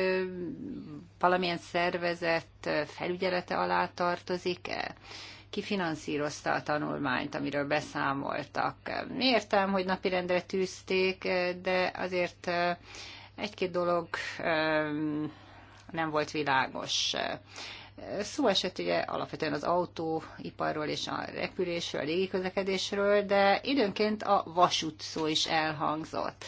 valamilyen szervezet felügyelete alá tartozik-e? Ki finanszírozta a tanulmányt, amiről beszámoltak? Értem, hogy napirendre tűzték, de azért egy-két dolog nem volt világos. Szó esett ugye alapvetően az autóiparról és a repülésről, a légiközlekedésről, de időnként a vasút szó is elhangzott.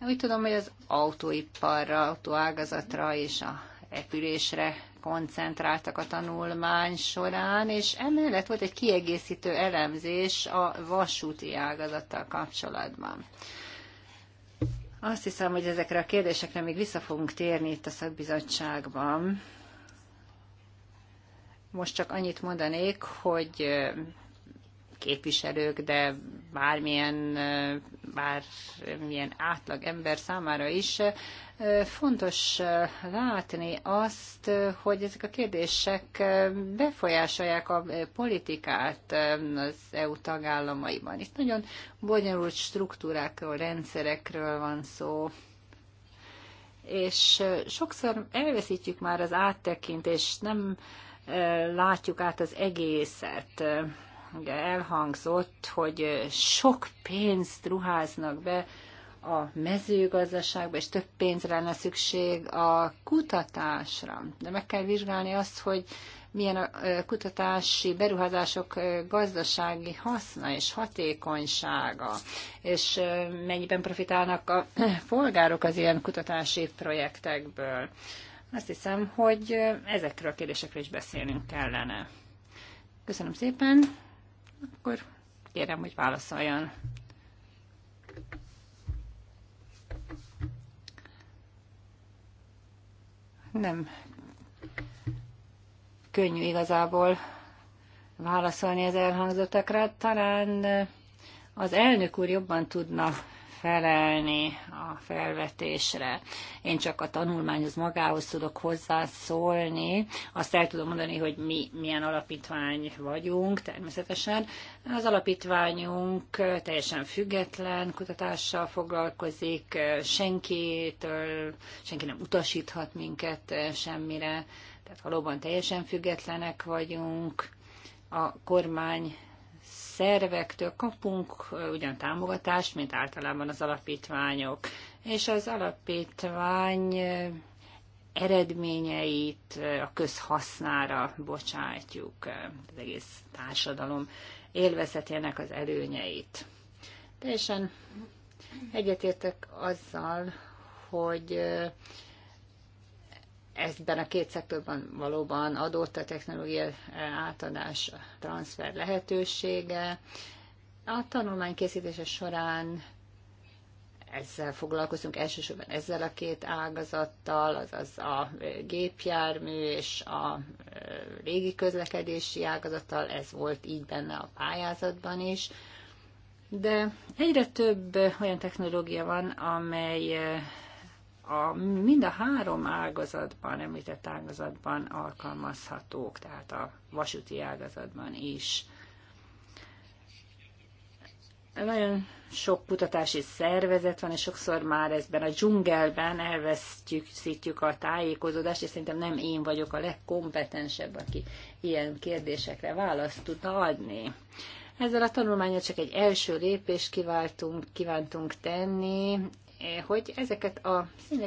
Úgy tudom, hogy az autóiparra, autóágazatra és a repülésre koncentráltak a tanulmány során, és emellett volt egy kiegészítő elemzés a vasúti ágazattal kapcsolatban. Azt hiszem, hogy ezekre a kérdésekre még vissza fogunk térni itt a szakbizottságban, most csak annyit mondanék, hogy képviselők, de bármilyen, bármilyen átlag ember számára is fontos látni azt, hogy ezek a kérdések befolyásolják a politikát az EU tagállamaiban. Itt nagyon bonyolult struktúrákról, rendszerekről van szó, és sokszor elveszítjük már az áttekintést, nem látjuk át az egészet. Ugye elhangzott, hogy sok pénzt ruháznak be a mezőgazdaságba, és több pénzre lenne szükség a kutatásra. De meg kell vizsgálni azt, hogy milyen a kutatási beruházások gazdasági haszna és hatékonysága, és mennyiben profitálnak a *clears throat* polgárok az ilyen kutatási projektekből. Azt hiszem, hogy ezekről a kérdésekről is beszélnünk kellene. Köszönöm szépen, akkor kérem, hogy válaszoljon. Nem könnyű igazából válaszolni az elhangzottakra. Talán az elnök úr jobban tudna felelni a felvetésre. Én csak a tanulmányhoz magához tudok hozzászólni. Azt el tudom mondani, hogy mi milyen alapítvány vagyunk, természetesen. Az alapítványunk teljesen független kutatással foglalkozik, senkitől, senki nem utasíthat minket semmire, tehát valóban teljesen függetlenek vagyunk a kormány szervektől kapunk ugyan támogatást, mint általában az alapítványok, és az alapítvány eredményeit a közhasznára bocsátjuk, az egész társadalom élvezetének az előnyeit. Teljesen egyetértek azzal, hogy ezben a két szektorban valóban adott a technológia átadás transfer lehetősége. A tanulmány készítése során ezzel foglalkozunk, elsősorban ezzel a két ágazattal, azaz a gépjármű és a régi közlekedési ágazattal, ez volt így benne a pályázatban is. De egyre több olyan technológia van, amely a, mind a három ágazatban, említett ágazatban alkalmazhatók, tehát a vasúti ágazatban is. Nagyon sok kutatási szervezet van, és sokszor már ezben a dzsungelben elvesztjük, szítjük a tájékozódást, és szerintem nem én vagyok a legkompetensebb, aki ilyen kérdésekre választ tudna adni. Ezzel a tanulmányra csak egy első lépést kiváltunk, kívántunk tenni, Eh, hogy ezeket a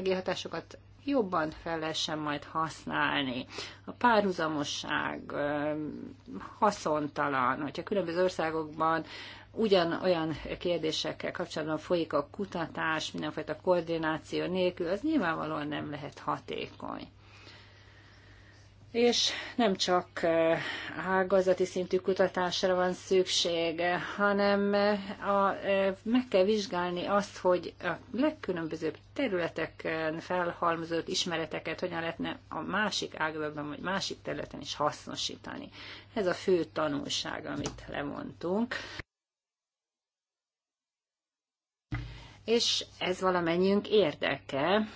hatásokat jobban fel lehessen majd használni. A párhuzamosság eh, haszontalan, hogyha különböző országokban ugyanolyan kérdésekkel kapcsolatban folyik a kutatás, mindenfajta koordináció nélkül, az nyilvánvalóan nem lehet hatékony és nem csak ágazati szintű kutatásra van szükség, hanem a, meg kell vizsgálni azt, hogy a legkülönbözőbb területeken felhalmozott ismereteket hogyan lehetne a másik ágazatban vagy másik területen is hasznosítani. Ez a fő tanulság, amit levontunk. És ez valamennyiünk érdeke,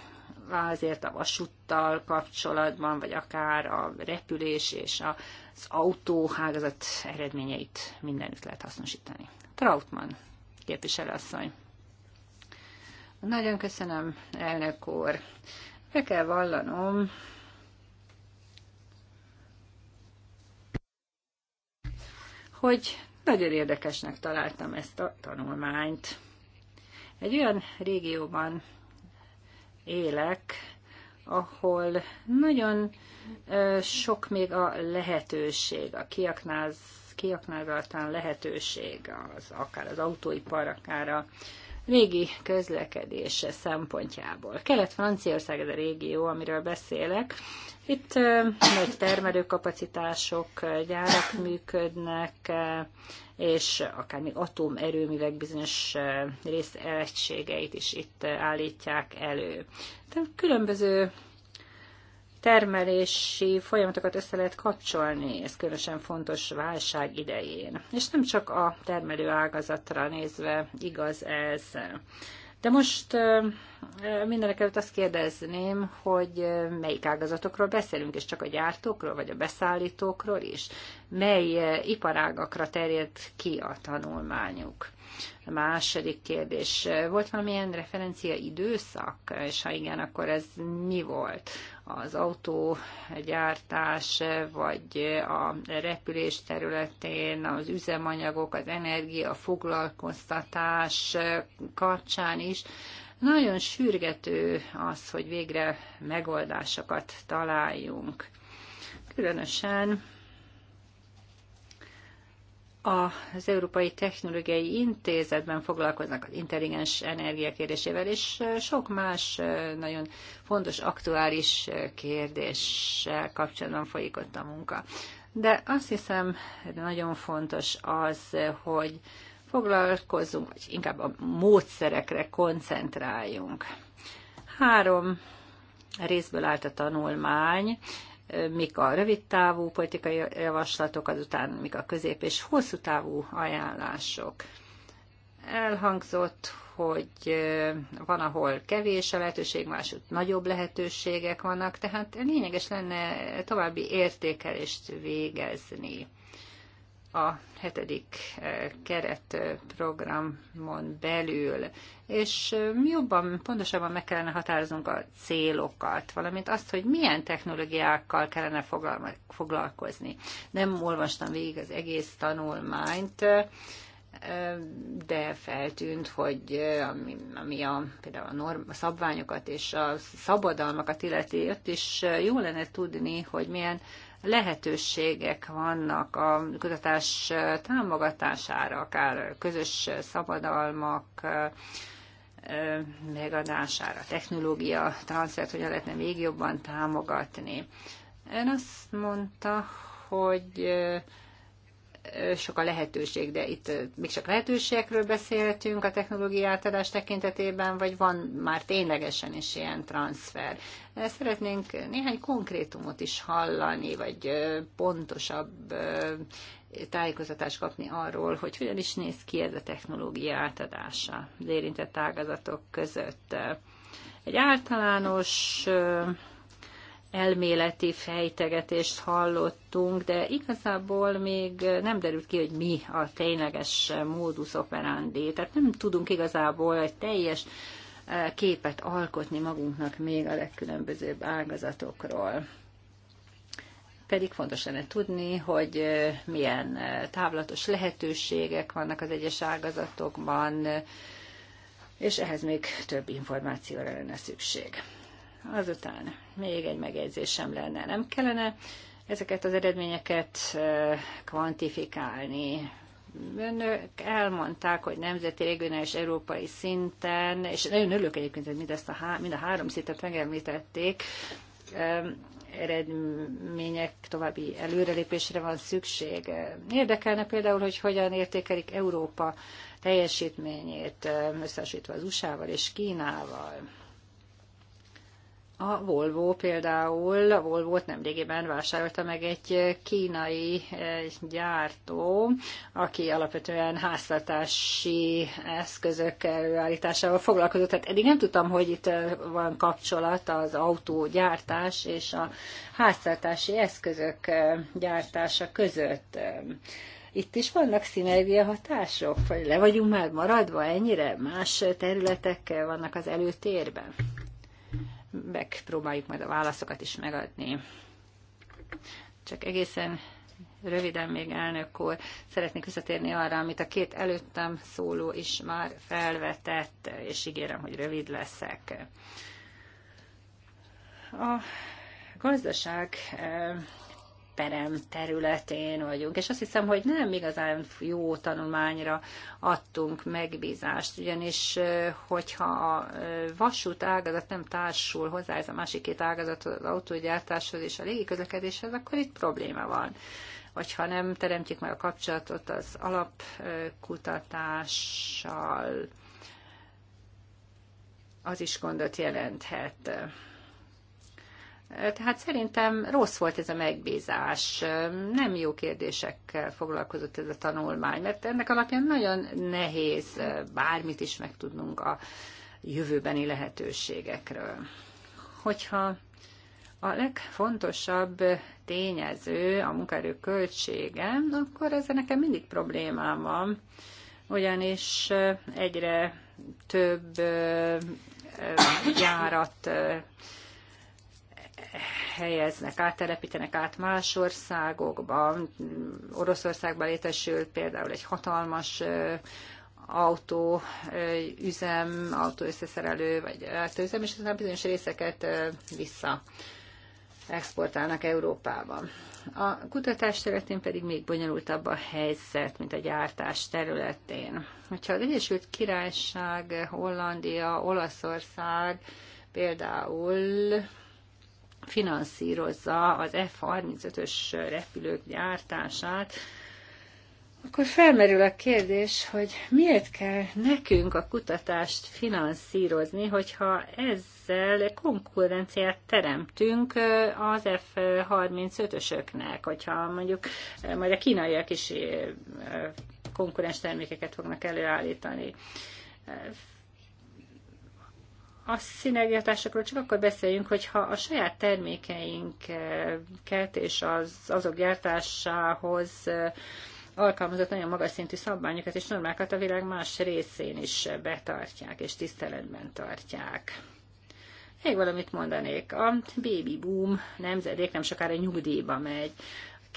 azért a vasúttal kapcsolatban, vagy akár a repülés és az autóhágazat eredményeit mindenütt lehet hasznosítani. Trautmann képviselőasszony. Nagyon köszönöm, elnök úr. Be kell vallanom, hogy nagyon érdekesnek találtam ezt a tanulmányt. Egy olyan régióban, élek, ahol nagyon sok még a lehetőség, a kiaknáz, kiaknázatlan lehetőség, az, akár az autóipar, akár a régi közlekedése szempontjából. Kelet-Franciaország ez a régió, amiről beszélek. Itt nagy termelőkapacitások, gyárak működnek, és akár még atomerőművek bizonyos részegységeit is itt állítják elő. Tehát különböző termelési folyamatokat össze lehet kapcsolni, ez különösen fontos válság idején. És nem csak a termelő ágazatra nézve igaz ez. De most mindenek előtt azt kérdezném, hogy melyik ágazatokról beszélünk, és csak a gyártókról, vagy a beszállítókról is? Mely iparágakra terjed ki a tanulmányuk? A második kérdés, volt valamilyen referencia időszak, és ha igen, akkor ez mi volt? Az autógyártás, vagy a repülés területén, az üzemanyagok, az energia, a foglalkoztatás kapcsán is, nagyon sürgető az, hogy végre megoldásokat találjunk. Különösen az Európai Technológiai Intézetben foglalkoznak az intelligens energia kérdésével, és sok más nagyon fontos, aktuális kérdéssel kapcsolatban folyik ott a munka. De azt hiszem, nagyon fontos az, hogy foglalkozzunk, vagy inkább a módszerekre koncentráljunk. Három részből állt a tanulmány, mik a rövidtávú politikai javaslatok, azután mik a közép és hosszú távú ajánlások. Elhangzott, hogy van, ahol kevés a lehetőség, máshogy nagyobb lehetőségek vannak, tehát lényeges lenne további értékelést végezni a hetedik eh, keretprogramon belül, és eh, jobban, pontosabban meg kellene határoznunk a célokat, valamint azt, hogy milyen technológiákkal kellene foglalkozni. Nem olvastam végig az egész tanulmányt, eh, de feltűnt, hogy ami, ami a, például a, norm, a szabványokat és a szabadalmakat illeti, ott is jó lenne tudni, hogy milyen lehetőségek vannak a kutatás támogatására, akár közös szabadalmak, megadására, technológia transzert, hogyan lehetne még jobban támogatni. Ön azt mondta, hogy sok a lehetőség, de itt még csak lehetőségekről beszéltünk a technológiai átadás tekintetében, vagy van már ténylegesen is ilyen transfer. Szeretnénk néhány konkrétumot is hallani, vagy pontosabb tájékozatást kapni arról, hogy hogyan is néz ki ez a technológia átadása az érintett ágazatok között. Egy általános elméleti fejtegetést hallottunk, de igazából még nem derült ki, hogy mi a tényleges módus operandi. Tehát nem tudunk igazából egy teljes eh, képet alkotni magunknak még a legkülönbözőbb ágazatokról. Pedig fontos lenne tudni, hogy eh, milyen eh, távlatos lehetőségek vannak az egyes ágazatokban, és ehhez még több információra lenne szükség. Azután még egy megjegyzésem lenne. Nem kellene ezeket az eredményeket kvantifikálni, önök elmondták, hogy nemzeti, regionális, európai szinten, és nagyon örülök egyébként, hogy mindezt a, há, mind a három szintet megemlítették, eredmények, további előrelépésre van szükség. Érdekelne például, hogy hogyan értékelik Európa teljesítményét összesítve az USA-val és Kínával. A Volvo például, a Volvo-t nemrégében vásárolta meg egy kínai eh, gyártó, aki alapvetően háztartási eszközök előállításával foglalkozott. Tehát eddig nem tudtam, hogy itt eh, van kapcsolat az autógyártás és a háztartási eszközök eh, gyártása között. Itt is vannak szinergia hatások, vagy le vagyunk már maradva ennyire? Más területek vannak az előtérben? megpróbáljuk majd a válaszokat is megadni. Csak egészen röviden még elnök úr, szeretnék visszatérni arra, amit a két előttem szóló is már felvetett, és ígérem, hogy rövid leszek. A gazdaság eh, perem területén vagyunk, és azt hiszem, hogy nem igazán jó tanulmányra adtunk megbízást, ugyanis hogyha a vasút ágazat nem társul hozzá, ez a másik két ágazat az autógyártáshoz és a légiközlekedéshez, akkor itt probléma van hogyha nem teremtjük meg a kapcsolatot az alapkutatással, az is gondot jelenthet. Tehát szerintem rossz volt ez a megbízás, nem jó kérdésekkel foglalkozott ez a tanulmány, mert ennek alapján nagyon nehéz bármit is megtudnunk a jövőbeni lehetőségekről. Hogyha a legfontosabb tényező a munkaerő költsége, akkor ez nekem mindig problémám van, ugyanis egyre több járat helyeznek, áttelepítenek át más országokba. Oroszországban létesült például egy hatalmas autóüzem, autóösszeszerelő, vagy autóüzem, és aztán bizonyos részeket vissza exportálnak Európában. A kutatás területén pedig még bonyolultabb a helyzet, mint a gyártás területén. Hogyha az Egyesült Királyság, Hollandia, Olaszország például finanszírozza az F-35-ös repülők gyártását, akkor felmerül a kérdés, hogy miért kell nekünk a kutatást finanszírozni, hogyha ezzel konkurenciát teremtünk az F-35-ösöknek, hogyha mondjuk majd a kínaiak is konkurens termékeket fognak előállítani a szinergiatásokról csak akkor beszéljünk, hogyha a saját termékeinket és az, azok gyártásához eh, alkalmazott nagyon magas szintű szabványokat és normákat a világ más részén is betartják és tiszteletben tartják. Még valamit mondanék. A baby boom nemzedék nem sokára nyugdíjba megy.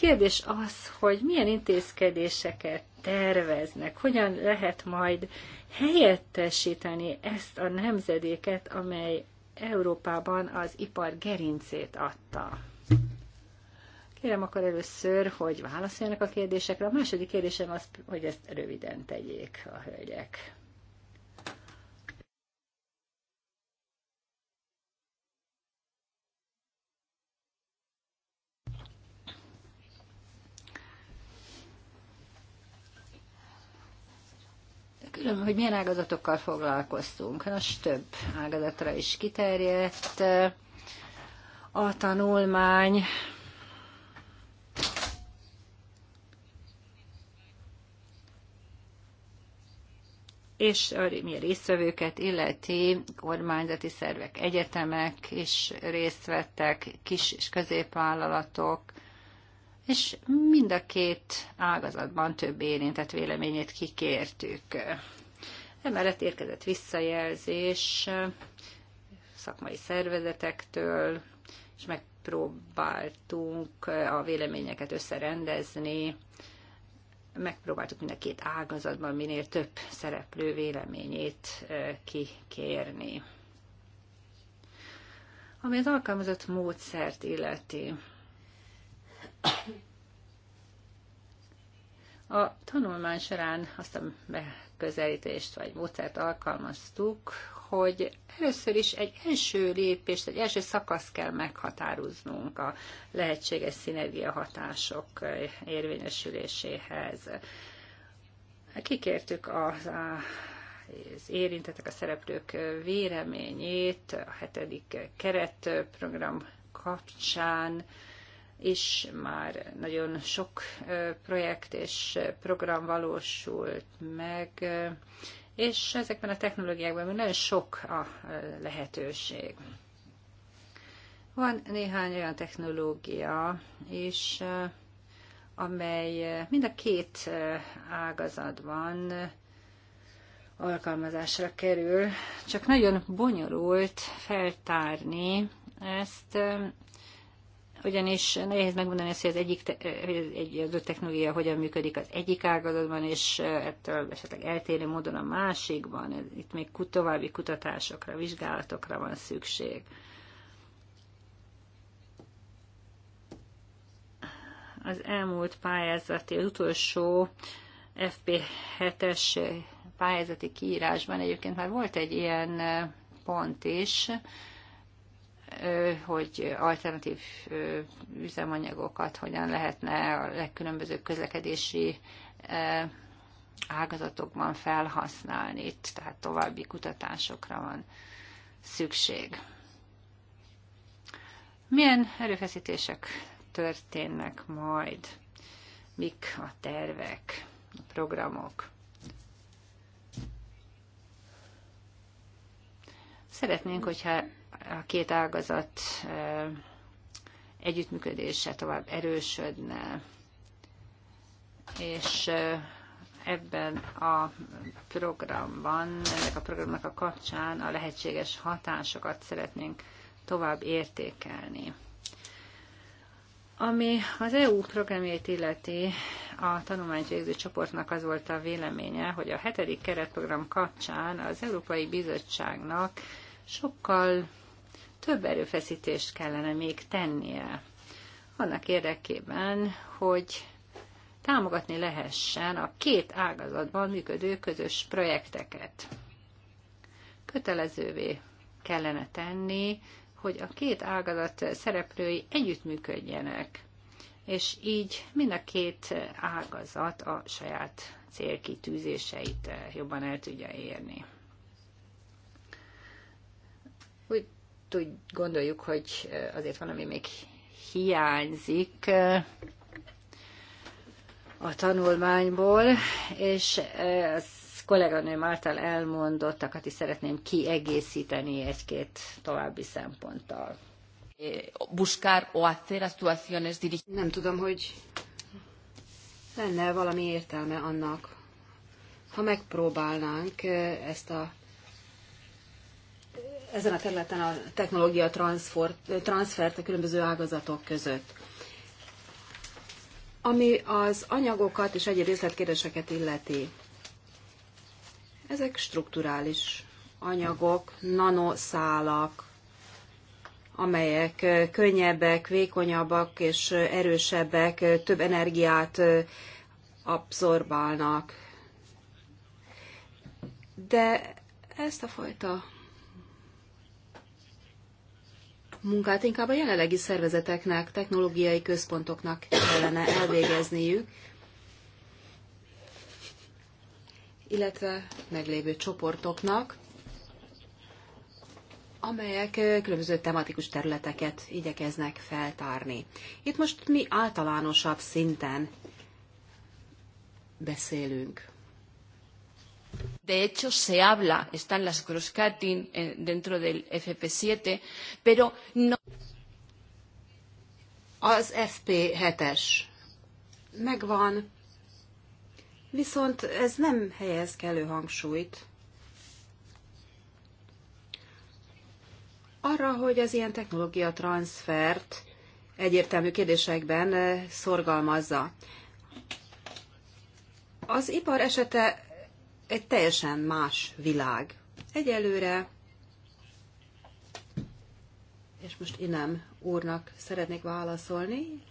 Kérdés az, hogy milyen intézkedéseket terveznek, hogyan lehet majd helyettesíteni ezt a nemzedéket, amely Európában az ipar gerincét adta. Kérem akkor először, hogy válaszoljanak a kérdésekre. A második kérdésem az, hogy ezt röviden tegyék a hölgyek. külön, hogy milyen ágazatokkal foglalkoztunk. Nos, több ágazatra is kiterjedt a tanulmány. és milyen résztvevőket illeti kormányzati szervek, egyetemek is részt vettek, kis és középvállalatok, és mind a két ágazatban több érintett véleményét kikértük. Emellett érkezett visszajelzés szakmai szervezetektől, és megpróbáltunk a véleményeket összerendezni, megpróbáltuk mind a két ágazatban minél több szereplő véleményét eh, kikérni. Ami az alkalmazott módszert illeti, a tanulmány során azt a beközelítést vagy módszert alkalmaztuk, hogy először is egy első lépést, egy első szakasz kell meghatároznunk a lehetséges hatások érvényesüléséhez. Kikértük az, az érintettek a szereplők véleményét a hetedik keretprogram kapcsán, is már nagyon sok projekt és program valósult meg, és ezekben a technológiákban még nagyon sok a lehetőség. Van néhány olyan technológia is, amely mind a két ágazatban alkalmazásra kerül, csak nagyon bonyolult feltárni ezt, ugyanis nehéz megmondani azt, hogy az, egyik, egy, az öt technológia hogyan működik az egyik ágazatban, és ettől esetleg eltérő módon a másikban. Itt még további kutatásokra, vizsgálatokra van szükség. Az elmúlt pályázati, az utolsó FP7-es pályázati kiírásban egyébként már volt egy ilyen pont is, hogy alternatív üzemanyagokat hogyan lehetne a legkülönbözőbb közlekedési ágazatokban felhasználni. Itt tehát további kutatásokra van szükség. Milyen erőfeszítések történnek majd? Mik a tervek, a programok? Szeretnénk, hogyha a két ágazat együttműködése tovább erősödne, és ebben a programban, ennek a programnak a kapcsán a lehetséges hatásokat szeretnénk tovább értékelni. Ami az EU programjait illeti, a tanulmányvégző csoportnak az volt a véleménye, hogy a hetedik keretprogram kapcsán az Európai Bizottságnak sokkal több erőfeszítést kellene még tennie annak érdekében, hogy támogatni lehessen a két ágazatban működő közös projekteket. Kötelezővé kellene tenni, hogy a két ágazat szereplői együttműködjenek, és így mind a két ágazat a saját célkitűzéseit jobban el tudja érni. tud, gondoljuk, hogy eh, azért van ami még hiányzik eh, a tanulmányból, és eh, az kolléganőm által elmondottakat is szeretném kiegészíteni egy-két további szemponttal. Buscar o hacer actuaciones dirigidas. Nem tudom, hogy lenne valami értelme annak, ha megpróbálnánk ezt a ezen a területen a technológia transfer, transfert a különböző ágazatok között. Ami az anyagokat és egyéb részletkérdéseket illeti, ezek strukturális anyagok, nanoszálak, amelyek könnyebbek, vékonyabbak és erősebbek, több energiát abszorbálnak. De ezt a fajta munkát inkább a jelenlegi szervezeteknek, technológiai központoknak kellene elvégezniük, illetve meglévő csoportoknak, amelyek különböző tematikus területeket igyekeznek feltárni. Itt most mi általánosabb szinten beszélünk. De hecho, se habla, están las cross-cutting eh, dentro del FP7, pero no... Az FP7-es megvan, viszont ez nem helyez kellő hangsúlyt arra, hogy az ilyen technológia transfert egyértelmű kérdésekben eh, szorgalmazza. Az ipar esete egy teljesen más világ. Egyelőre, és most Inem úrnak szeretnék válaszolni,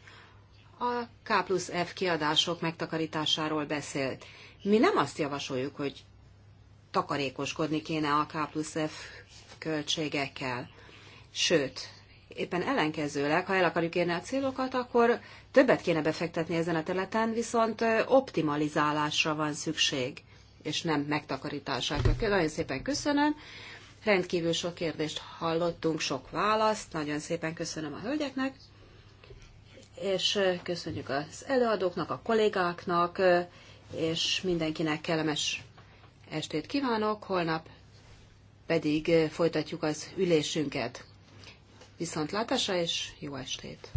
a K plusz F kiadások megtakarításáról beszélt. Mi nem azt javasoljuk, hogy takarékoskodni kéne a K plusz F költségekkel. Sőt, éppen ellenkezőleg, ha el akarjuk érni a célokat, akkor többet kéne befektetni ezen a területen, viszont optimalizálásra van szükség és nem megtakarításákra. Nagyon szépen köszönöm. Rendkívül sok kérdést hallottunk, sok választ. Nagyon szépen köszönöm a hölgyeknek, és köszönjük az előadóknak, a kollégáknak, és mindenkinek kellemes estét kívánok. Holnap pedig folytatjuk az ülésünket. Viszontlátásra és jó estét!